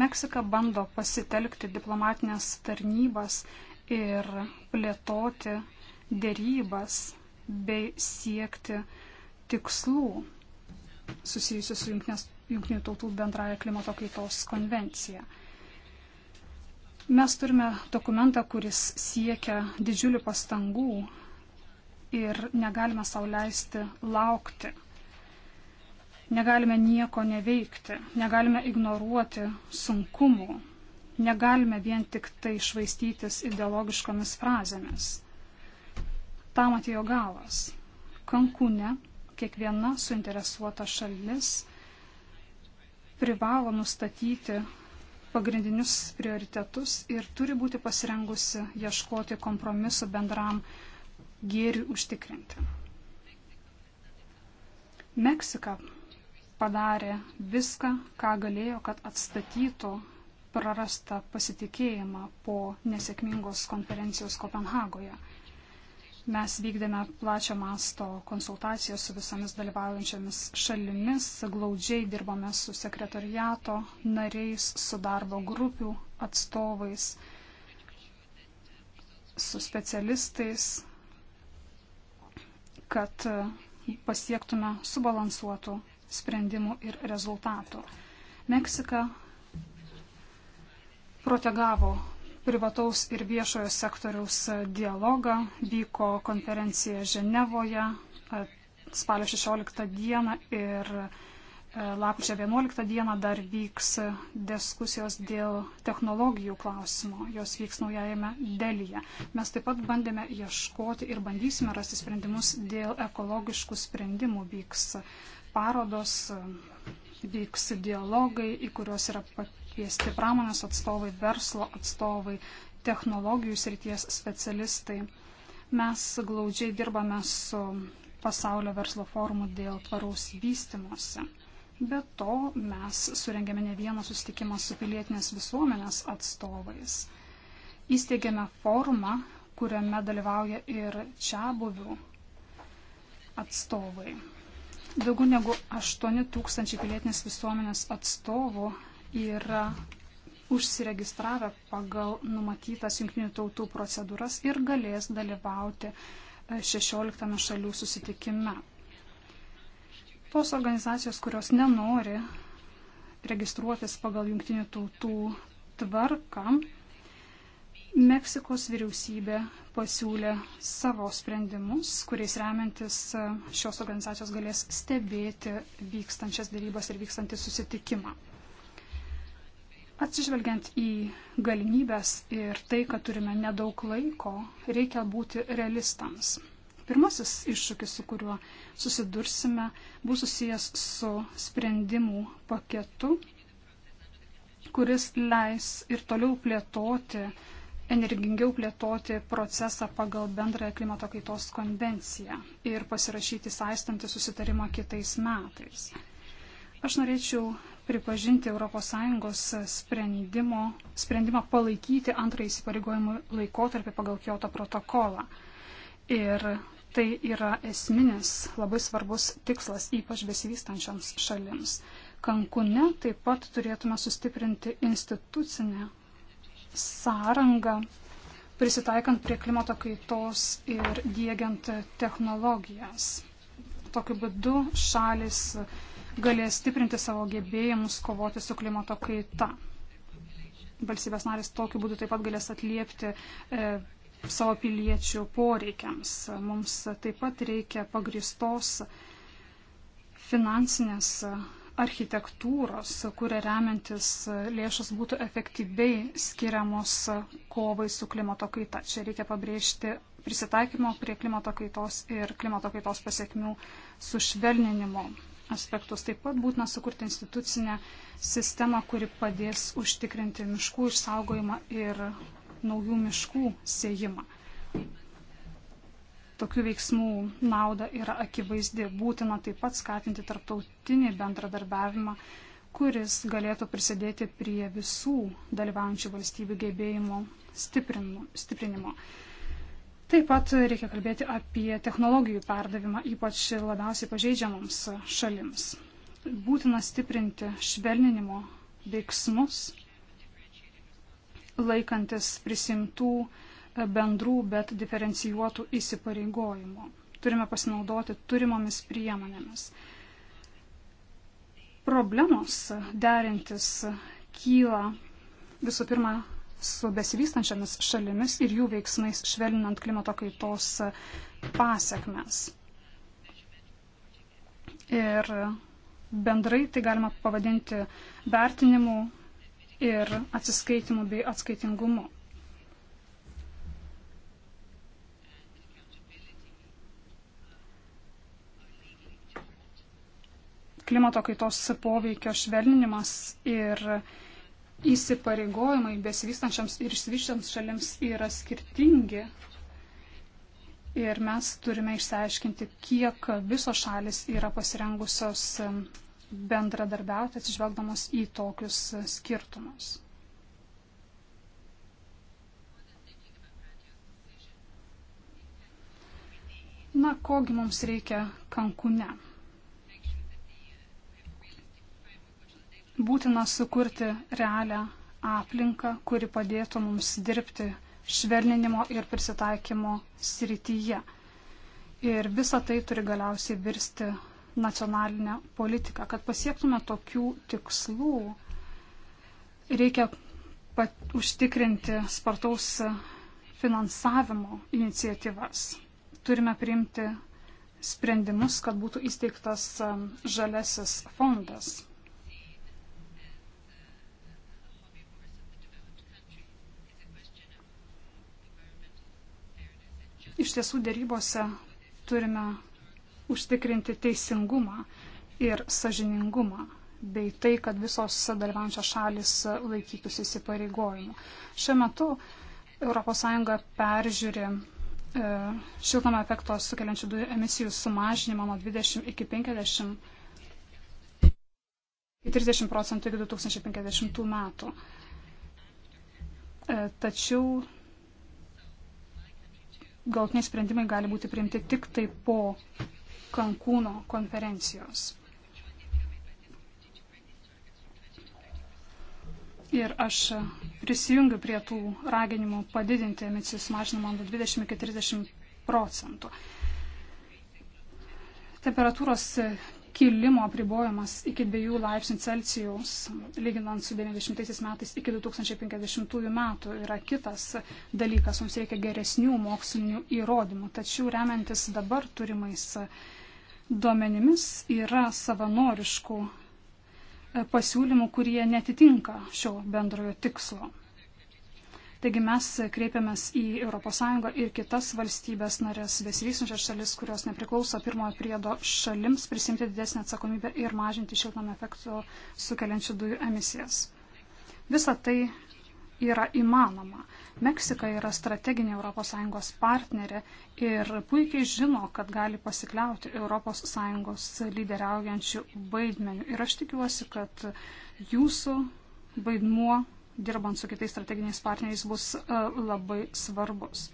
Meksika bando pasitelkti diplomatinės tarnybas ir plėtoti dėrybas bei siekti tikslų susijusių su Junktinių tautų bendraja klimato kaitos konvencija. Mes turime dokumentą, kuris siekia didžiulių pastangų ir negalime sauliaisti laukti. Negalime nieko neveikti, negalime ignoruoti sunkumų, negalime vien tik tai švaistytis ideologiškomis frazėmis. Tam atėjo galas. Kankūne kiekviena suinteresuota šalis privalo nustatyti pagrindinius prioritetus ir turi būti pasirengusi ieškoti kompromisu bendram gėriui užtikrinti. Meksika padarė viską, ką galėjo, kad atstatytų prarastą pasitikėjimą po nesėkmingos konferencijos Kopenhagoje. Mes vykdėme plačią masto konsultaciją su visomis dalyvaujančiomis šalimis, glaudžiai dirbome su sekretariato nariais, su darbo grupių atstovais, su specialistais, kad e, pasiektume subalansuotų sprendimų ir rezultatų. Meksika protegavo privataus ir viešojo sektoriaus dialogą, vyko konferencija Ženevoje e, spalio 16 dieną ir E, lapkričio 11 dieną dar vyks diskusijos dėl technologijų klausimo. Jos vyks naujajame dėlyje. Mes taip pat bandėme ieškoti ir bandysime rasti sprendimus dėl ekologiškų sprendimų. Vyks parodos, vyks dialogai, į kuriuos yra pakviesti pramonės atstovai, verslo atstovai, technologijų srities specialistai. Mes glaudžiai dirbame su pasaulio verslo forumų dėl tvaraus vystimosi. Be to mes surengėme ne vieną susitikimą su pilietinės visuomenės atstovais. Įsteigėme forumą, kuriame dalyvauja ir čia buvių atstovai. Daugiau negu 8 tūkstančiai pilietinės visuomenės atstovų yra užsiregistravę pagal numatytas jungtinių tautų procedūras ir galės dalyvauti 16 e, šalių susitikime. Tos organizacijos, kurios nenori registruotis pagal jungtinių tautų tvarką, Meksikos vyriausybė pasiūlė savo sprendimus, kuriais remiantis šios organizacijos galės stebėti vykstančias dėrybas ir vykstantį susitikimą. Atsižvelgiant į galimybės ir tai, kad turime nedaug laiko, reikia būti realistams. Pirmasis iššūkis, su kuriuo susidursime, bus susijęs su sprendimų paketu, kuris leis ir toliau plėtoti, energingiau plėtoti procesą pagal bendrąją klimato kaitos konvenciją ir pasirašyti saistantį susitarimą kitais metais. Aš norėčiau pripažinti ES sprendimą palaikyti antrąjį įsipareigojimų laikotarpį pagal Kyoto protokolą. Ir Tai yra esminis, labai svarbus tikslas, ypač besivystančioms šalims. Kankune taip pat turėtume sustiprinti institucinę sąrangą, prisitaikant prie klimato kaitos ir dėgiant technologijas. Tokiu būdu šalis galės stiprinti savo gebėjimus kovoti su klimato kaita. Valstybės narės tokiu būdu taip pat galės atliepti e, savo piliečių poreikiams. Mums taip pat reikia pagristos finansinės architektūros, kuria remiantis lėšas būtų efektyviai skiriamos kovai su klimato kaita. Čia reikia pabrėžti prisitaikymo prie klimato kaitos ir klimato kaitos pasiekmių sušvelninimo aspektus. Taip pat būtina sukurti institucinę sistemą, kuri padės užtikrinti miškų išsaugojimą ir naujų miškų sėjimą. Tokių veiksmų nauda yra akivaizdi. Būtina taip pat skatinti tarptautinį bendradarbiavimą, kuris galėtų prisidėti prie visų dalyvaujančių valstybių gebėjimo stiprinimo. Taip pat reikia kalbėti apie technologijų perdavimą, ypač labiausiai pažeidžiamoms šalims. Būtina stiprinti švelninimo veiksmus laikantis prisimtų e, bendrų, bet diferencijuotų įsipareigojimų. Turime pasinaudoti turimomis priemonėmis. Problemos derintis kyla visų pirma su besivystančiamis šalimis ir jų veiksmais švelninant klimato kaitos pasiekmes. Ir bendrai tai galima pavadinti vertinimu ir atsiskaitimu bei atskaitingumu. Klimato kaitos poveikio švelninimas ir įsipareigojimai besivystančiams ir išsivyščiams šalims yra skirtingi. Ir mes turime išsiaiškinti, kiek visos šalis yra pasirengusios bendradarbiauti atsižvelgdamos į tokius skirtumus. Na, kogi mums reikia kankune? Būtina sukurti realią aplinką, kuri padėtų mums dirbti švelninimo ir prisitaikymo srityje. Ir visa tai turi galiausiai virsti nacionalinę politiką. Kad pasiektume tokių tikslų, reikia pat, užtikrinti spartaus finansavimo iniciatyvas. Turime priimti sprendimus, kad būtų įsteigtas um, žalesis fondas. Iš tiesų dėrybose turime užtikrinti teisingumą ir sažiningumą, bei tai, kad visos dalyvaujančios šalis laikytųsi įsipareigojimų. Šiuo metu ES peržiūri e, šiltnamio efekto sukeliančių dujų emisijų sumažinimą nuo 20 iki 50 į 30 procentų iki 2050 metų. E, tačiau galtiniai sprendimai gali būti priimti tik tai po Kankūno konferencijos. Ir aš prisijungiu prie tų raginimų padidinti emisijų sumažinimą nuo 20 iki 30 procentų. Temperatūros kilimo apribojimas iki 2 laipsnių Celsijaus, lyginant su 90 metais iki 2050 metų, yra kitas dalykas. Mums reikia geresnių mokslinių įrodymų. Tačiau remiantis dabar turimais duomenimis yra savanoriškų e, pasiūlymų, kurie netitinka šio bendrojo tikslo. Taigi mes kreipiamės į ES ir kitas valstybės narės, besivystančias šalis, kurios nepriklauso pirmojo priedo šalims, prisimti didesnį atsakomybę ir mažinti šiltnamio efekto sukeliančių dujų emisijas. Visa tai yra įmanoma. Meksika yra strateginė ES partnerė ir puikiai žino, kad gali pasikliauti ES lyderiaujančių vaidmenių. Ir aš tikiuosi, kad jūsų vaidmuo dirbant su kitais strateginiais partneriais bus e, labai svarbus.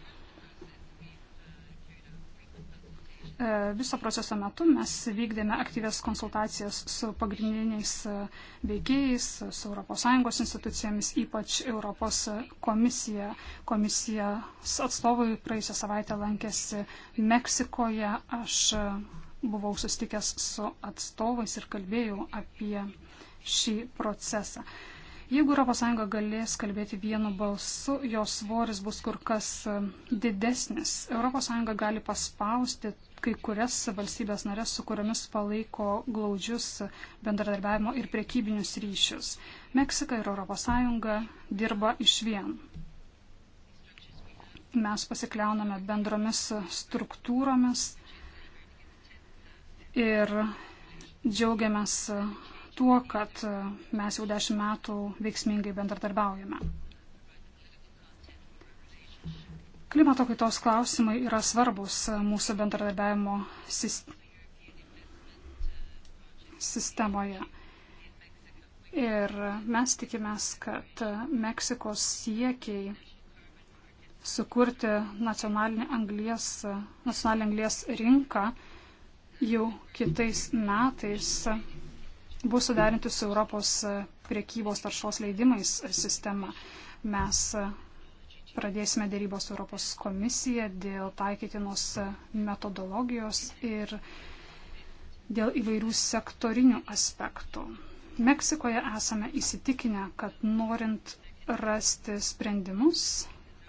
E, viso proceso metu mes vykdėme aktyvės konsultacijas su pagrindiniais e, veikėjais, su ES institucijomis, ypač Europos komisija. Komisijos atstovai praėjusią savaitę lankėsi Meksikoje. Aš e, buvau sustikęs su atstovais ir kalbėjau apie šį procesą. Jeigu ES galės kalbėti vienu balsu, jos svoris bus kur kas didesnis. ES gali paspausti kai kurias valstybės narės, su kuriomis palaiko glaudžius bendradarbiavimo ir prekybinius ryšius. Meksika ir ES dirba iš vien. Mes pasikliauname bendromis struktūromis ir džiaugiamės tuo, kad mes jau dešimt metų veiksmingai bendradarbiaujame. Klimato kaitos klausimai yra svarbus mūsų bendradarbiavimo sistemoje. Ir mes tikimės, kad Meksikos siekiai sukurti nacionalinį anglies, nacionalinį anglies rinką jau kitais metais bus suderinti su Europos priekybos taršos leidimais sistema. Mes Pradėsime dėrybos su Europos komisija dėl taikytinos metodologijos ir dėl įvairių sektorinių aspektų. Meksikoje esame įsitikinę, kad norint rasti sprendimus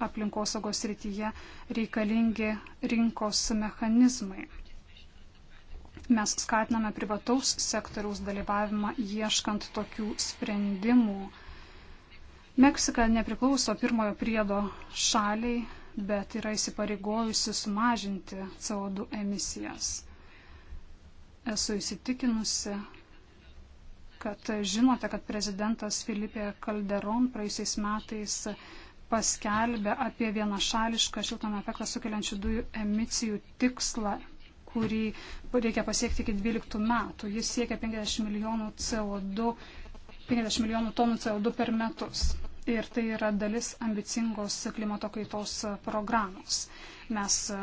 aplinkosaugos rytyje reikalingi rinkos mechanizmai. Mes skatiname privataus sektoriaus dalyvavimą ieškant tokių sprendimų Meksika nepriklauso pirmojo priedo šaliai, bet yra įsipareigojusi sumažinti CO2 emisijas. Esu įsitikinusi, kad žinote, kad prezidentas Filipė Kalderon praėjusiais metais paskelbė apie vienašališką šiltame efektą sukeliančių dujų emisijų tikslą kurį reikia pasiekti iki 12 metų. Jis siekia 50 milijonų CO2 50 milijonų tonų CO2 per metus. Ir tai yra dalis ambicingos klimato kaitos programos. Mes e,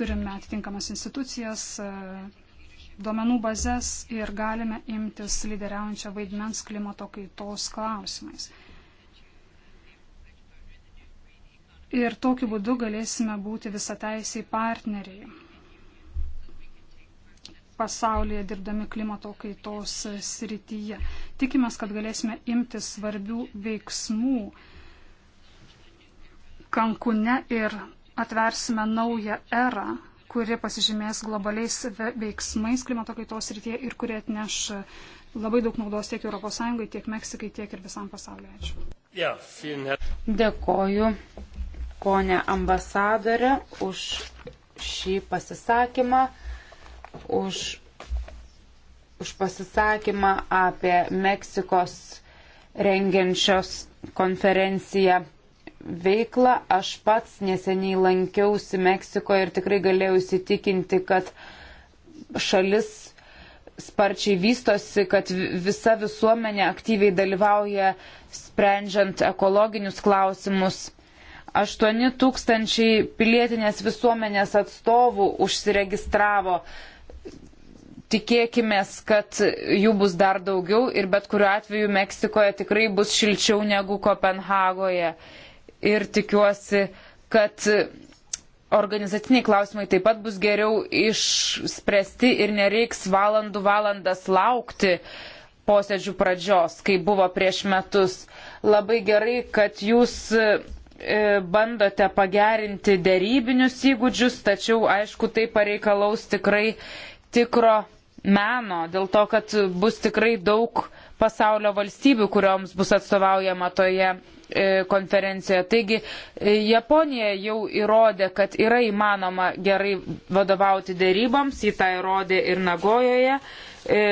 turime atitinkamas institucijas, e, duomenų bazės ir galime imtis lyderiaujančio vaidmens klimato kaitos klausimais. Ir tokiu būdu galėsime būti visateisiai partneriai pasaulyje dirbdami klimato kaitos srityje. Tikimės, kad galėsime imti svarbių veiksmų Kankune ir atversime naują erą, kuri pasižymės globaliais veiksmais klimato kaitos srityje ir kuri atneš labai daug naudos tiek ES, tiek Meksikai, tiek ir visam pasauliu. Ačiū. Dėkoju, ponė ambasadorė, už šį pasisakymą už, už pasisakymą apie Meksikos rengiančios konferenciją veiklą. Aš pats neseniai lankiausi Meksikoje ir tikrai galėjau įsitikinti, kad šalis sparčiai vystosi, kad visa visuomenė aktyviai dalyvauja sprendžiant ekologinius klausimus. 8 tūkstančiai pilietinės visuomenės atstovų užsiregistravo tikėkime, kad jų bus dar daugiau ir bet kuriu atveju Meksikoje tikrai bus šilčiau negu Kopenhagoje. Ir tikiuosi, kad organizaciniai klausimai taip pat bus geriau išspręsti ir nereiks valandų valandas laukti posėdžių pradžios, kai buvo prieš metus. Labai gerai, kad jūs e, bandote pagerinti dėrybinius įgūdžius, tačiau aišku, tai pareikalaus tikrai tikro meno, dėl to, kad bus tikrai daug pasaulio valstybių, kurioms bus atstovaujama toje e, konferencijoje. Taigi e, Japonija jau įrodė, kad yra įmanoma gerai vadovauti dėryboms, jį tą įrodė ir Nagojoje. E,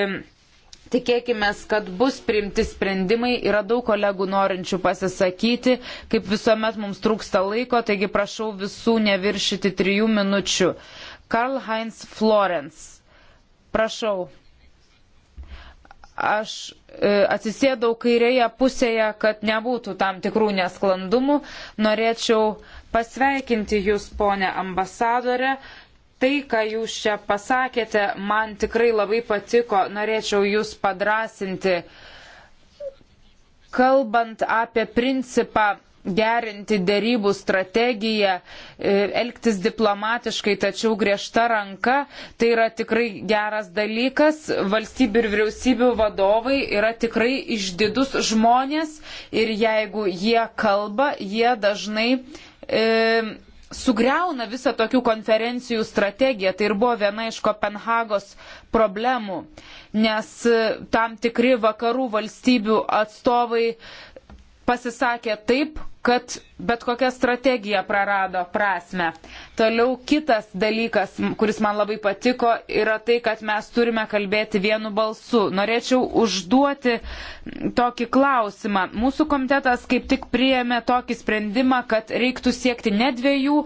tikėkime, kad bus priimti sprendimai, yra daug kolegų norinčių pasisakyti, kaip visuomet mums trūksta laiko, taigi prašau visų neviršyti trijų minučių. Karl Heinz Florence. Prašau. Aš e, atsisėdau kairėje pusėje, kad nebūtų tam tikrų nesklandumų. Norėčiau pasveikinti Jūs, ponė ambasadorė. Tai, ką Jūs čia pasakėte, man tikrai labai patiko. Norėčiau Jūs padrasinti. Kalbant apie principą gerinti dėrybų strategiją, e, elgtis diplomatiškai, tačiau griežta ranka, tai yra tikrai geras dalykas. Valstybių ir vyriausybių vadovai yra tikrai išdidus žmonės ir jeigu jie kalba, jie dažnai e, sugriauna visą tokių konferencijų strategiją. Tai ir buvo viena iš Kopenhagos problemų, nes e, tam tikri vakarų valstybių atstovai pasisakė taip, kad bet kokia strategija prarado prasme. Toliau kitas dalykas, kuris man labai patiko, yra tai, kad mes turime kalbėti vienu balsu. Norėčiau užduoti tokį klausimą. Mūsų komitetas kaip tik priėmė tokį sprendimą, kad reiktų siekti ne dviejų,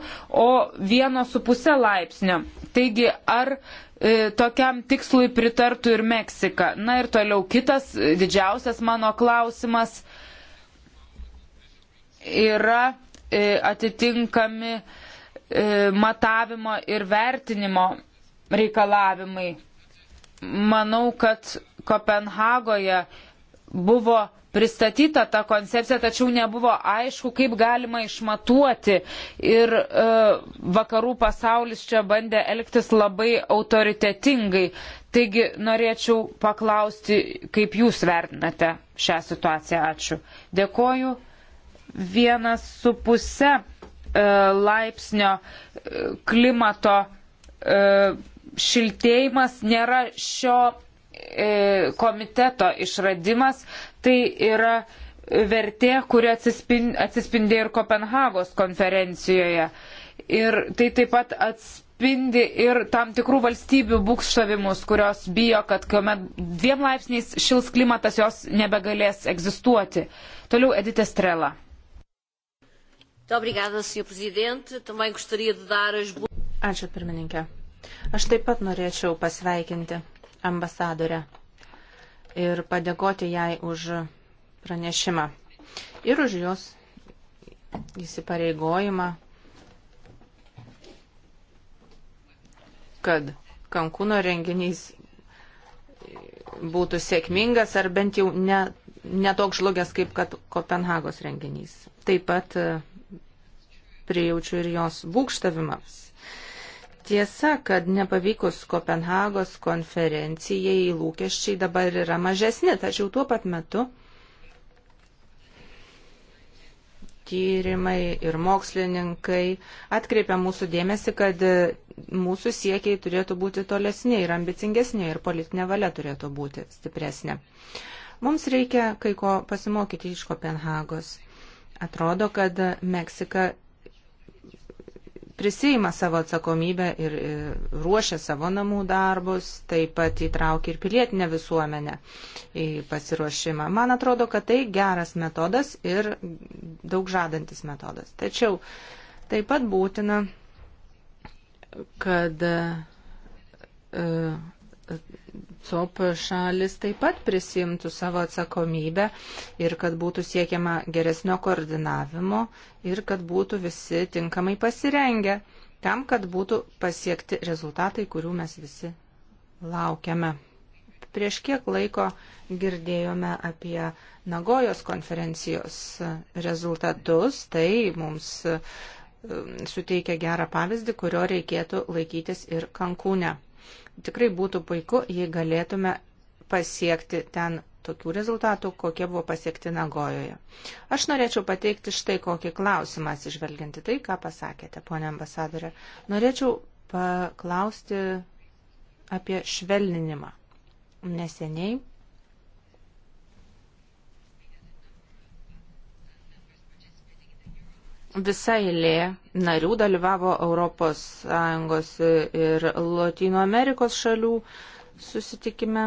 o vieno su pusė laipsnio. Taigi, ar e, tokiam tikslui pritartų ir Meksika? Na ir toliau kitas e, didžiausias mano klausimas. E, yra e, atitinkami e, matavimo ir vertinimo reikalavimai. Manau, kad Kopenhagoje buvo pristatyta ta koncepcija, tačiau nebuvo aišku, kaip galima išmatuoti. Ir e, vakarų pasaulis čia bandė elgtis labai autoritetingai. Taigi norėčiau paklausti, kaip jūs vertinate šią situaciją. Ačiū. Dėkoju vienas su puse e, laipsnio e, klimato e, šiltėjimas nėra šio komiteto išradimas, tai yra vertė, kuri atsispindė ir Kopenhagos konferencijoje. Ir tai taip pat atspindi ir tam tikrų valstybių būkštavimus, kurios bijo, kad kuomet dviem laipsniais šils klimatas jos nebegalės egzistuoti. Toliau Edita Strela. Obrigada, Sr. Presidente. Também gostaria de dar as Ačiū pirmininkė. Aš taip pat norėčiau pasveikinti ambasadorę ir padėkoti jai už pranešimą ir už jos įsipareigojimą, kad Kankūno renginys būtų sėkmingas ar bent jau ne, netoks žlugęs kaip kad Kopenhagos renginys. Taip pat uh, prijaučiu ir jos būkštavimams. Tiesa, kad nepavykus Kopenhagos konferencijai lūkesčiai dabar yra mažesni, tačiau tuo pat metu tyrimai ir mokslininkai atkreipia mūsų dėmesį, kad mūsų siekiai turėtų būti tolesni ir ambicingesni ir politinė valia turėtų būti stipresnė. Mums reikia kai ko pasimokyti iš Kopenhagos. Atrodo, kad Meksika prisima savo atsakomybę ir e, ruošia savo namų darbus, taip pat įtraukia ir pilietinę visuomenę į pasiruošimą. Man atrodo, kad tai geras metodas ir daug žadantis metodas. Tačiau taip pat būtina, kad e, COP šalis taip pat prisimtų savo atsakomybę ir kad būtų siekiama geresnio koordinavimo ir kad būtų visi tinkamai pasirengę tam, kad būtų pasiekti rezultatai, kurių mes visi laukiame. Prieš kiek laiko girdėjome apie Nagojos konferencijos rezultatus, tai mums um, suteikia gerą pavyzdį, kurio reikėtų laikytis ir Kankūne tikrai būtų puiku, jei galėtume pasiekti ten tokių rezultatų, kokie buvo pasiekti Nagojoje. Aš norėčiau pateikti štai kokį klausimą, atsižvelginti tai, ką pasakėte, ponė ambasadorė. Norėčiau paklausti apie švelninimą. Neseniai Visa eilė narių dalyvavo ES ir Latino Amerikos šalių susitikime.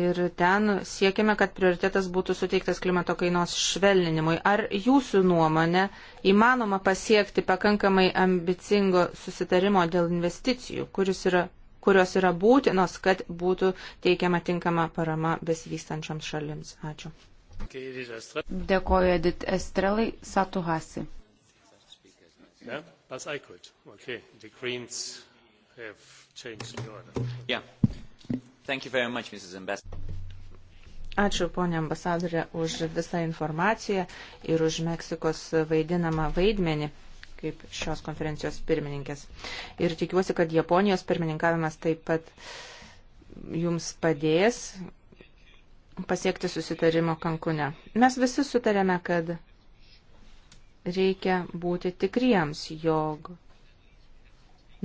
Ir ten siekime, kad prioritetas būtų suteiktas klimato kainos švelninimui. Ar jūsų nuomonė įmanoma pasiekti pakankamai ambicingo susitarimo dėl investicijų, yra, kurios yra būtinos, kad būtų teikiama tinkama parama besivystančioms šalims? Ačiū. Dėkoju Edith Estrelai Satuhasi. Yeah, that's I could. Okay, the Greens have changed the order. Yeah. Thank you very much, Mrs. Ambassador. Ačiū, ponė ambasadorė, už visą informaciją ir už Meksikos vaidinamą vaidmenį kaip šios konferencijos pirmininkės. Ir tikiuosi, kad Japonijos pirmininkavimas taip pat jums padės pasiekti susitarimo Kankune. Mes visi sutarėme, kad reikia būti tikriems, jog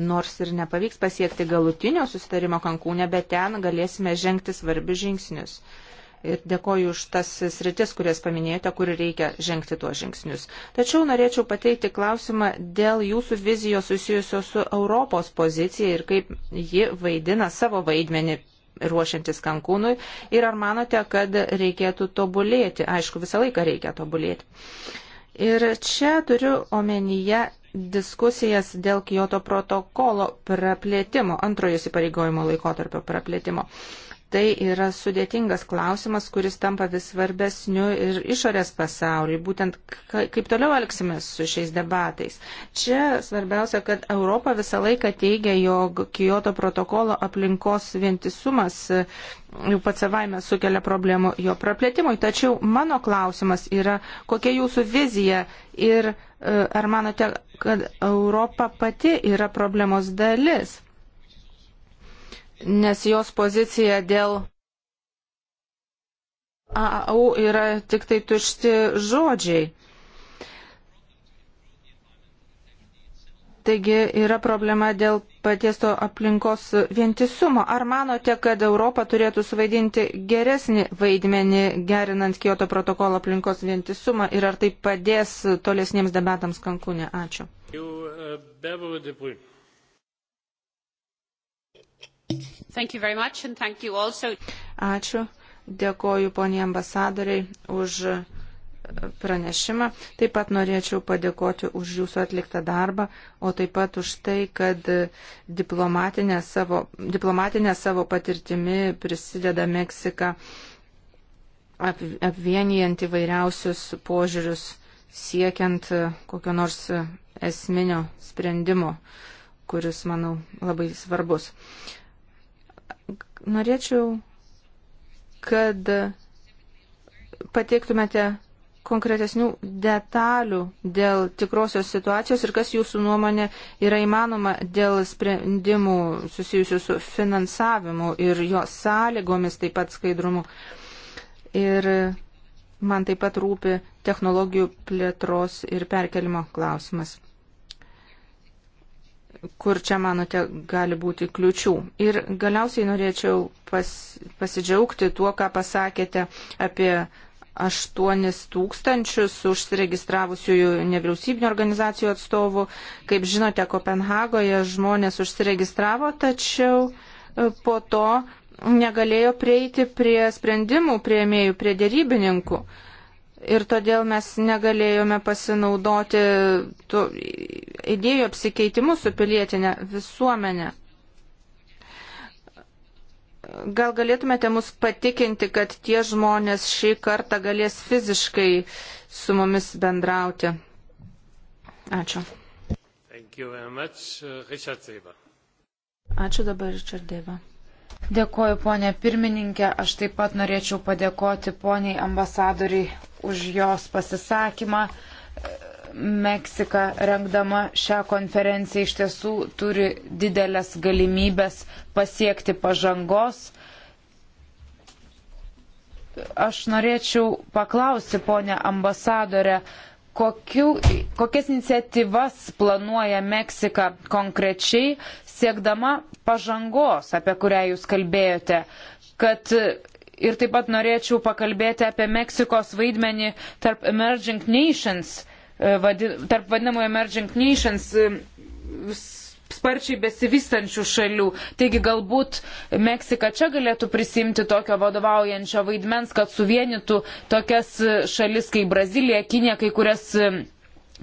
nors ir nepavyks pasiekti galutinio susitarimo Kankūne, bet ten galėsime žengti svarbius žingsnius. Ir dėkoju už tas sritis, kurias paminėjote, kur reikia žengti tuos žingsnius. Tačiau norėčiau pateikti klausimą dėl jūsų vizijos susijusios su Europos pozicija ir kaip ji vaidina savo vaidmenį ruošiantis Kankūnui ir ar manote, kad reikėtų tobulėti? Aišku, visą laiką reikia tobulėti. Ir čia turiu omenyje diskusijas dėl Kyoto protokolo praplėtimo, antrojo įsipareigojimo laikotarpio praplėtimo. Uh, Tai yra sudėtingas klausimas, kuris tampa vis svarbesniu ir išorės pasauliui, būtent kaip toliau elgsimės su šiais debatais. Čia svarbiausia, kad Europa visą laiką teigia, jog Kyoto protokolo aplinkos vientisumas e, jau pats savaime sukelia problemų jo praplėtimui. Tačiau mano klausimas yra, kokia jūsų vizija ir e, ar manote, kad Europa pati yra problemos dalis? nes jos pozicija dėl AAU yra tik tai tušti žodžiai. Taigi yra problema dėl paties to aplinkos vientisumo. Ar manote, kad Europa turėtų suvaidinti geresnį vaidmenį gerinant Kyoto protokolo aplinkos vientisumą ir ar tai padės tolesniems debatams Kankūne? Ačiū. You, e, uh, Ačiū. Dėkoju poniai ambasadoriai už e, pranešimą. Taip pat norėčiau padėkoti už jūsų atliktą darbą, o taip pat už tai, kad e, diplomatinė savo, diplomatinė savo patirtimi prisideda Meksika ap, apvienijant įvairiausius požiūrius siekiant e, kokio nors esminio sprendimo, kuris, manau, labai svarbus. Norėčiau, kad pateiktumėte konkretesnių detalių dėl tikrosios situacijos ir kas jūsų nuomonė yra įmanoma dėl sprendimų susijusių su finansavimu ir jo sąlygomis, taip pat skaidrumu. Ir man taip pat rūpi technologijų plėtros ir perkelimo klausimas kur čia, manote, gali būti kliučių. Ir galiausiai norėčiau pas, pasidžiaugti tuo, ką pasakėte apie 8 tūkstančius užsiregistravusiųjų nevyriausybinio organizacijų atstovų. Kaip žinote, Kopenhagoje žmonės užsiregistravo, tačiau e, po to negalėjo prieiti prie sprendimų prieimėjų, prie dėrybininkų. Prie ir todėl mes negalėjome pasinaudoti tų idėjų apsikeitimu su pilietinė visuomenė. Gal galėtumėte mus patikinti, kad tie žmonės šį kartą galės fiziškai su mumis bendrauti? Ačiū. Uh, Ačiū dabar, Richard Deva. Dėkoju, ponė pirmininkė. Aš taip pat norėčiau padėkoti poniai ambasadoriai už jos pasisakymą. Meksika rengdama šią konferenciją iš tiesų turi didelės galimybės pasiekti pažangos. Aš norėčiau paklausti, ponė ambasadorė, kokiu, kokias iniciatyvas planuoja Meksika konkrečiai siekdama pažangos, apie kurią jūs kalbėjote, kad ir taip pat norėčiau pakalbėti apie Meksikos vaidmenį tarp Emerging Nations, e, tarp vadinamojo Emerging Nations e, sparčiai besivystančių šalių. Taigi galbūt Meksika čia galėtų prisimti tokio vadovaujančio vaidmens, kad suvienytų tokias e, šalis kaip Brazilija, Kinė, kai kurias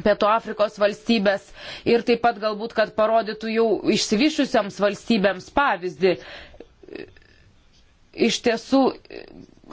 Pietų Afrikos valstybės ir taip pat galbūt, kad parodytų jau išsivyšusiams valstybėms pavyzdį. Iš tiesų,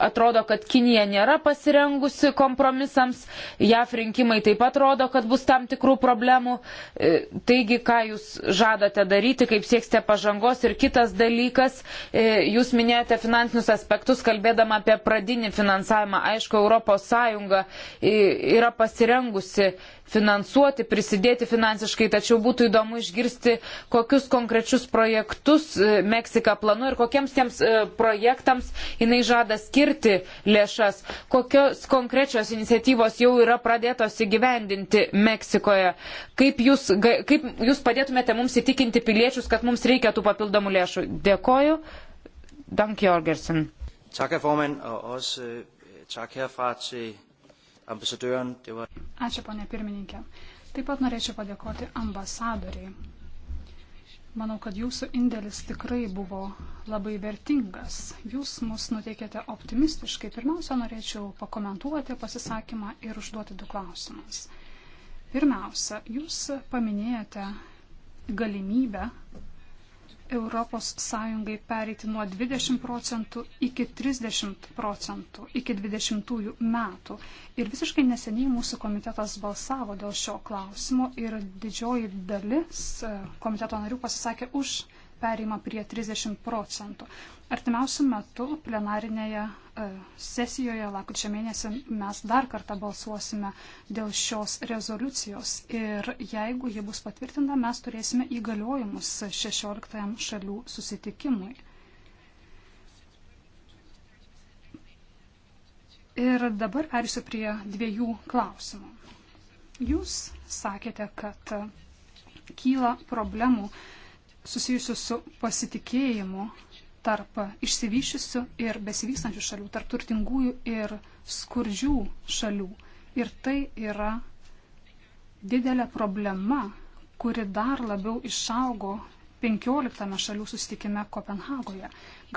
atrodo, kad Kinija nėra pasirengusi kompromisams, JAF rinkimai taip pat rodo, kad bus tam tikrų problemų. E, taigi, ką jūs žadate daryti, kaip sieksite pažangos ir kitas dalykas, e, jūs minėjote finansinius aspektus, kalbėdama apie pradinį finansavimą. Aišku, ES e, yra pasirengusi finansuoti, prisidėti finansiškai, tačiau būtų įdomu išgirsti, kokius konkrečius projektus Meksika planuoja ir kokiems tiems projektams jinai žada skirti skirti lėšas, kokios konkrečios iniciatyvos jau yra pradėtos įgyvendinti Meksikoje, kaip jūs, kaip jūs padėtumėte mums įtikinti piliečius, kad mums reikia tų papildomų lėšų. Dėkoju. Dank Jorgensen. Tak, herr formand, og også øh, tak herfra til ambasadøren. Det var... Ačiū, ponė pirmininkė. Taip pat norėčiau padėkoti ambasadoriai Manau, kad jūsų indėlis tikrai buvo labai vertingas. Jūs mus nuteikėte optimistiškai. Pirmiausia, norėčiau pakomentuoti pasisakymą ir užduoti du klausimus. Pirmiausia, jūs paminėjote galimybę ES pereiti nuo 20 procentų iki 30 procentų iki 20 metų. Ir visiškai neseniai mūsų komitetas balsavo dėl šio klausimo ir didžioji dalis e, komiteto narių pasisakė už pereima prie 30 procentų. Artimiausių metų plenarinėje e, sesijoje, lakučio mėnesį, mes dar kartą balsuosime dėl šios rezoliucijos ir jeigu ji bus patvirtinta, mes turėsime įgaliojimus 16 šalių susitikimui. Ir dabar perėsiu prie dviejų klausimų. Jūs sakėte, kad kyla problemų susijusius su pasitikėjimu tarp išsivyšiusių ir besivystančių šalių, tarp turtingųjų ir skurdžių šalių. Ir tai yra didelė problema, kuri dar labiau išaugo 15 šalių susitikime Kopenhagoje.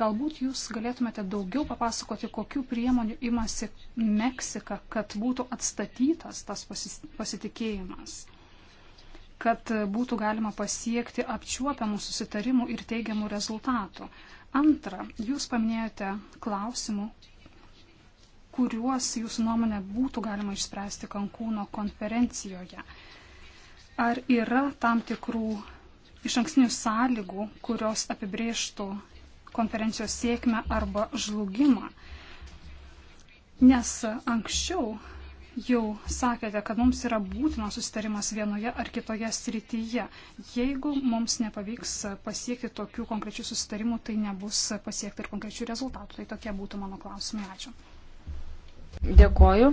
Galbūt jūs galėtumėte daugiau papasakoti, kokiu priemoniu imasi Meksika, kad būtų atstatytas tas pasitikėjimas kad būtų galima pasiekti apčiuopiamų susitarimų ir teigiamų rezultatų. Antra, jūs paminėjote klausimų, kuriuos jūsų nuomonė būtų galima išspręsti Kankūno konferencijoje. Ar yra tam tikrų iš anksnių sąlygų, kurios apibrėžtų konferencijos sėkmę arba žlugimą? Nes anksčiau jau sakėte, kad mums yra būtinas susitarimas vienoje ar kitoje srityje. Jeigu mums nepavyks pasiekti tokių konkrečių susitarimų, tai nebus pasiekti ir konkrečių rezultatų. Tai tokie būtų mano klausimai. Ačiū. Dėkoju.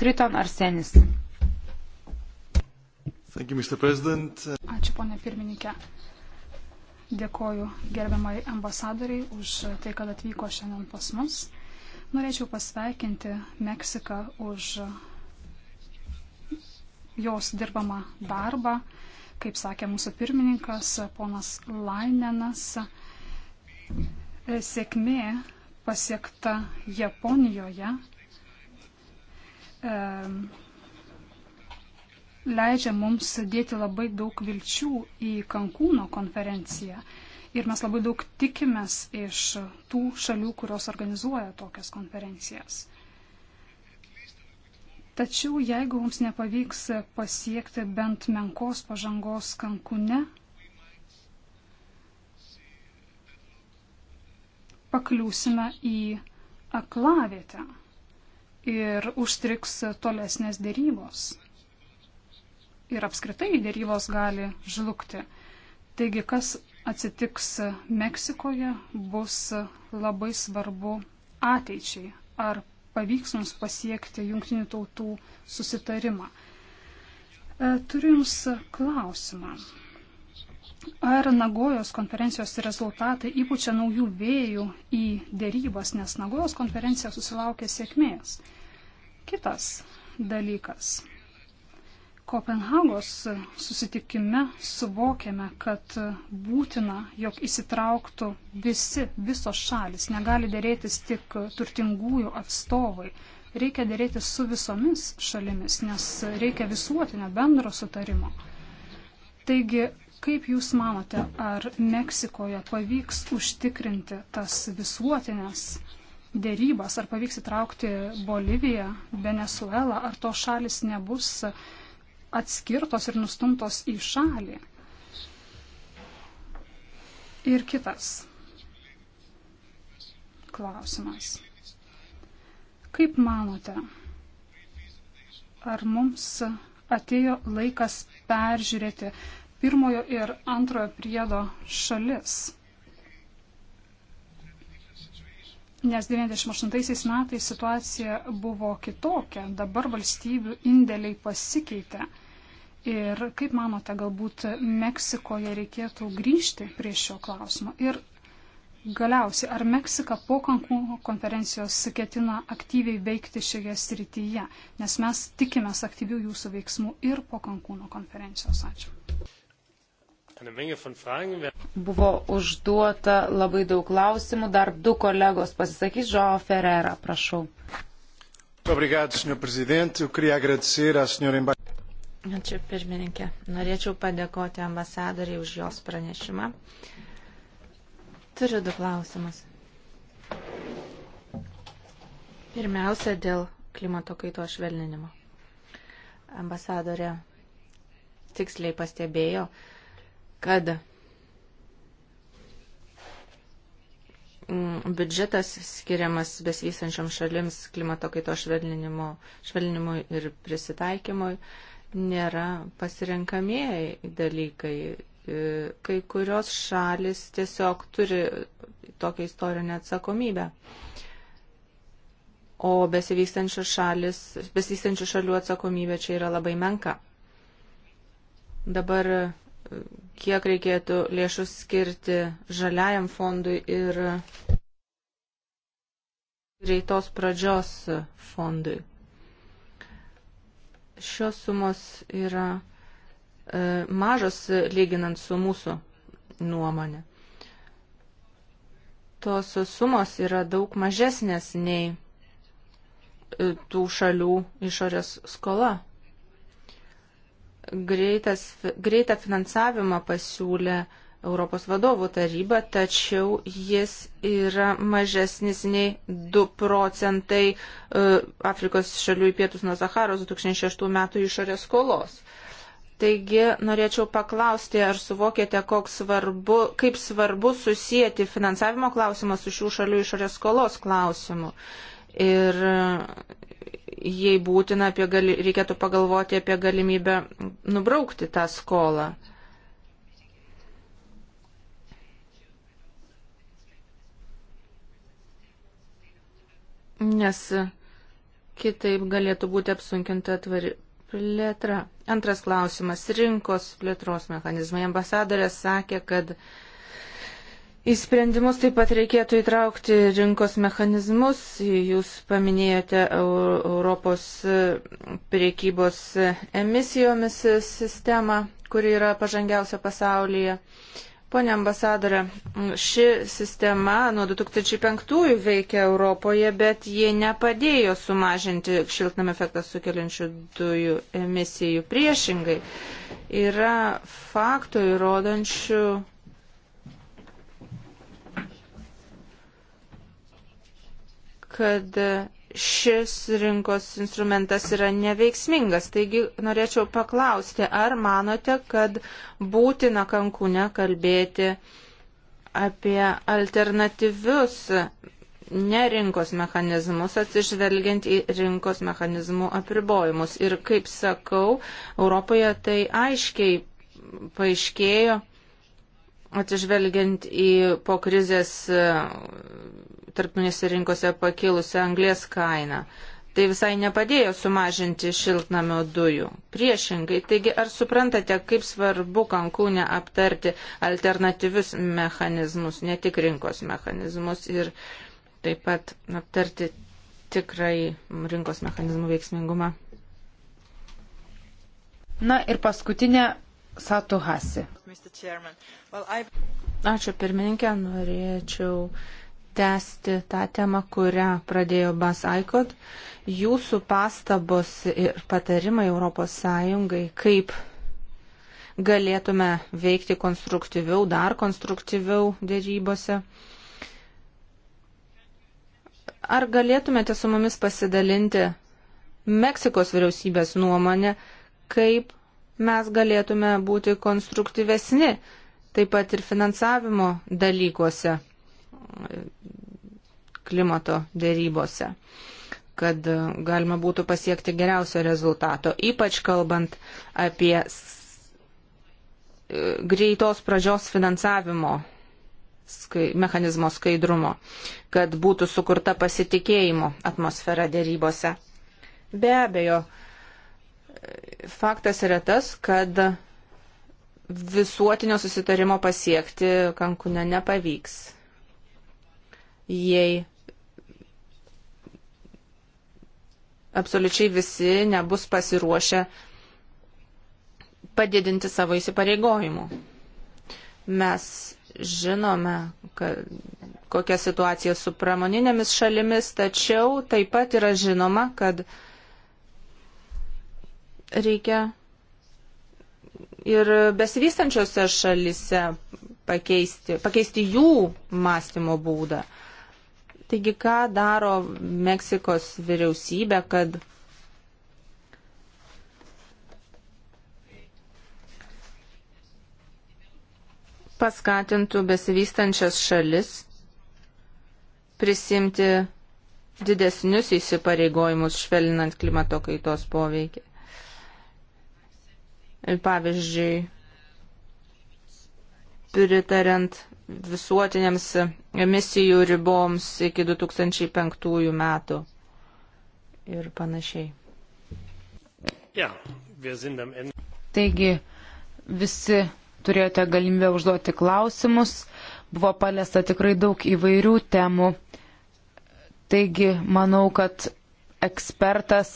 Kriton Arsenis. Thank you, Mr. President. Ačiū, ponė pirmininkė. Dėkoju gerbiamai ambasadoriai už tai, kad atvyko šiandien pas mus. Norėčiau pasveikinti Meksiką už jos dirbamą darbą. Kaip sakė mūsų pirmininkas, ponas Lainenas, sėkmė pasiekta Japonijoje e, leidžia mums dėti labai daug vilčių į Kankūno konferenciją. Ir mes labai daug tikimės iš tų šalių, kurios organizuoja tokias konferencijas. Tačiau jeigu mums nepavyks pasiekti bent menkos pažangos kankune, pakliūsime į aklavietę ir užstriks tolesnės dėrybos. Ir apskritai dėrybos gali žlugti. Taigi, kas atsitiks Meksikoje, bus labai svarbu ateičiai. Ar pavyks mums pasiekti jungtinių tautų susitarimą? E, turiu Jums klausimą. Ar Nagojos konferencijos rezultatai įpučia naujų vėjų į dėrybas, nes Nagojos konferencija susilaukė sėkmės? Kitas dalykas. Kopenhagos susitikime suvokėme, kad būtina, jog įsitrauktų visi, visos šalis. Negali dėrėtis tik turtingųjų atstovai. Reikia dėrėtis su visomis šalimis, nes reikia visuotinio bendro sutarimo. Taigi, kaip Jūs manote, ar Meksikoje pavyks užtikrinti tas visuotinės dėrybas, ar pavyks įtraukti Boliviją, Venezuelą, ar to šalis nebus atskirtos ir nustumtos į šalį. Ir kitas klausimas. Kaip manote, ar mums atėjo laikas peržiūrėti pirmojo ir antrojo priedo šalis? Nes 98 metais situacija buvo kitokia, dabar valstybių indėliai pasikeitė. Ir kaip manote, galbūt Meksikoje reikėtų grįžti prie šio klausimo? Ir galiausiai, ar Meksika po Cancūno konferencijos ketina aktyviai veikti šioje srityje? Nes mes tikimės aktyvių jūsų veiksmų ir po Cancūno konferencijos. Ačiū. Buvo užduota labai daug klausimų. Dar du kolegos pasisakys. Joao Ferreira, prašau. Obrigado, Sr. Presidente. Eu queria agradecer à Sra. Senhora... Ačiū pirmininkė. Norėčiau padėkoti ambasadoriai už jos pranešimą. Turiu du klausimus. Pirmiausia, dėl klimato kaito švelninimo. Ambasadorė tiksliai pastebėjo, kad biudžetas skiriamas besvysančiom šalims klimato kaito švelninimui ir prisitaikymui nėra pasirenkamieji dalykai. E, kai kurios šalis tiesiog turi tokią istorinę atsakomybę. O besivystančių, šalis, besivystančių šalių atsakomybė čia yra labai menka. Dabar e, kiek reikėtų lėšų skirti žaliajam fondui ir greitos pradžios fondui šios sumos yra e, mažos lyginant su mūsų nuomonė. Tos sumos yra daug mažesnės nei e, tų šalių išorės skola. Greitas, greitą finansavimą pasiūlė e, Europos vadovų taryba, tačiau jis yra mažesnis nei 2 procentai e, Afrikos šalių į pietus nuo Zaharos 2006 metų išorės skolos. Taigi norėčiau paklausti, ar suvokėte, svarbu, kaip svarbu susijęti finansavimo klausimą su šių šalių išorės skolos klausimu. Ir e, jei būtina, gali, reikėtų pagalvoti apie galimybę nubraukti tą skolą. nes kitaip galėtų būti apsunkinta tvari plėtra. Antras klausimas - rinkos plėtros mechanizmai. Ambasadorė sakė, kad į sprendimus taip pat reikėtų įtraukti rinkos mechanizmus. Jūs paminėjote Europos priekybos emisijomis sistemą, kuri yra pažangiausia pasaulyje. Uh, Pone ambasadorė, ši sistema nuo 2005 veikia Europoje, bet ji nepadėjo sumažinti šiltnam efektą sukeliančių dujų emisijų. Priešingai, yra faktų įrodančių. kad šis rinkos instrumentas yra neveiksmingas. Taigi norėčiau paklausti, ar manote, kad būtina kankūne kalbėti apie alternatyvius nerinkos mechanizmus, atsižvelgiant į rinkos mechanizmų apribojimus. Ir kaip sakau, Europoje tai aiškiai paaiškėjo, atsižvelgiant į po krizės tarptautinėse rinkose pakilusią anglės kainą. Tai visai nepadėjo sumažinti šiltnamio dujų. Priešingai, taigi ar suprantate, kaip svarbu Kankūne aptarti alternatyvius mechanizmus, ne tik rinkos mechanizmus ir taip pat aptarti tikrai rinkos mechanizmų veiksmingumą? Na ir paskutinė Satu Hasi. Ačiū pirmininkė, norėčiau tęsti tą temą, kurią pradėjo Bas Aikot. Jūsų pastabos ir patarimai ES, kaip galėtume veikti konstruktyviau, dar konstruktyviau dėrybose. Ar galėtumėte su mumis pasidalinti Meksikos vyriausybės nuomonę, kaip mes galėtume būti konstruktyvesni, taip pat ir finansavimo dalykuose? klimato dėrybose, kad galima būtų pasiekti geriausio rezultato, ypač kalbant apie e, greitos pradžios finansavimo skai, mechanizmo skaidrumo, kad būtų sukurta pasitikėjimo atmosfera dėrybose. Be abejo, faktas yra tas, kad visuotinio susitarimo pasiekti Kankūne nepavyks jei absoliučiai visi nebus pasiruošę padidinti savo įsipareigojimų. Mes žinome, kad, kokia situacija su pramoninėmis šalimis, tačiau taip pat yra žinoma, kad reikia ir besivystančiose šalise pakeisti, pakeisti jų mąstymo būdą. Uh, Taigi, ką daro Meksikos vyriausybė, kad paskatintų besivystančias šalis prisimti didesnius įsipareigojimus švelninant klimato kaitos poveikį. Ir pavyzdžiui, pritarent visuotinėms emisijų riboms iki 2005 metų ir panašiai. Ja, Taigi visi turėjote galimybę užduoti klausimus, buvo paliesta tikrai daug įvairių temų. Taigi manau, kad ekspertas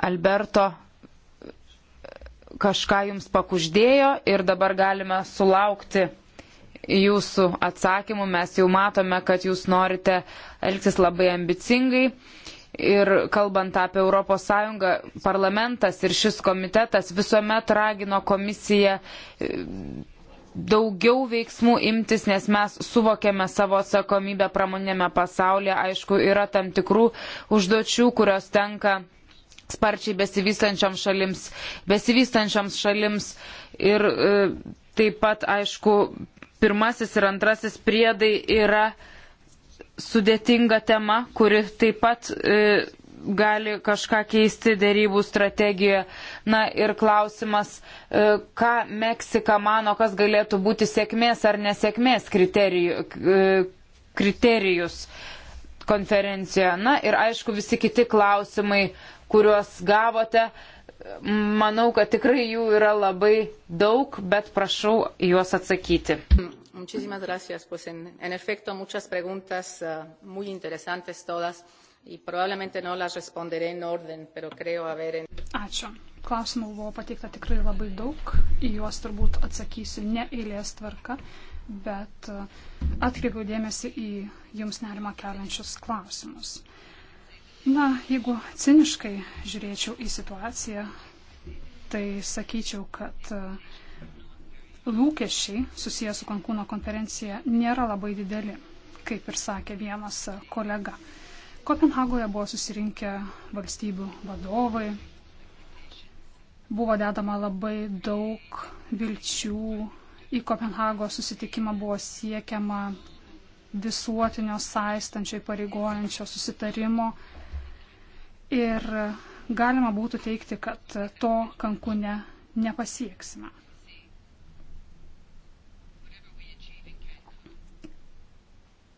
Alberto kažką jums pakuždėjo ir dabar galime sulaukti jūsų atsakymų. Mes jau matome, kad jūs norite elgtis labai ambicingai. Ir kalbant apie ES, parlamentas ir šis komitetas visuomet ragino komisiją e, daugiau veiksmų imtis, nes mes suvokėme savo atsakomybę pramonėme pasaulyje. Aišku, yra tam tikrų užduočių, kurios tenka sparčiai besivystančioms šalims, besivystančioms šalims ir e, taip pat, aišku, pirmasis ir antrasis priedai yra sudėtinga tema, kuri taip pat e, gali kažką keisti dėrybų strategijoje. Na ir klausimas, e, ką Meksika mano, kas galėtų būti sėkmės ar nesėkmės kriterijų, e, kriterijus konferencijoje. Na ir aišku visi kiti klausimai, kuriuos gavote. E, manau, kad tikrai jų yra labai daug, bet prašau juos atsakyti. Muchísimas gracias. Pues en, en efecto, muchas preguntas uh, muy interesantes todas y probablemente no las responderé en orden, pero creo haber. En... Ačiū. Klausimų buvo pateikta tikrai labai daug. Į juos turbūt atsakysiu ne eilės tvarka, bet eh, atkreipiau dėmesį į jums nerimą keliančius klausimus. Uh, Na, jeigu ciniškai žiūrėčiau į situaciją, tai sakyčiau, kad e, lūkesčiai susijęs su Kankūno konferencija nėra labai dideli, kaip ir sakė vienas e, kolega. Kopenhagoje buvo susirinkę valstybių vadovai, buvo dedama labai daug vilčių, į Kopenhago susitikimą buvo siekiama visuotinio saistančio įpareigojančio susitarimo Ir galima būtų teikti, kad to kankune nepasieksime.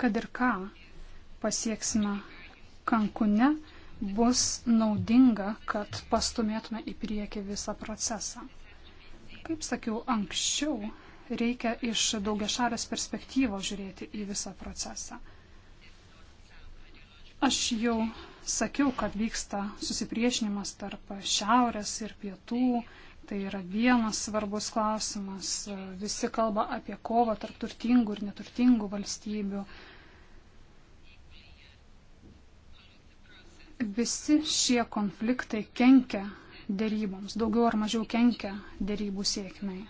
Kad ir ką pasieksime kankune, bus naudinga, kad pastumėtume į priekį visą procesą. Kaip sakiau anksčiau, reikia iš daugiašalės perspektyvos žiūrėti į visą procesą. Aš jau sakiau, kad vyksta susipriešinimas tarp šiaurės ir pietų. Tai yra vienas svarbus klausimas. Visi kalba apie kovą tarp turtingų ir neturtingų valstybių. Visi šie konfliktai kenkia dėryboms, daugiau ar mažiau kenkia dėrybų sėkmei.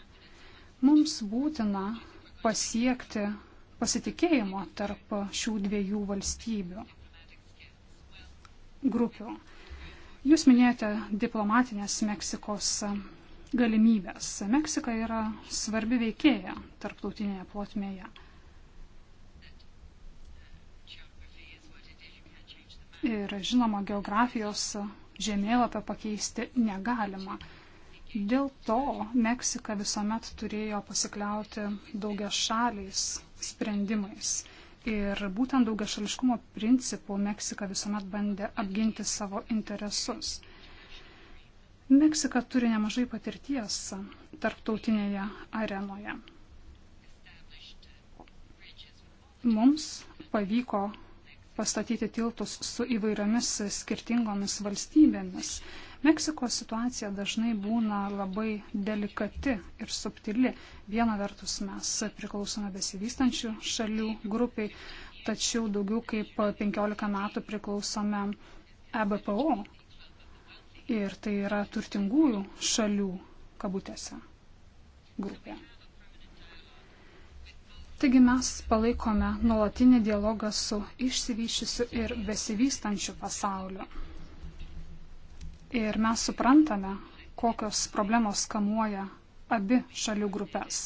Mums būtina pasiekti pasitikėjimo tarp šių dviejų valstybių grupių. Jūs minėjote diplomatinės Meksikos galimybės. Meksika yra svarbi veikėja tarptautinėje plotmėje. Ir žinoma, geografijos žemėlapio pakeisti negalima. Dėl to Meksika visuomet turėjo pasikliauti daugia šaliais sprendimais. Ir būtent daugiašališkumo principų Meksika visuomet bandė apginti savo interesus. Meksika turi nemažai patirties tarptautinėje arenoje. Mums pavyko pastatyti tiltus su įvairiomis skirtingomis valstybėmis Meksikos situacija dažnai būna labai delikati ir subtili. Viena vertus mes priklausome besivystančių šalių grupiai, tačiau daugiau kaip 15 metų priklausome EBPO. Ir tai yra turtingųjų šalių kabutėse grupė. Taigi mes palaikome nuolatinį dialogą su išsivyščiusiu ir besivystančiu pasauliu. Ir mes suprantame, kokios problemos kamuoja abi šalių grupės.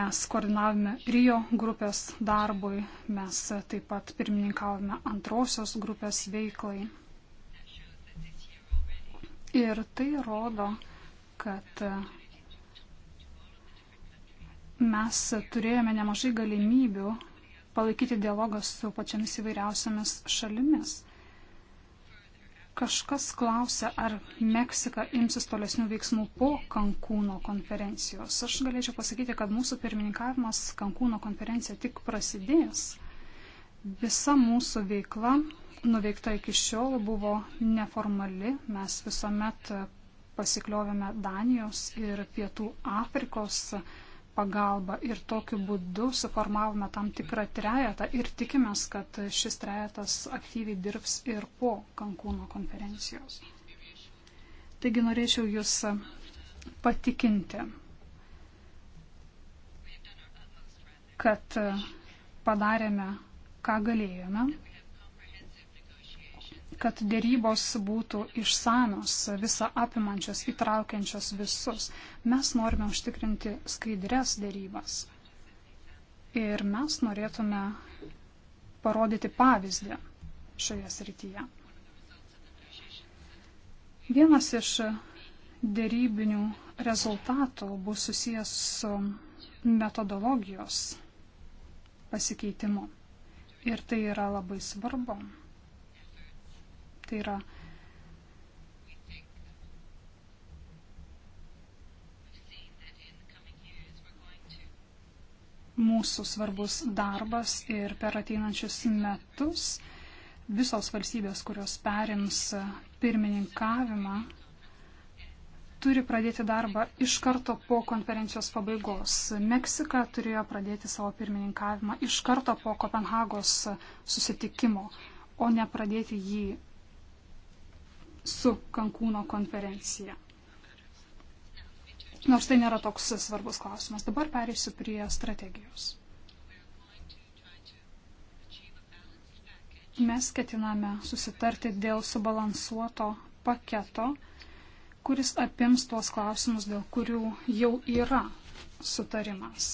Mes koordinavome Rio grupės darbui, mes taip pat pirmininkavome antrosios grupės veiklai. Ir tai rodo, kad mes turėjome nemažai galimybių palaikyti dialogą su pačiamis įvairiausiamis šalimis. Kažkas klausia, ar Meksika imsis tolesnių veiksmų po Kankūno konferencijos. Aš galėčiau pasakyti, kad mūsų pirmininkavimas Kankūno konferencija tik prasidės. Visa mūsų veikla nuveikta iki šiol buvo neformali. Mes visuomet pasikliovėme Danijos ir Pietų Afrikos uh, pagalba ir tokiu būdu suformavome tam tikrą trejetą ir tikimės, kad šis trejetas aktyviai dirbs ir po Kankūno konferencijos. Taigi norėčiau Jūs patikinti, kad padarėme, ką galėjome kad dėrybos būtų išsamios, visą apimančios, įtraukiančios visus. Mes norime užtikrinti skaidrės dėrybas. Ir mes norėtume parodyti pavyzdį šioje srityje. Vienas iš dėrybinių rezultatų bus susijęs su metodologijos pasikeitimu. Ir tai yra labai svarbu. Tai yra mūsų svarbus darbas ir per ateinančius metus visos valstybės, kurios perims pirmininkavimą, turi pradėti darbą iš karto po konferencijos pabaigos. Meksika turėjo pradėti savo pirmininkavimą iš karto po Kopenhagos susitikimo, o ne pradėti jį su Kankūno konferencija. Nors tai nėra toks svarbus klausimas. Dabar perėsiu prie strategijos. Mes ketiname susitarti dėl subalansuoto paketo, kuris apims tuos klausimus, dėl kurių jau yra sutarimas.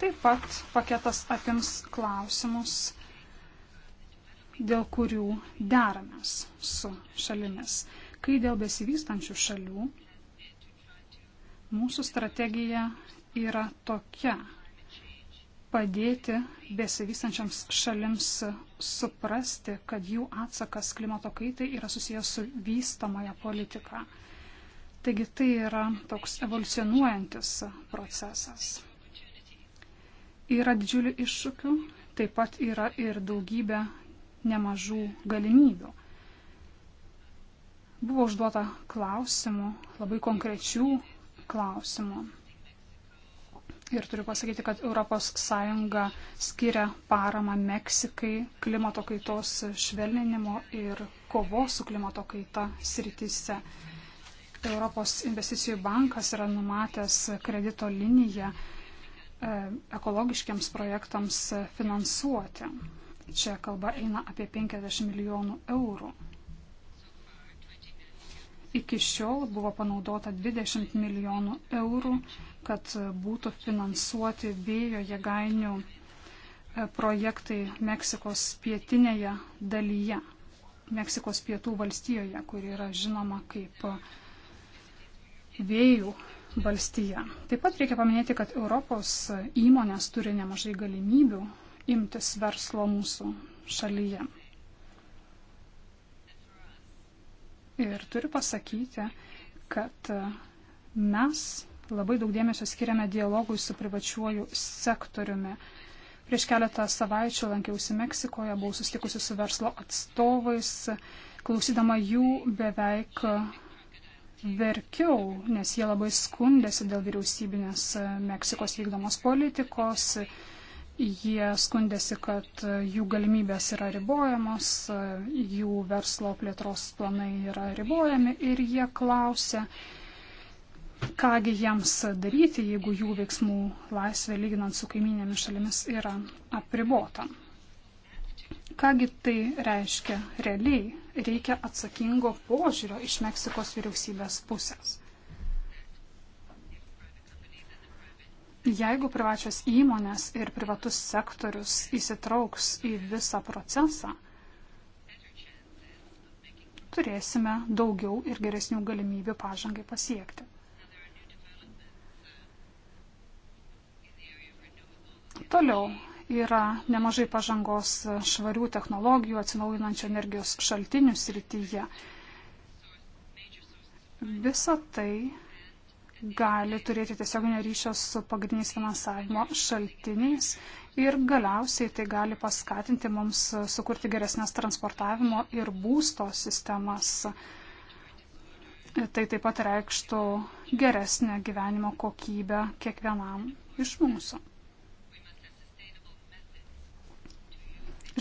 Taip pat paketas apims klausimus dėl kurių deramės su šalimis. Kai dėl besivystančių šalių, mūsų strategija yra tokia - padėti besivystančiams šalims suprasti, kad jų atsakas klimato kaitai yra susijęs su vystamoje politika. Taigi tai yra toks evoliucionuojantis procesas. Yra didžiulių iššūkių, taip pat yra ir daugybė nemažų galimybių. Buvo užduota klausimų, labai konkrečių klausimų. Ir turiu pasakyti, kad ES skiria paramą Meksikai klimato kaitos švelninimo ir kovos su klimato kaita srityse. Europos investicijų bankas yra numatęs kredito liniją e, ekologiškiams projektams finansuoti. Čia kalba eina apie 50 milijonų eurų. Iki šiol buvo panaudota 20 milijonų eurų, kad būtų finansuoti vėjo jėgainių e, projektai Meksikos pietinėje dalyje, Meksikos pietų valstijoje, kuri yra žinoma kaip e, vėjų valstija. Taip pat reikia paminėti, kad Europos įmonės turi nemažai galimybių imtis verslo mūsų šalyje. Ir turiu pasakyti, kad mes labai daug dėmesio skiriame dialogui su privačiuoju sektoriumi. Prieš keletą savaičių lankiausi Meksikoje, buvau susitikusi su verslo atstovais, klausydama jų beveik verkiau, nes jie labai skundėsi dėl vyriausybinės Meksikos vykdomos politikos, Jie skundėsi, kad jų galimybės yra ribojamos, jų verslo plėtros planai yra ribojami ir jie klausia, kągi jiems daryti, jeigu jų veiksmų laisvė lyginant su kaiminėmis šalimis yra apribota. Kągi tai reiškia realiai? Reikia atsakingo požiūrio iš Meksikos vyriausybės pusės. Jeigu privačios įmonės ir privatus sektorius įsitrauks į visą procesą, turėsime daugiau ir geresnių galimybių pažangai pasiekti. Toliau yra nemažai pažangos švarių technologijų atsinaujinančio energijos šaltinių srityje. Visa tai gali turėti tiesioginio ryšio su pagrindiniais finansavimo šaltiniais ir galiausiai tai gali paskatinti mums sukurti geresnės transportavimo ir būsto sistemas. Tai taip pat reikštų geresnę gyvenimo kokybę kiekvienam iš mūsų.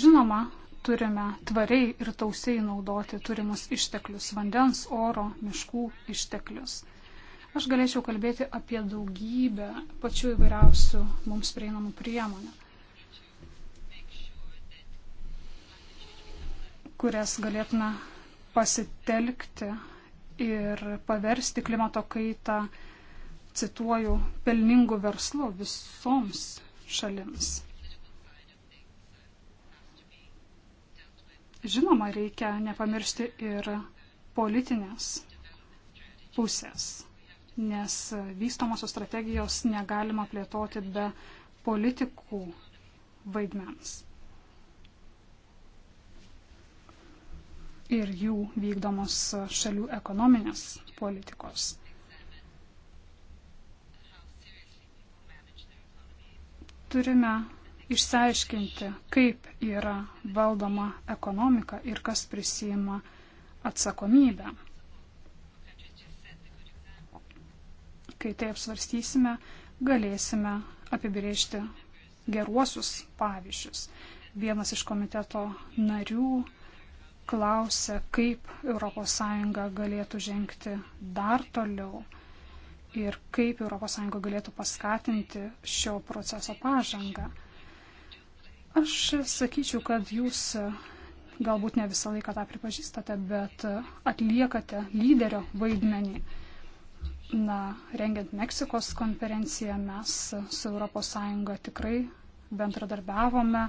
Žinoma, turime tvariai ir tausiai naudoti turimus išteklius - vandens, oro, miškų išteklius. Aš galėčiau kalbėti apie daugybę pačių įvairiausių mums prieinamų priemonių, kurias galėtume pasitelkti ir paversti klimato kaitą, cituoju, pelningų verslų visoms šalims. Žinoma, reikia nepamiršti ir politinės pusės nes vystomosios strategijos negalima plėtoti be politikų vaidmens ir jų vykdomos šalių ekonominės politikos. Turime išsiaiškinti, kaip yra valdoma ekonomika ir kas prisima atsakomybę. kai tai apsvarstysime, galėsime apibriežti geruosius pavyzdžius. Vienas iš komiteto narių klausia, kaip ES galėtų žengti dar toliau ir kaip ES galėtų paskatinti šio proceso pažangą. Aš sakyčiau, kad jūs galbūt ne visą laiką tą pripažįstate, bet atliekate lyderio vaidmenį Na, rengiant Meksikos konferenciją mes su ES tikrai bendradarbiavome.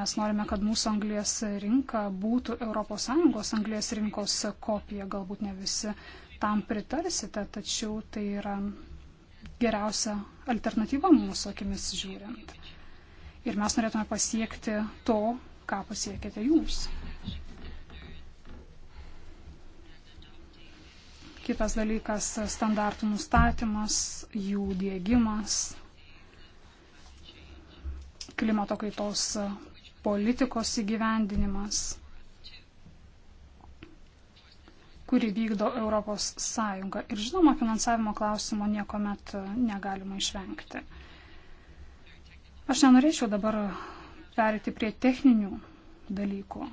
Mes norime, kad mūsų anglės rinka būtų ES anglės rinkos kopija. Galbūt ne visi tam pritarsite, tačiau tai yra geriausia alternatyva mūsų akimis žiūrint. Ir mes norėtume pasiekti to, ką pasiekėte jūs. Kitas dalykas - standartų nustatymas, jų dėgymas, klimato kaitos politikos įgyvendinimas, kuri vykdo Europos Sąjunga. Ir žinoma, finansavimo klausimo nieko met negalima išvengti. Aš nenorėčiau dabar perėti prie techninių dalykų,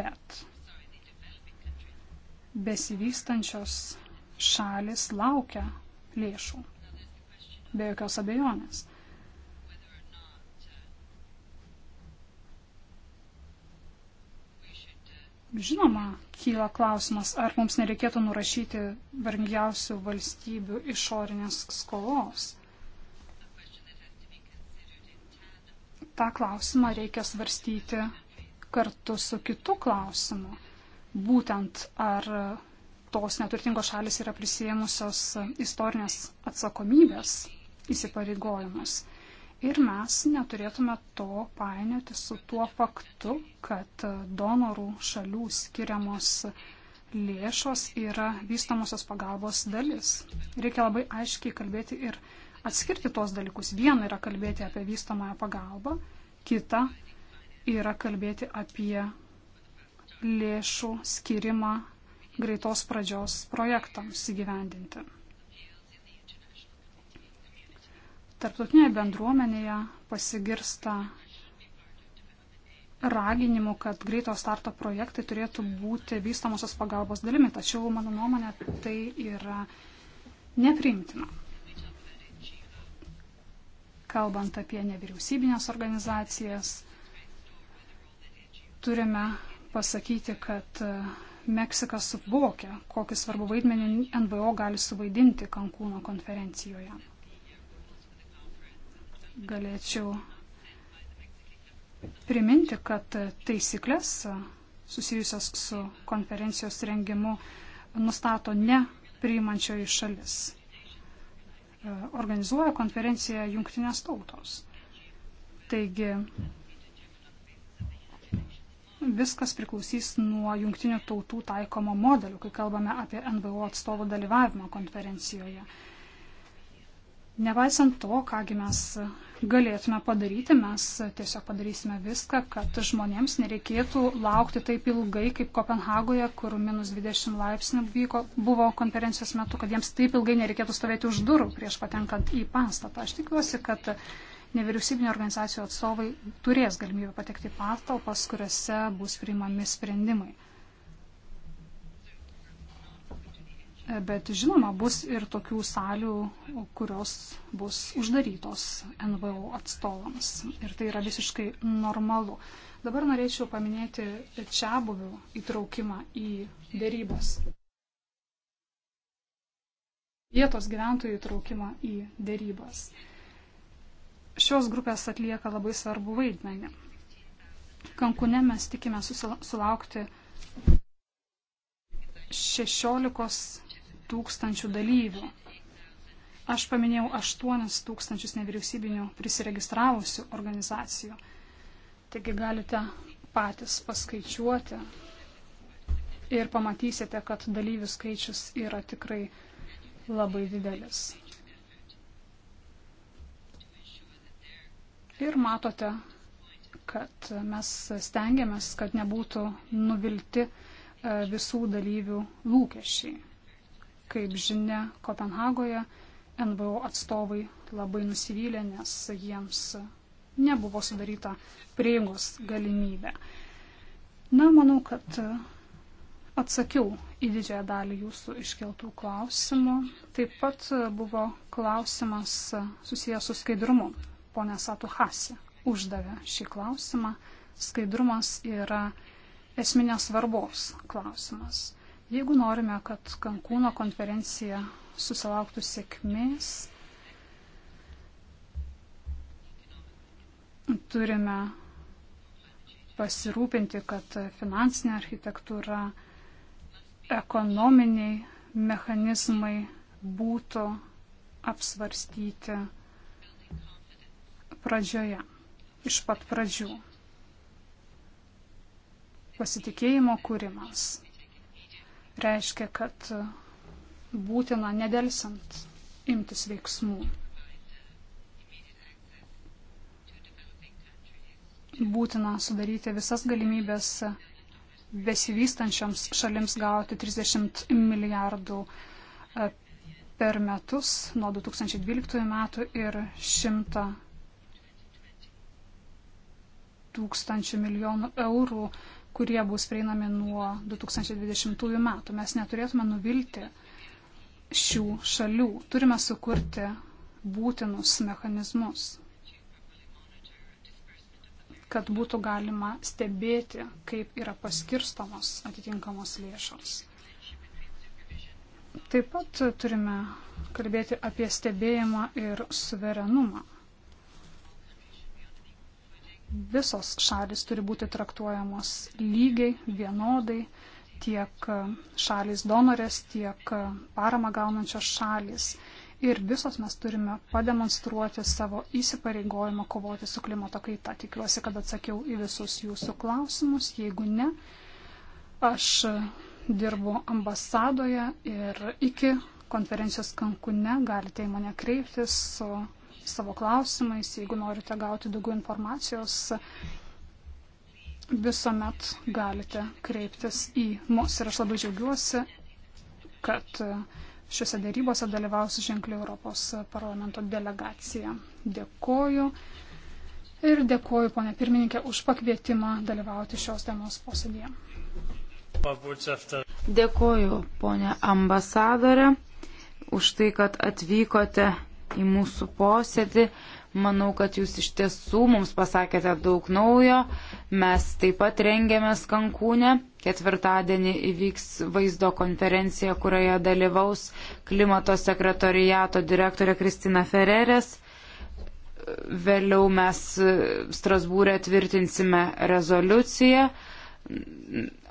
bet besivystančios šalis laukia lėšų. Be jokios abejonės. Žinoma, kyla klausimas, ar mums nereikėtų nurašyti vargiausių valstybių išorinės skolos. Ta klausimą reikia svarstyti kartu su kitu klausimu būtent ar tos neturtingos šalis yra prisėmusios istorinės atsakomybės įsipareigojimus. Ir mes neturėtume to painioti su tuo faktu, kad donorų šalių skiriamos lėšos yra vystamosios pagalbos dalis. Reikia labai aiškiai kalbėti ir atskirti tuos dalykus. Viena yra kalbėti apie vystamąją pagalbą, kita yra kalbėti apie lėšų skirimą greitos pradžios projektams įgyvendinti. Tarptautinėje bendruomenėje pasigirsta raginimų, kad greito starto projektai turėtų būti vystamosios pagalbos dalimi, tačiau mano nuomonė tai yra nepriimtina. Kalbant apie nevyriausybinės organizacijas, turime pasakyti, kad e, Meksika suvokia, kokį svarbų vaidmenį NVO gali suvaidinti Kankūno konferencijoje. Galėčiau priminti, kad taisyklės susijusios su konferencijos rengimu nustato ne priimančioji šalis. E, organizuoja konferenciją jungtinės tautos. Taigi viskas priklausys nuo jungtinių tautų taikomo modelio, kai kalbame apie NVO atstovų dalyvavimą konferencijoje. Nepaisant to, kągi mes galėtume padaryti, mes tiesiog padarysime viską, kad žmonėms nereikėtų laukti taip ilgai kaip Kopenhagoje, kur minus 20 laipsnių vyko, buvo konferencijos metu, kad jiems taip ilgai nereikėtų stovėti už durų prieš patenkant į pastatą. Aš tikiuosi, kad nevyriausybinio organizacijų atstovai turės galimybę patekti patalpas, kuriuose bus priimami sprendimai. Bet žinoma, bus ir tokių salių, kurios bus uždarytos NVO atstovams. Ir tai yra visiškai normalu. Dabar norėčiau paminėti čia buvių įtraukimą į dėrybas. Vietos gyventojų įtraukimą į dėrybas šios grupės atlieka labai svarbu vaidmenį. Kankune mes tikime sulaukti 16 tūkstančių dalyvių. Aš paminėjau 8 tūkstančius nevyriausybinių prisiregistravusių organizacijų. Taigi galite patys paskaičiuoti ir pamatysite, kad dalyvių skaičius yra tikrai labai didelis. Ir matote, kad mes stengiamės, kad nebūtų nuvilti e, visų dalyvių lūkesčiai. Kaip žinia, Kopenhagoje NVO atstovai labai nusivylė, nes jiems nebuvo sudaryta prieigos galimybė. Na, manau, kad atsakiau į didžiąją dalį jūsų iškeltų klausimų. Taip pat buvo klausimas susijęs su skaidrumu ponė Satuhasi uždavė šį klausimą. Skaidrumas yra esminės svarbos klausimas. Jeigu norime, kad Kankūno konferencija susilauktų sėkmės, turime pasirūpinti, kad finansinė architektūra, ekonominiai mechanizmai būtų apsvarstyti pradžioje, iš pat pradžių. Pasitikėjimo kūrimas reiškia, kad būtina nedelsant imtis veiksmų. Būtina sudaryti visas galimybės besivystančiams šalims gauti 30 milijardų e, per metus nuo 2012 metų ir 100 tūkstančių milijonų eurų, kurie bus prieinami nuo 2020 metų. Mes neturėtume nuvilti šių šalių. Turime sukurti būtinus mechanizmus, kad būtų galima stebėti, kaip yra paskirstamos atitinkamos lėšos. Taip pat turime kalbėti apie stebėjimą ir suverenumą visos šalis turi būti traktuojamos lygiai, vienodai, tiek šalis donorės, tiek parama gaunančios šalis. Ir visos mes turime pademonstruoti savo įsipareigojimą kovoti su klimato kaita. Tikiuosi, kad atsakiau į visus jūsų klausimus. Jeigu ne, aš dirbu ambasadoje ir iki konferencijos Kankune galite į mane kreiptis su savo klausimais, jeigu norite gauti daugiau informacijos, visuomet galite kreiptis į mus. Ir aš labai džiaugiuosi, kad šiuose dėrybose dalyvaus ženkliai Europos parlamento delegacija. Dėkoju. Ir dėkoju, ponė pirmininkė, už pakvietimą dalyvauti šios dienos posėdėje. Dėkoju, ponė ambasadorė, už tai, kad atvykote į mūsų posėdį. Manau, kad jūs iš tiesų mums pasakėte daug naujo. Mes taip pat rengiamės Kankūne. Ketvirtadienį įvyks vaizdo konferencija, kurioje dalyvaus klimato sekretoriato direktorė Kristina Ferreres. Vėliau mes Strasbūrė tvirtinsime rezoliuciją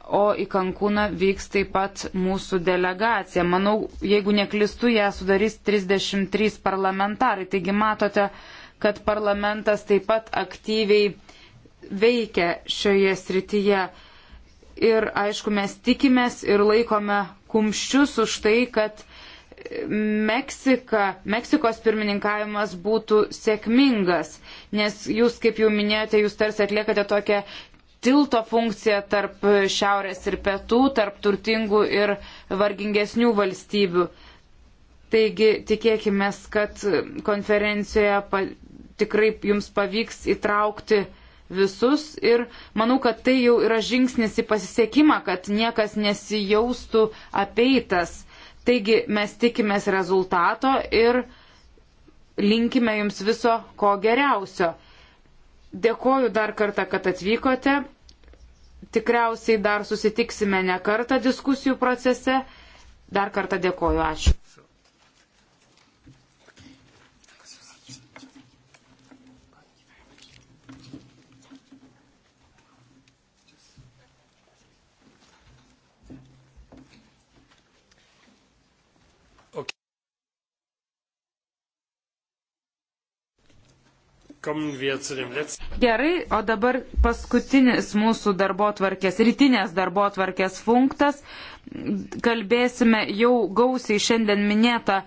o į Kankūną vyks taip pat mūsų delegacija. Manau, jeigu neklistu, ją sudarys 33 parlamentarai. Taigi matote, kad parlamentas taip pat aktyviai veikia šioje srityje. Ir aišku, mes tikimės ir laikome kumščius už tai, kad Meksika, Meksikos pirmininkavimas būtų sėkmingas, nes jūs, kaip jau minėjote, jūs tarsi atliekate tokią tilto funkciją tarp šiaurės ir pietų, tarp turtingų ir vargingesnių valstybių. Taigi tikėkime, kad konferencijoje pa, tikrai jums pavyks įtraukti visus ir manau, kad tai jau yra žingsnis į pasisekimą, kad niekas nesijaustų apeitas. Taigi mes tikimės rezultato ir linkime jums viso ko geriausio. Dėkoju dar kartą, kad atvykote tikriausiai dar susitiksime ne kartą diskusijų procese. Dar kartą dėkoju, ačiū. Gerai, o dabar paskutinis mūsų darbo tvarkės, rytinės darbo tvarkės funktas. Kalbėsime jau gausiai šiandien minėtą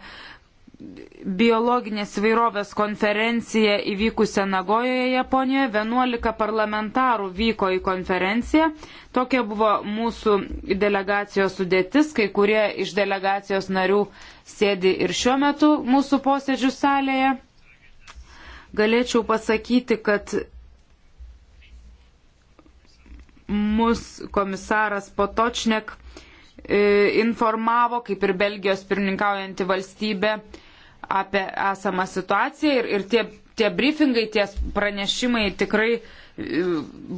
biologinės įvairovės konferencija įvykusią Nagojoje, Japonijoje. 11 parlamentarų vyko į konferenciją. Tokia buvo mūsų delegacijos sudėtis. Kai kurie iš delegacijos narių sėdi ir šiuo metu mūsų posėdžių salėje galėčiau pasakyti, kad mus komisaras Potočnek e, informavo, kaip ir Belgijos pirmininkaujanti valstybė, apie esamą situaciją ir, ir tie, tie briefingai, tie pranešimai tikrai e,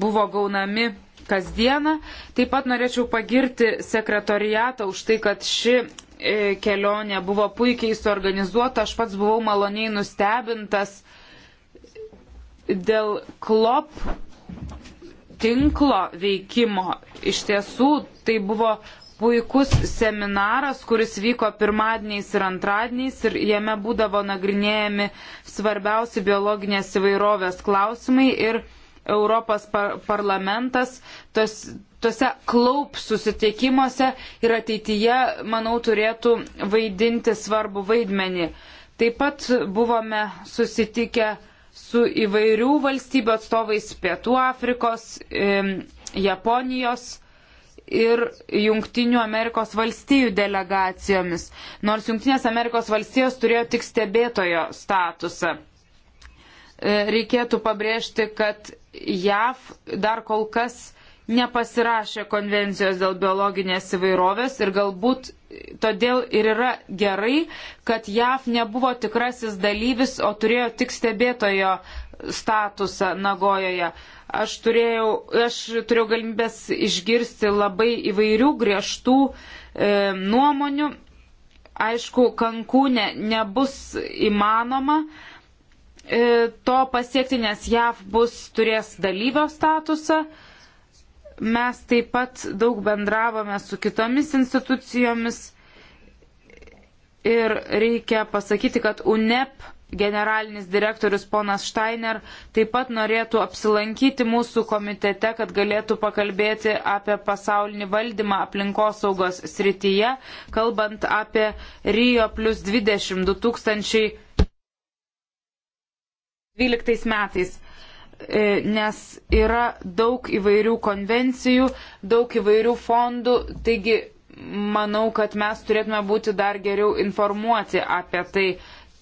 buvo gaunami kasdieną. Taip pat norėčiau pagirti sekretoriatą už tai, kad ši e, kelionė buvo puikiai suorganizuota, aš pats buvau maloniai nustebintas dėl klop tinklo veikimo iš tiesų tai buvo puikus seminaras, kuris vyko pirmadieniais ir antradieniais ir jame būdavo nagrinėjami svarbiausi biologinės įvairovės klausimai ir Europos par parlamentas tos, tose klaup susitikimuose ir ateityje, manau, turėtų vaidinti svarbu vaidmenį. Taip pat buvome susitikę uh, su įvairių valstybių atstovais Pietų Afrikos, Japonijos ir Junktinių Amerikos valstijų delegacijomis, nors Junktinės Amerikos valstijos turėjo tik stebėtojo statusą. E, reikėtų pabrėžti, kad JAV dar kol kas nepasirašė konvencijos dėl biologinės įvairovės ir galbūt todėl ir yra gerai, kad JAV nebuvo tikrasis dalyvis, o turėjo tik stebėtojo statusą Nagojoje. Aš turėjau, aš turėjau galimybės išgirsti labai įvairių griežtų e, nuomonių. Aišku, Kankūne nebus įmanoma e, to pasiekti, nes JAV bus turės dalyvio statusą. E, Mes taip pat daug bendravome su kitomis institucijomis ir reikia pasakyti, kad UNEP generalinis direktorius ponas Steiner taip pat norėtų apsilankyti mūsų komitete, kad galėtų pakalbėti apie pasaulinį valdymą aplinkosaugos srityje, kalbant apie Rio plus 20 2012 metais. E, nes yra daug įvairių konvencijų, daug įvairių fondų, taigi manau, kad mes turėtume būti dar geriau informuoti apie tai.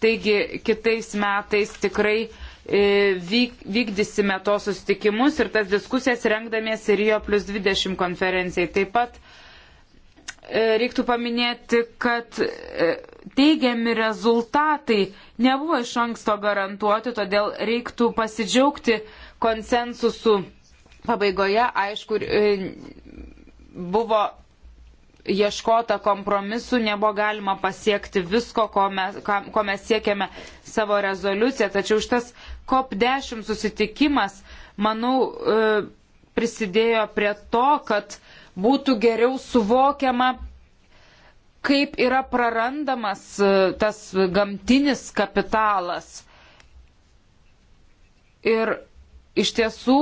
Taigi kitais metais tikrai e, vyk, vykdysime tos susitikimus ir tas diskusijas rengdamiesi Rio plus 20 konferencijai. Taip pat E, reiktų paminėti, kad e, teigiami rezultatai nebuvo iš anksto garantuoti, todėl reiktų pasidžiaugti konsensusu pabaigoje. Aišku, e, buvo ieškota kompromisu, nebuvo galima pasiekti visko, ko mes, ko mes siekėme savo rezoliuciją, tačiau šitas COP10 susitikimas, manau, prisidėjo prie to, kad uh, būtų geriau suvokiama, kaip yra prarandamas e, tas gamtinis kapitalas. Ir iš tiesų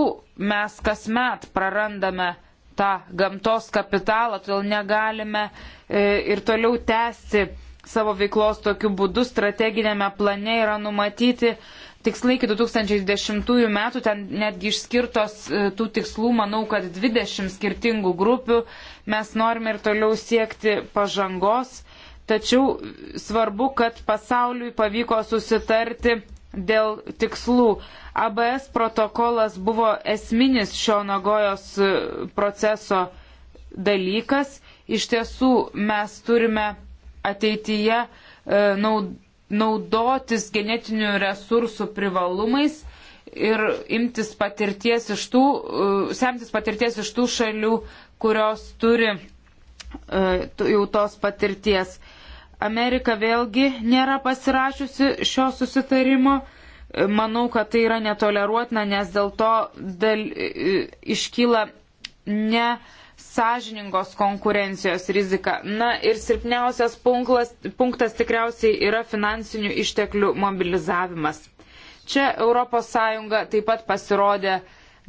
mes kasmet prarandame tą gamtos kapitalą, todėl negalime e, ir toliau tęsti savo veiklos tokiu būdu. Strateginėme plane yra numatyti tikslai iki 2010 metų, ten netgi išskirtos e, tų tikslų, manau, kad 20 skirtingų grupių. Mes norime ir toliau siekti pažangos, tačiau svarbu, kad pasauliui pavyko susitarti dėl tikslų. ABS protokolas buvo esminis šio Nagojos e, proceso dalykas. Iš tiesų mes turime ateityje e, naudoti naudotis genetinių resursų privalumais ir imtis patirties iš tų, uh, semtis patirties iš tų šalių, kurios turi uh, jau tos patirties. Amerika vėlgi nėra pasirašiusi šio susitarimo. Manau, kad tai yra netoleruotina, nes dėl to dal, uh, iškyla ne sąžiningos konkurencijos rizika. Na ir silpniausias punklas, punktas tikriausiai yra finansinių išteklių mobilizavimas. Čia ES taip pat pasirodė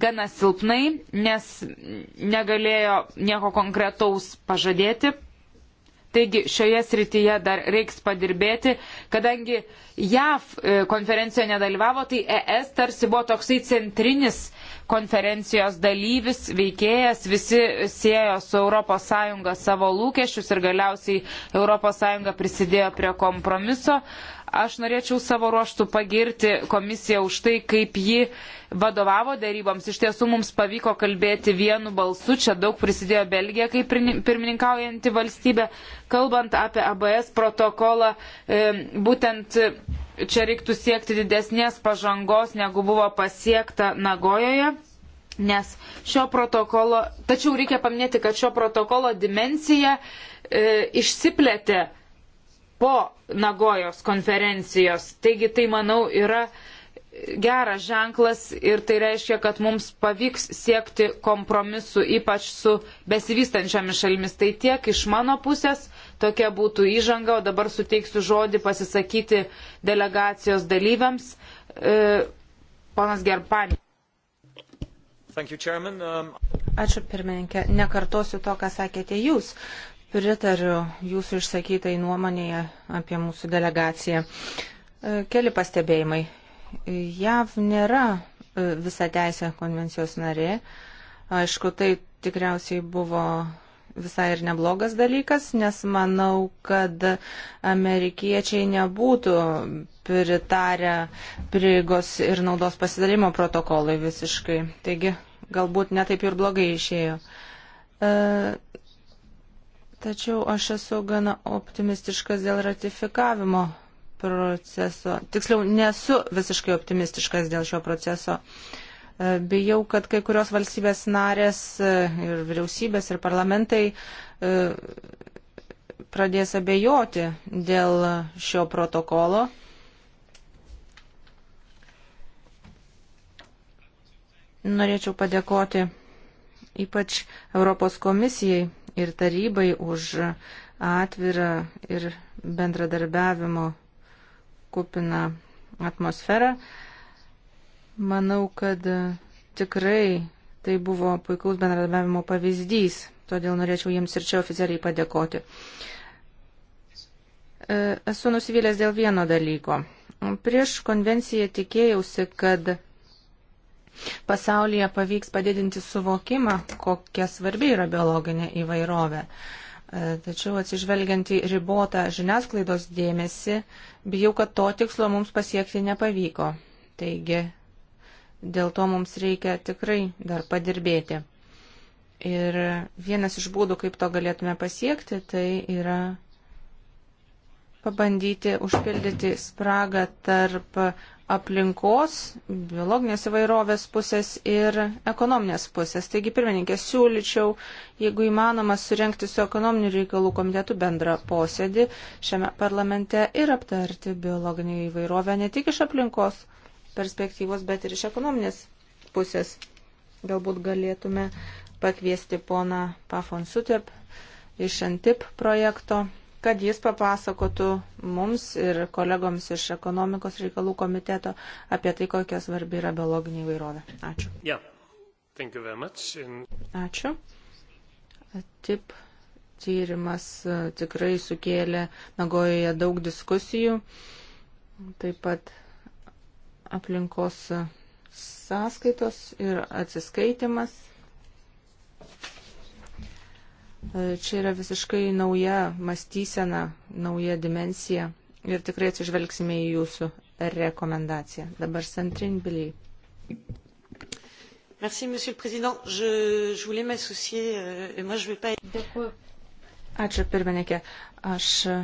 gana silpnai, nes negalėjo nieko konkretaus pažadėti Taigi šioje srityje dar reiks padirbėti, kadangi JAV e, konferencijoje nedalyvavo, tai ES tarsi buvo toksai centrinis konferencijos dalyvis, veikėjas, visi siejo su ES savo lūkesčius ir galiausiai ES prisidėjo prie kompromiso. Uh, Aš norėčiau savo ruoštų pagirti komisiją už tai, kaip ji vadovavo daryboms. Iš tiesų mums pavyko kalbėti vienu balsu, čia daug prisidėjo Belgija kaip pirmininkaujanti valstybė. Kalbant apie ABS protokolą, e, būtent čia reiktų siekti didesnės pažangos, negu buvo pasiekta Nagojoje. Nes šio protokolo, tačiau reikia paminėti, kad šio protokolo dimensija e, išsiplėtė po Nagojos konferencijos. Taigi tai, manau, yra geras ženklas ir tai reiškia, kad mums pavyks siekti kompromisu, ypač su besivystančiamis šalimis. Tai tiek iš mano pusės, tokia būtų įžanga, o dabar suteiksiu žodį pasisakyti delegacijos dalyviams. E, ponas Gerpani. Um, Ačiū pirmininkė. Nekartosiu to, ką sakėte jūs. Pritariu jūsų išsakytai nuomonėje apie mūsų delegaciją. E, keli pastebėjimai. JAV nėra e, visą teisę konvencijos narė. Aišku, tai tikriausiai buvo visai ir neblogas dalykas, nes manau, kad amerikiečiai nebūtų pritarę prieigos ir naudos pasidalimo protokolai visiškai. Taigi, galbūt netaip ir blogai išėjo. E, Tačiau aš esu gana optimistiškas dėl ratifikavimo proceso. Tiksliau, nesu visiškai optimistiškas dėl šio proceso. E, bijau, kad kai kurios valstybės narės e, ir vyriausybės ir parlamentai e, pradės abejoti dėl šio protokolo. Norėčiau padėkoti ypač Europos komisijai ir tarybai už atvirą ir bendradarbiavimo kupiną atmosferą. Manau, kad tikrai tai buvo puikaus bendradarbiavimo pavyzdys, todėl norėčiau jiems ir čia oficialiai padėkoti. E, esu nusivylęs dėl vieno dalyko. Prieš konvenciją tikėjausi, kad pasaulyje pavyks padidinti suvokimą, kokia svarbi yra biologinė įvairovė. E, tačiau atsižvelgiant į ribotą žiniasklaidos dėmesį, bijau, kad to tikslo mums pasiekti nepavyko. Taigi, dėl to mums reikia tikrai dar padirbėti. Ir vienas iš būdų, kaip to galėtume pasiekti, tai yra pabandyti užpildyti spragą tarp aplinkos, biologinės įvairovės pusės ir ekonominės pusės. Taigi, pirmininkė, siūlyčiau, jeigu įmanoma, surenkti su ekonominių reikalų komitetu bendrą posėdį šiame parlamente ir aptarti biologinį įvairovę ne tik iš aplinkos perspektyvos, bet ir iš ekonominės pusės. Galbūt galėtume pakviesti poną Pafon Sutep iš Antip projekto kad jis papasakotų mums ir kolegoms iš ekonomikos reikalų komiteto apie tai, kokia svarbi yra biologinė įvairovė. Ačiū. Yeah. In... Ačiū. Taip, tyrimas e, tikrai sukėlė Nagojoje daug diskusijų. Taip pat aplinkos sąskaitos ir atsiskaitimas E, čia yra visiškai nauja mąstysena, nauja dimensija ir tikrai atsižvelgsime į jūsų rekomendaciją. Dabar Santrin Biliai. Merci, Monsieur le Président. Je, je voulais m'associer euh, et moi je ne vais pas. Dėkui. Ačiū, pirmininkė. Aš e,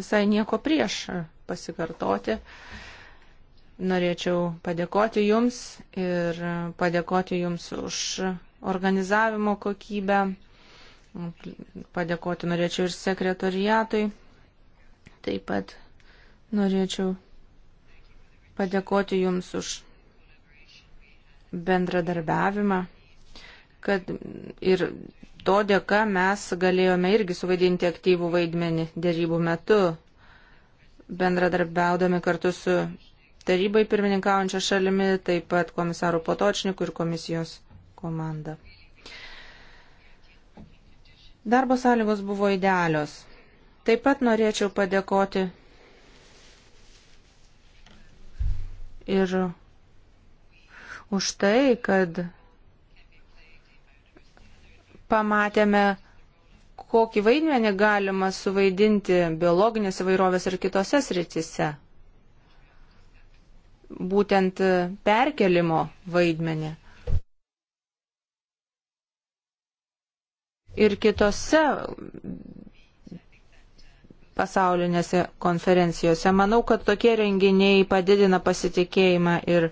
visai nieko prieš pasikartoti. Norėčiau padėkoti Jums ir padėkoti Jums už organizavimo kokybę. Padėkoti norėčiau ir sekretoriatui. Taip pat norėčiau padėkoti Jums už bendradarbiavimą, kad ir to dėka mes galėjome irgi suvaidinti aktyvų vaidmenį dėrybų metu, bendradarbiaudami kartu su tarybai pirmininkaujančia šalimi, taip pat komisaru Potočniku ir komisijos komanda. Darbo sąlygos buvo idealios. Taip pat norėčiau padėkoti ir už tai, kad pamatėme, kokį vaidmenį galima suvaidinti biologinės įvairovės ir kitose sritise. Būtent perkelimo vaidmenį. ir kitose pasaulinėse konferencijose. Manau, kad tokie renginiai padidina pasitikėjimą ir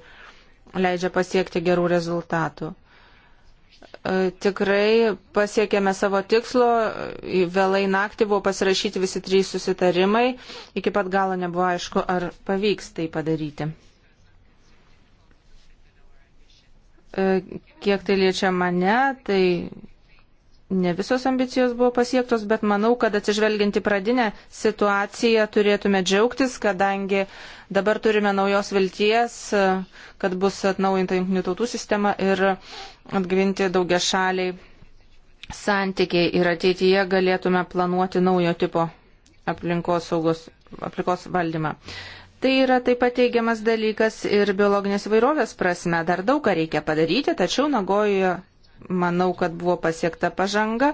leidžia pasiekti gerų rezultatų. E, tikrai pasiekėme savo tikslo, vėlai naktį buvo pasirašyti visi trys susitarimai, iki pat galo nebuvo aišku, ar pavyks tai padaryti. E, kiek tai liečia mane, tai ne visos ambicijos buvo pasiektos, bet manau, kad atsižvelginti pradinę situaciją turėtume džiaugtis, kadangi dabar turime naujos vilties, kad bus atnaujinta jungtinių tautų sistema ir atgrinti daugia šaliai santykiai ir ateityje galėtume planuoti naujo tipo aplinkos saugos, aplinkos valdymą. Tai yra taip pat teigiamas dalykas ir biologinės įvairovės prasme. Dar daug ką reikia padaryti, tačiau Nagojoje manau, kad buvo pasiekta pažanga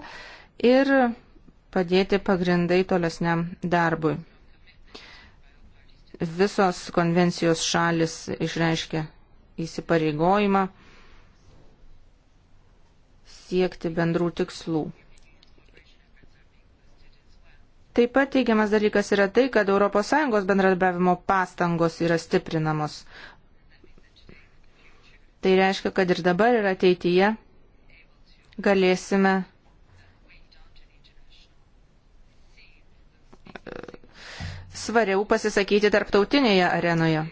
ir padėti pagrindai tolesniam darbui. Visos konvencijos šalis išreiškia įsipareigojimą siekti bendrų tikslų. Taip pat teigiamas dalykas yra tai, kad ES bendradarbiavimo pastangos yra stiprinamos. Tai reiškia, kad ir dabar ir ateityje galėsime e, svariau pasisakyti tarptautinėje arenoje.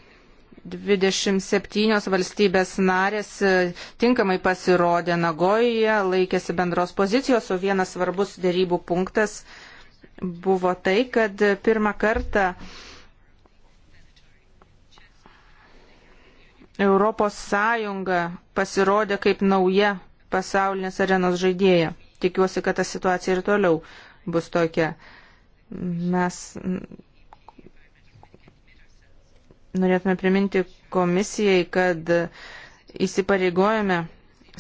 27 valstybės narės e, tinkamai pasirodė Nagojoje, laikėsi bendros pozicijos, o vienas svarbus dėrybų punktas buvo tai, kad pirmą kartą Europos Sąjunga pasirodė kaip nauja pasaulinės arenos žaidėja. Tikiuosi, kad ta situacija ir toliau bus tokia. Mes norėtume priminti komisijai, kad įsipareigojame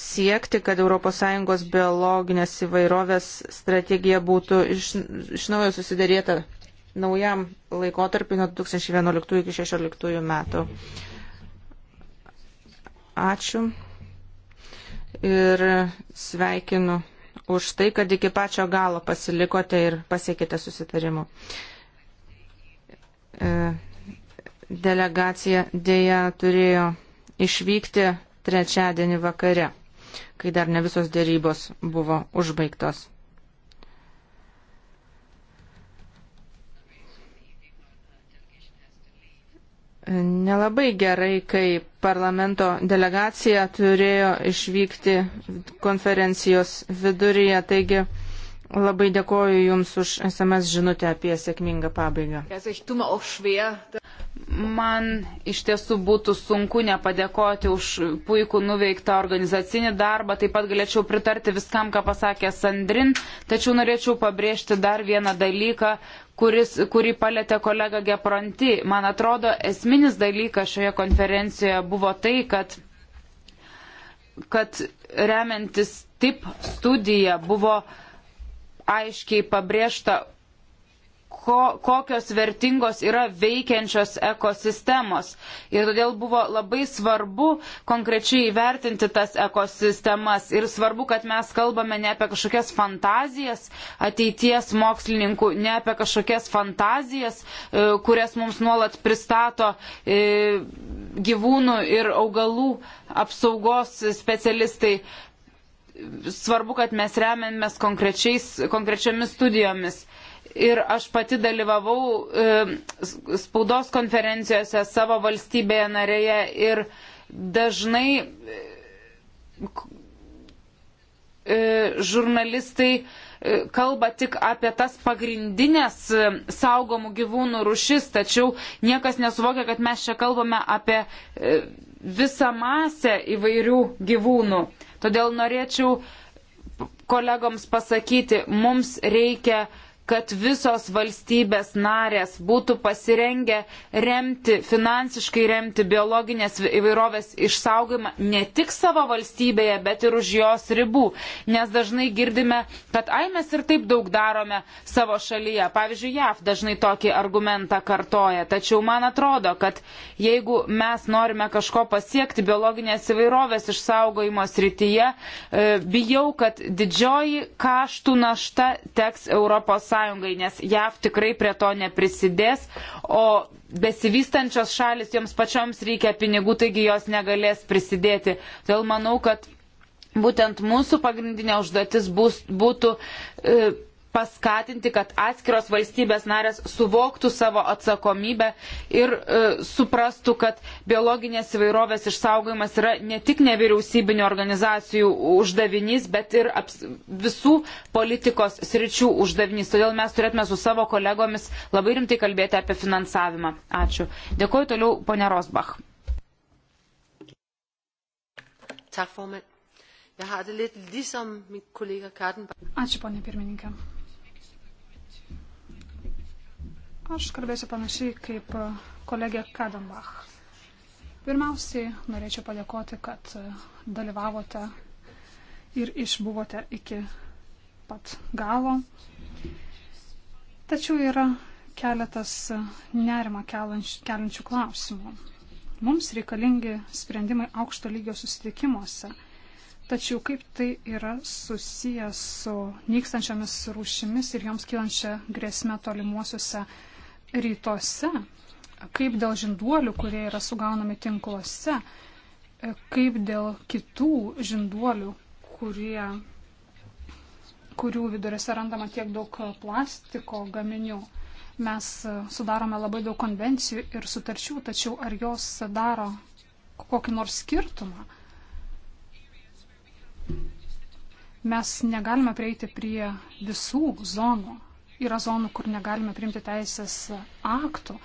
siekti, kad ES biologinės įvairovės strategija būtų iš, iš naujo susidarėta naujam laikotarpiu nuo 2011 iki 2016 metų. Ačiū ir sveikinu už tai, kad iki pačio galo pasilikote ir pasiekite susitarimu. E, delegacija dėja turėjo išvykti trečiadienį vakare, kai dar ne visos dėrybos buvo užbaigtos. Nelabai gerai, kai parlamento delegacija turėjo išvykti konferencijos viduryje, taigi Labai dėkoju Jums už SMS žinutę apie sėkmingą pabaigą. Man iš tiesų būtų sunku nepadėkoti už puikų nuveiktą organizacinį darbą. Taip pat galėčiau pritarti viskam, ką pasakė Sandrin, tačiau norėčiau pabrėžti dar vieną dalyką, kuris, kurį palėtė kolega Gepranti. Man atrodo, esminis dalykas šioje konferencijoje buvo tai, kad, kad remiantis tip studija buvo uh, aiškiai pabrėžta, ko, kokios vertingos yra veikiančios ekosistemos. Ir todėl buvo labai svarbu konkrečiai įvertinti tas ekosistemas. Ir svarbu, kad mes kalbame ne apie kažkokias fantazijas ateities mokslininkų, ne apie kažkokias fantazijas, e, kurias mums nuolat pristato e, gyvūnų ir augalų apsaugos specialistai svarbu, kad mes remiamės konkrečiomis studijomis. Ir aš pati dalyvavau e, spaudos konferencijose savo valstybėje narėje ir dažnai e, e žurnalistai e, kalba tik apie tas pagrindinės e, saugomų gyvūnų rušis, tačiau niekas nesuvokia, kad mes čia kalbame apie e, visą masę įvairių gyvūnų. E, Todėl norėčiau kolegoms pasakyti, mums reikia kad visos valstybės narės būtų pasirengę remti, finansiškai remti biologinės įvairovės išsaugimą ne tik savo valstybėje, bet ir už jos ribų. Nes dažnai girdime, kad ai mes ir taip daug darome savo šalyje. Pavyzdžiui, JAV dažnai tokį argumentą kartoja. Tačiau man atrodo, kad jeigu mes norime kažko pasiekti biologinės įvairovės išsaugojimo srityje, e, bijau, kad didžioji kaštų našta teks Europos nes JAV tikrai prie to neprisidės, o besivystančios šalis joms pačioms reikia pinigų, taigi jos negalės prisidėti. Todėl manau, kad būtent mūsų pagrindinė užduotis bus, būtų. E, paskatinti, kad atskiros valstybės narės suvoktų savo atsakomybę ir e, suprastų, kad biologinės įvairovės išsaugojimas yra ne tik nevyriausybinio organizacijų uždavinys, bet ir aps, visų politikos sričių uždavinys. Todėl mes turėtume su savo kolegomis labai rimtai kalbėti apie finansavimą. Ačiū. Dėkuoju toliau, ponė Rosbach. Tak, formand. Jeg har det lidt ligesom min kollega Kartenbach. Ačiū, ponė pirmininkė. Aš kalbėsiu panašiai kaip e, kolegė Kadambach. Pirmiausiai norėčiau padėkoti, kad e, dalyvavote ir išbuvote iki pat galo. Tačiau yra keletas e, nerima keliančių klausimų. Mums reikalingi sprendimai aukšto lygio susitikimuose. Tačiau kaip tai yra susijęs su nykstančiamis rūšimis ir joms kylančia grėsme tolimuosiuose rytuose, kaip dėl žinduolių, kurie yra sugaunami tinkluose, kaip dėl kitų žinduolių, kurie, kurių viduriuose randama tiek daug plastiko gaminių. Mes sudarome labai daug konvencijų ir sutarčių, tačiau ar jos daro kokį nors skirtumą? Mes negalime prieiti prie visų zonų yra zonų, kur negalime priimti teisės aktų.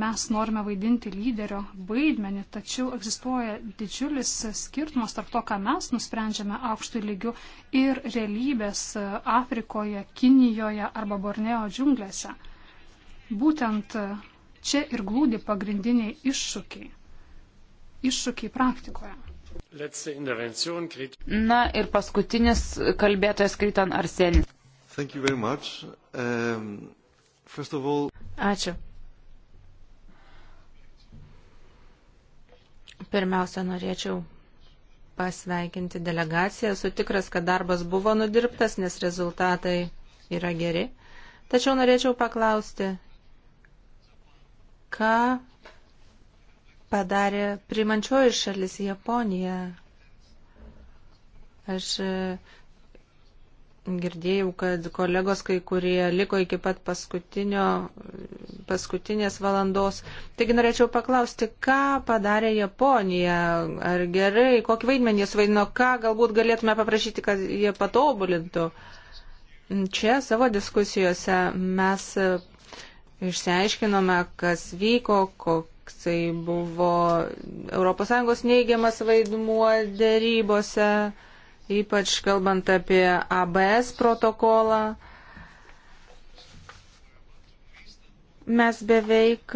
Mes norime vaidinti lyderio vaidmenį, tačiau egzistuoja didžiulis skirtumas tarp to, ką mes nusprendžiame aukštų lygių ir realybės Afrikoje, Kinijoje arba Borneo džiunglėse. Būtent čia ir glūdi pagrindiniai iššūkiai. Iššūkiai praktikoje. Na ir paskutinis kalbėtojas Kryton Arsenis. Thank you very much. Um, first of all... Ačiū. Pirmiausia, norėčiau pasveikinti delegaciją. Esu tikras, kad darbas buvo nudirbtas, nes rezultatai yra geri. Tačiau norėčiau paklausti, ką padarė primančioji šalis Japonija. Aš Girdėjau, kad kolegos kai kurie liko iki pat paskutinės valandos. Taigi norėčiau paklausti, ką padarė Japonija, ar gerai, kokį vaidmenį jis vaidino, ką galbūt galėtume paprašyti, kad jie patobulintų. Čia savo diskusijose mes išsiaiškinome, kas vyko, koksai buvo ES neigiamas vaidmuo dėrybose ypač kalbant apie ABS protokolą. Mes beveik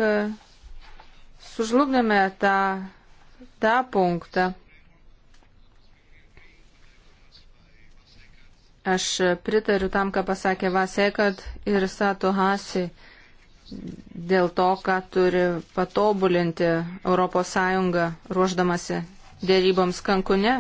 sužlugdėme tą, tą punktą. Aš pritariu tam, ką pasakė Vasekat ir Sato Hasi dėl to, ką turi patobulinti ES ruoždamasi dėryboms Kankune.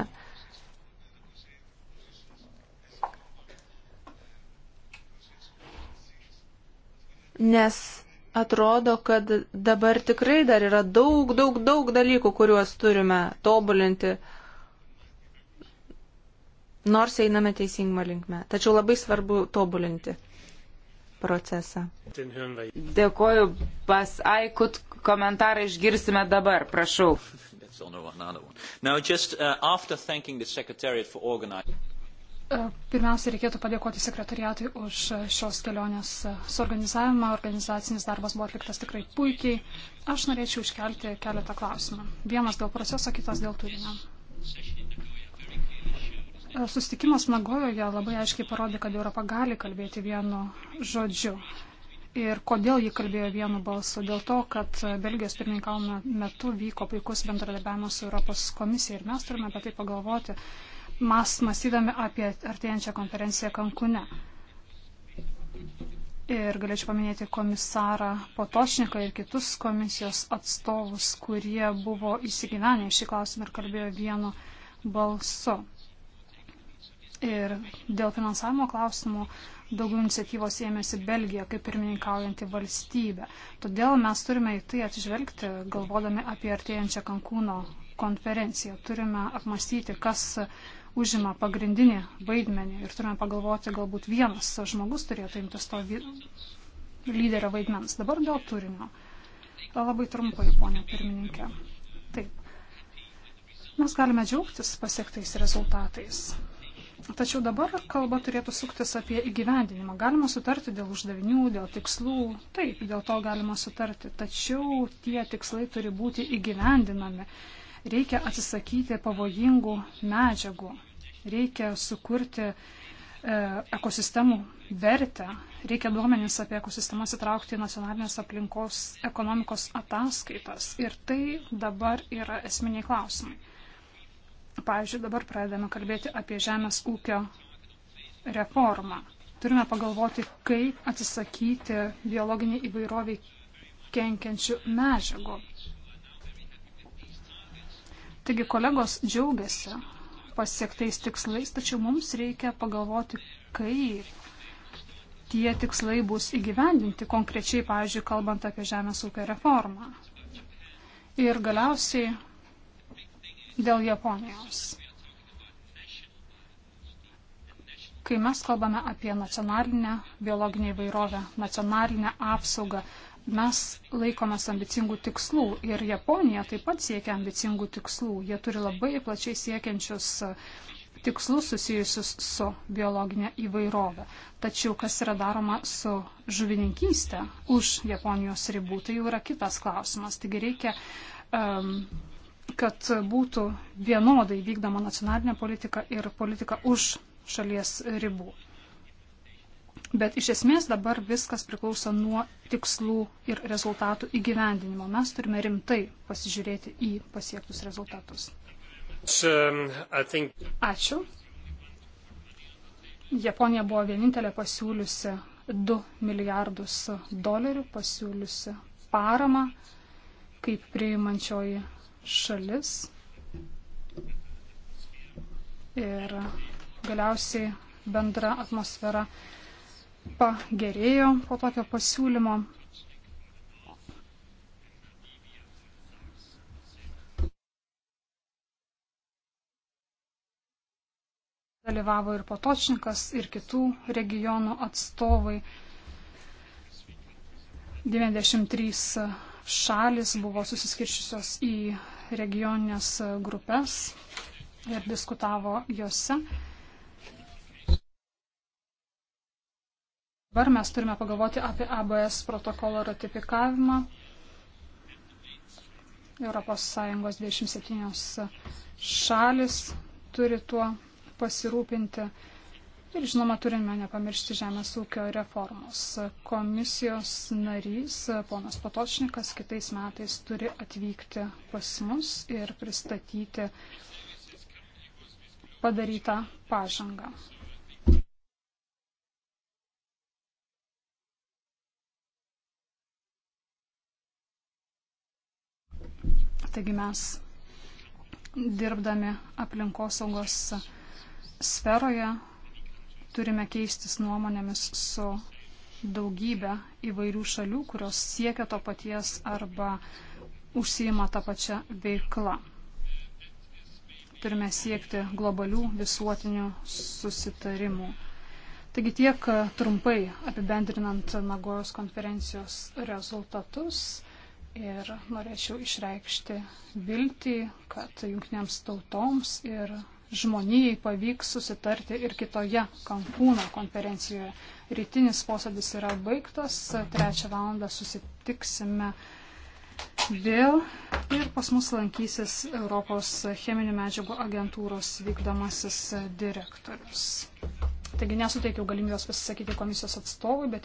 nes atrodo, kad dabar tikrai dar yra daug, daug, daug dalykų, kuriuos turime tobulinti, nors einame teisingą linkme. Tačiau labai svarbu tobulinti procesą. Dėkoju, pas Aikut, komentarą išgirsime dabar, prašau. E, pirmiausia, reikėtų padėkoti sekretariatui už šios kelionės suorganizavimą. Organizacinis darbas buvo atliktas tikrai puikiai. Aš norėčiau iškelti keletą klausimų. Vienas dėl proceso, kitas dėl turinio. E, sustikimas Nagojoje labai aiškiai parodė, kad Europa gali kalbėti vienu žodžiu. Ir kodėl ji kalbėjo vienu balsu? Dėl to, kad Belgijos pirmininkavimo metu vyko puikus bendradarbiavimas su Europos komisija ir mes turime apie tai pagalvoti mas, mąstydami apie artėjančią konferenciją Kankune. Ir galėčiau paminėti komisarą Potošniką ir kitus komisijos atstovus, kurie buvo įsigyvenę šį klausimą ir kalbėjo vienu balsu. Ir dėl finansavimo klausimų daugiau iniciatyvos ėmėsi Belgija kaip pirmininkaujanti valstybė. Todėl mes turime į tai atsižvelgti, galvodami apie artėjančią Kankūno konferenciją. Turime apmastyti, kas užima pagrindinį vaidmenį ir turime pagalvoti, galbūt vienas žmogus turėtų imtis to lyderio vaidmens. Dabar dėl turinio. Labai trumpai, ponė pirmininkė. Taip. Mes galime džiaugtis pasiektais rezultatais. Tačiau dabar kalba turėtų suktis apie įgyvendinimą. Galima sutarti dėl uždavinių, dėl tikslų, taip, dėl to galima sutarti, tačiau tie tikslai turi būti įgyvendinami. Reikia atsisakyti pavojingų medžiagų, reikia sukurti e, ekosistemų vertę, reikia duomenys apie ekosistemas įtraukti į nacionalinės aplinkos ekonomikos ataskaitas. Ir tai dabar yra esminiai klausimai. Pavyzdžiui, dabar pradedame kalbėti apie žemės ūkio reformą. Turime pagalvoti, kaip atsisakyti biologiniai įvairoviai kenkiančių medžiagų. Taigi kolegos džiaugiasi pasiektais tikslais, tačiau mums reikia pagalvoti, kaip tie tikslai bus įgyvendinti, konkrečiai, pavyzdžiui, kalbant apie žemės ūkio reformą. Ir galiausiai dėl Japonijos. Kai mes kalbame apie nacionalinę biologinę įvairovę, nacionalinę apsaugą, Mes laikomės ambicingų tikslų ir Japonija taip pat siekia ambicingų tikslų. Jie turi labai plačiai siekiančius uh, tikslus susijusius su biologinė įvairovė. Tačiau kas yra daroma su žuvininkystė už Japonijos ribų, tai jau yra kitas klausimas. Taigi reikia, um, kad būtų vienodai vykdoma nacionalinė politika ir politika už šalies ribų. Bet iš esmės dabar viskas priklauso nuo tikslų ir rezultatų įgyvendinimo. Mes turime rimtai pasižiūrėti į pasiektus rezultatus. Um, Ačiū. Japonija buvo vienintelė pasiūliusi 2 milijardus dolerių, pasiūliusi paramą kaip priimančioji šalis. Ir galiausiai bendra atmosfera pagerėjo po tokio pasiūlymo. Dalyvavo ir Potočnikas, ir kitų regionų atstovai. 93 šalis buvo susiskiršusios į regioninės grupės ir diskutavo juose. Dabar mes turime pagalvoti apie ABS protokolo ratifikavimą. ES 27 šalis turi tuo pasirūpinti. Ir žinoma, turime nepamiršti žemės ūkio reformos. Komisijos narys, ponas Patočnikas, kitais metais turi atvykti pas mus ir pristatyti padarytą pažangą. Taigi mes dirbdami aplinkosaugos sferoje turime keistis nuomonėmis su daugybę įvairių šalių, kurios siekia to paties arba užsijima tą pačią veiklą. Turime siekti globalių visuotinių susitarimų. Taigi tiek trumpai apibendrinant Nagojos konferencijos rezultatus. Ir norėčiau išreikšti viltį, kad jungtinėms tautoms ir žmonijai pavyks susitarti ir kitoje Kankūno konferencijoje. Rytinis posėdis yra baigtas, trečią valandą susitiksime vėl ir pas mus lankysis Europos cheminių medžiagų agentūros vykdomasis direktorius. Taigi nesuteikiau galimybės pasisakyti komisijos atstovui, bet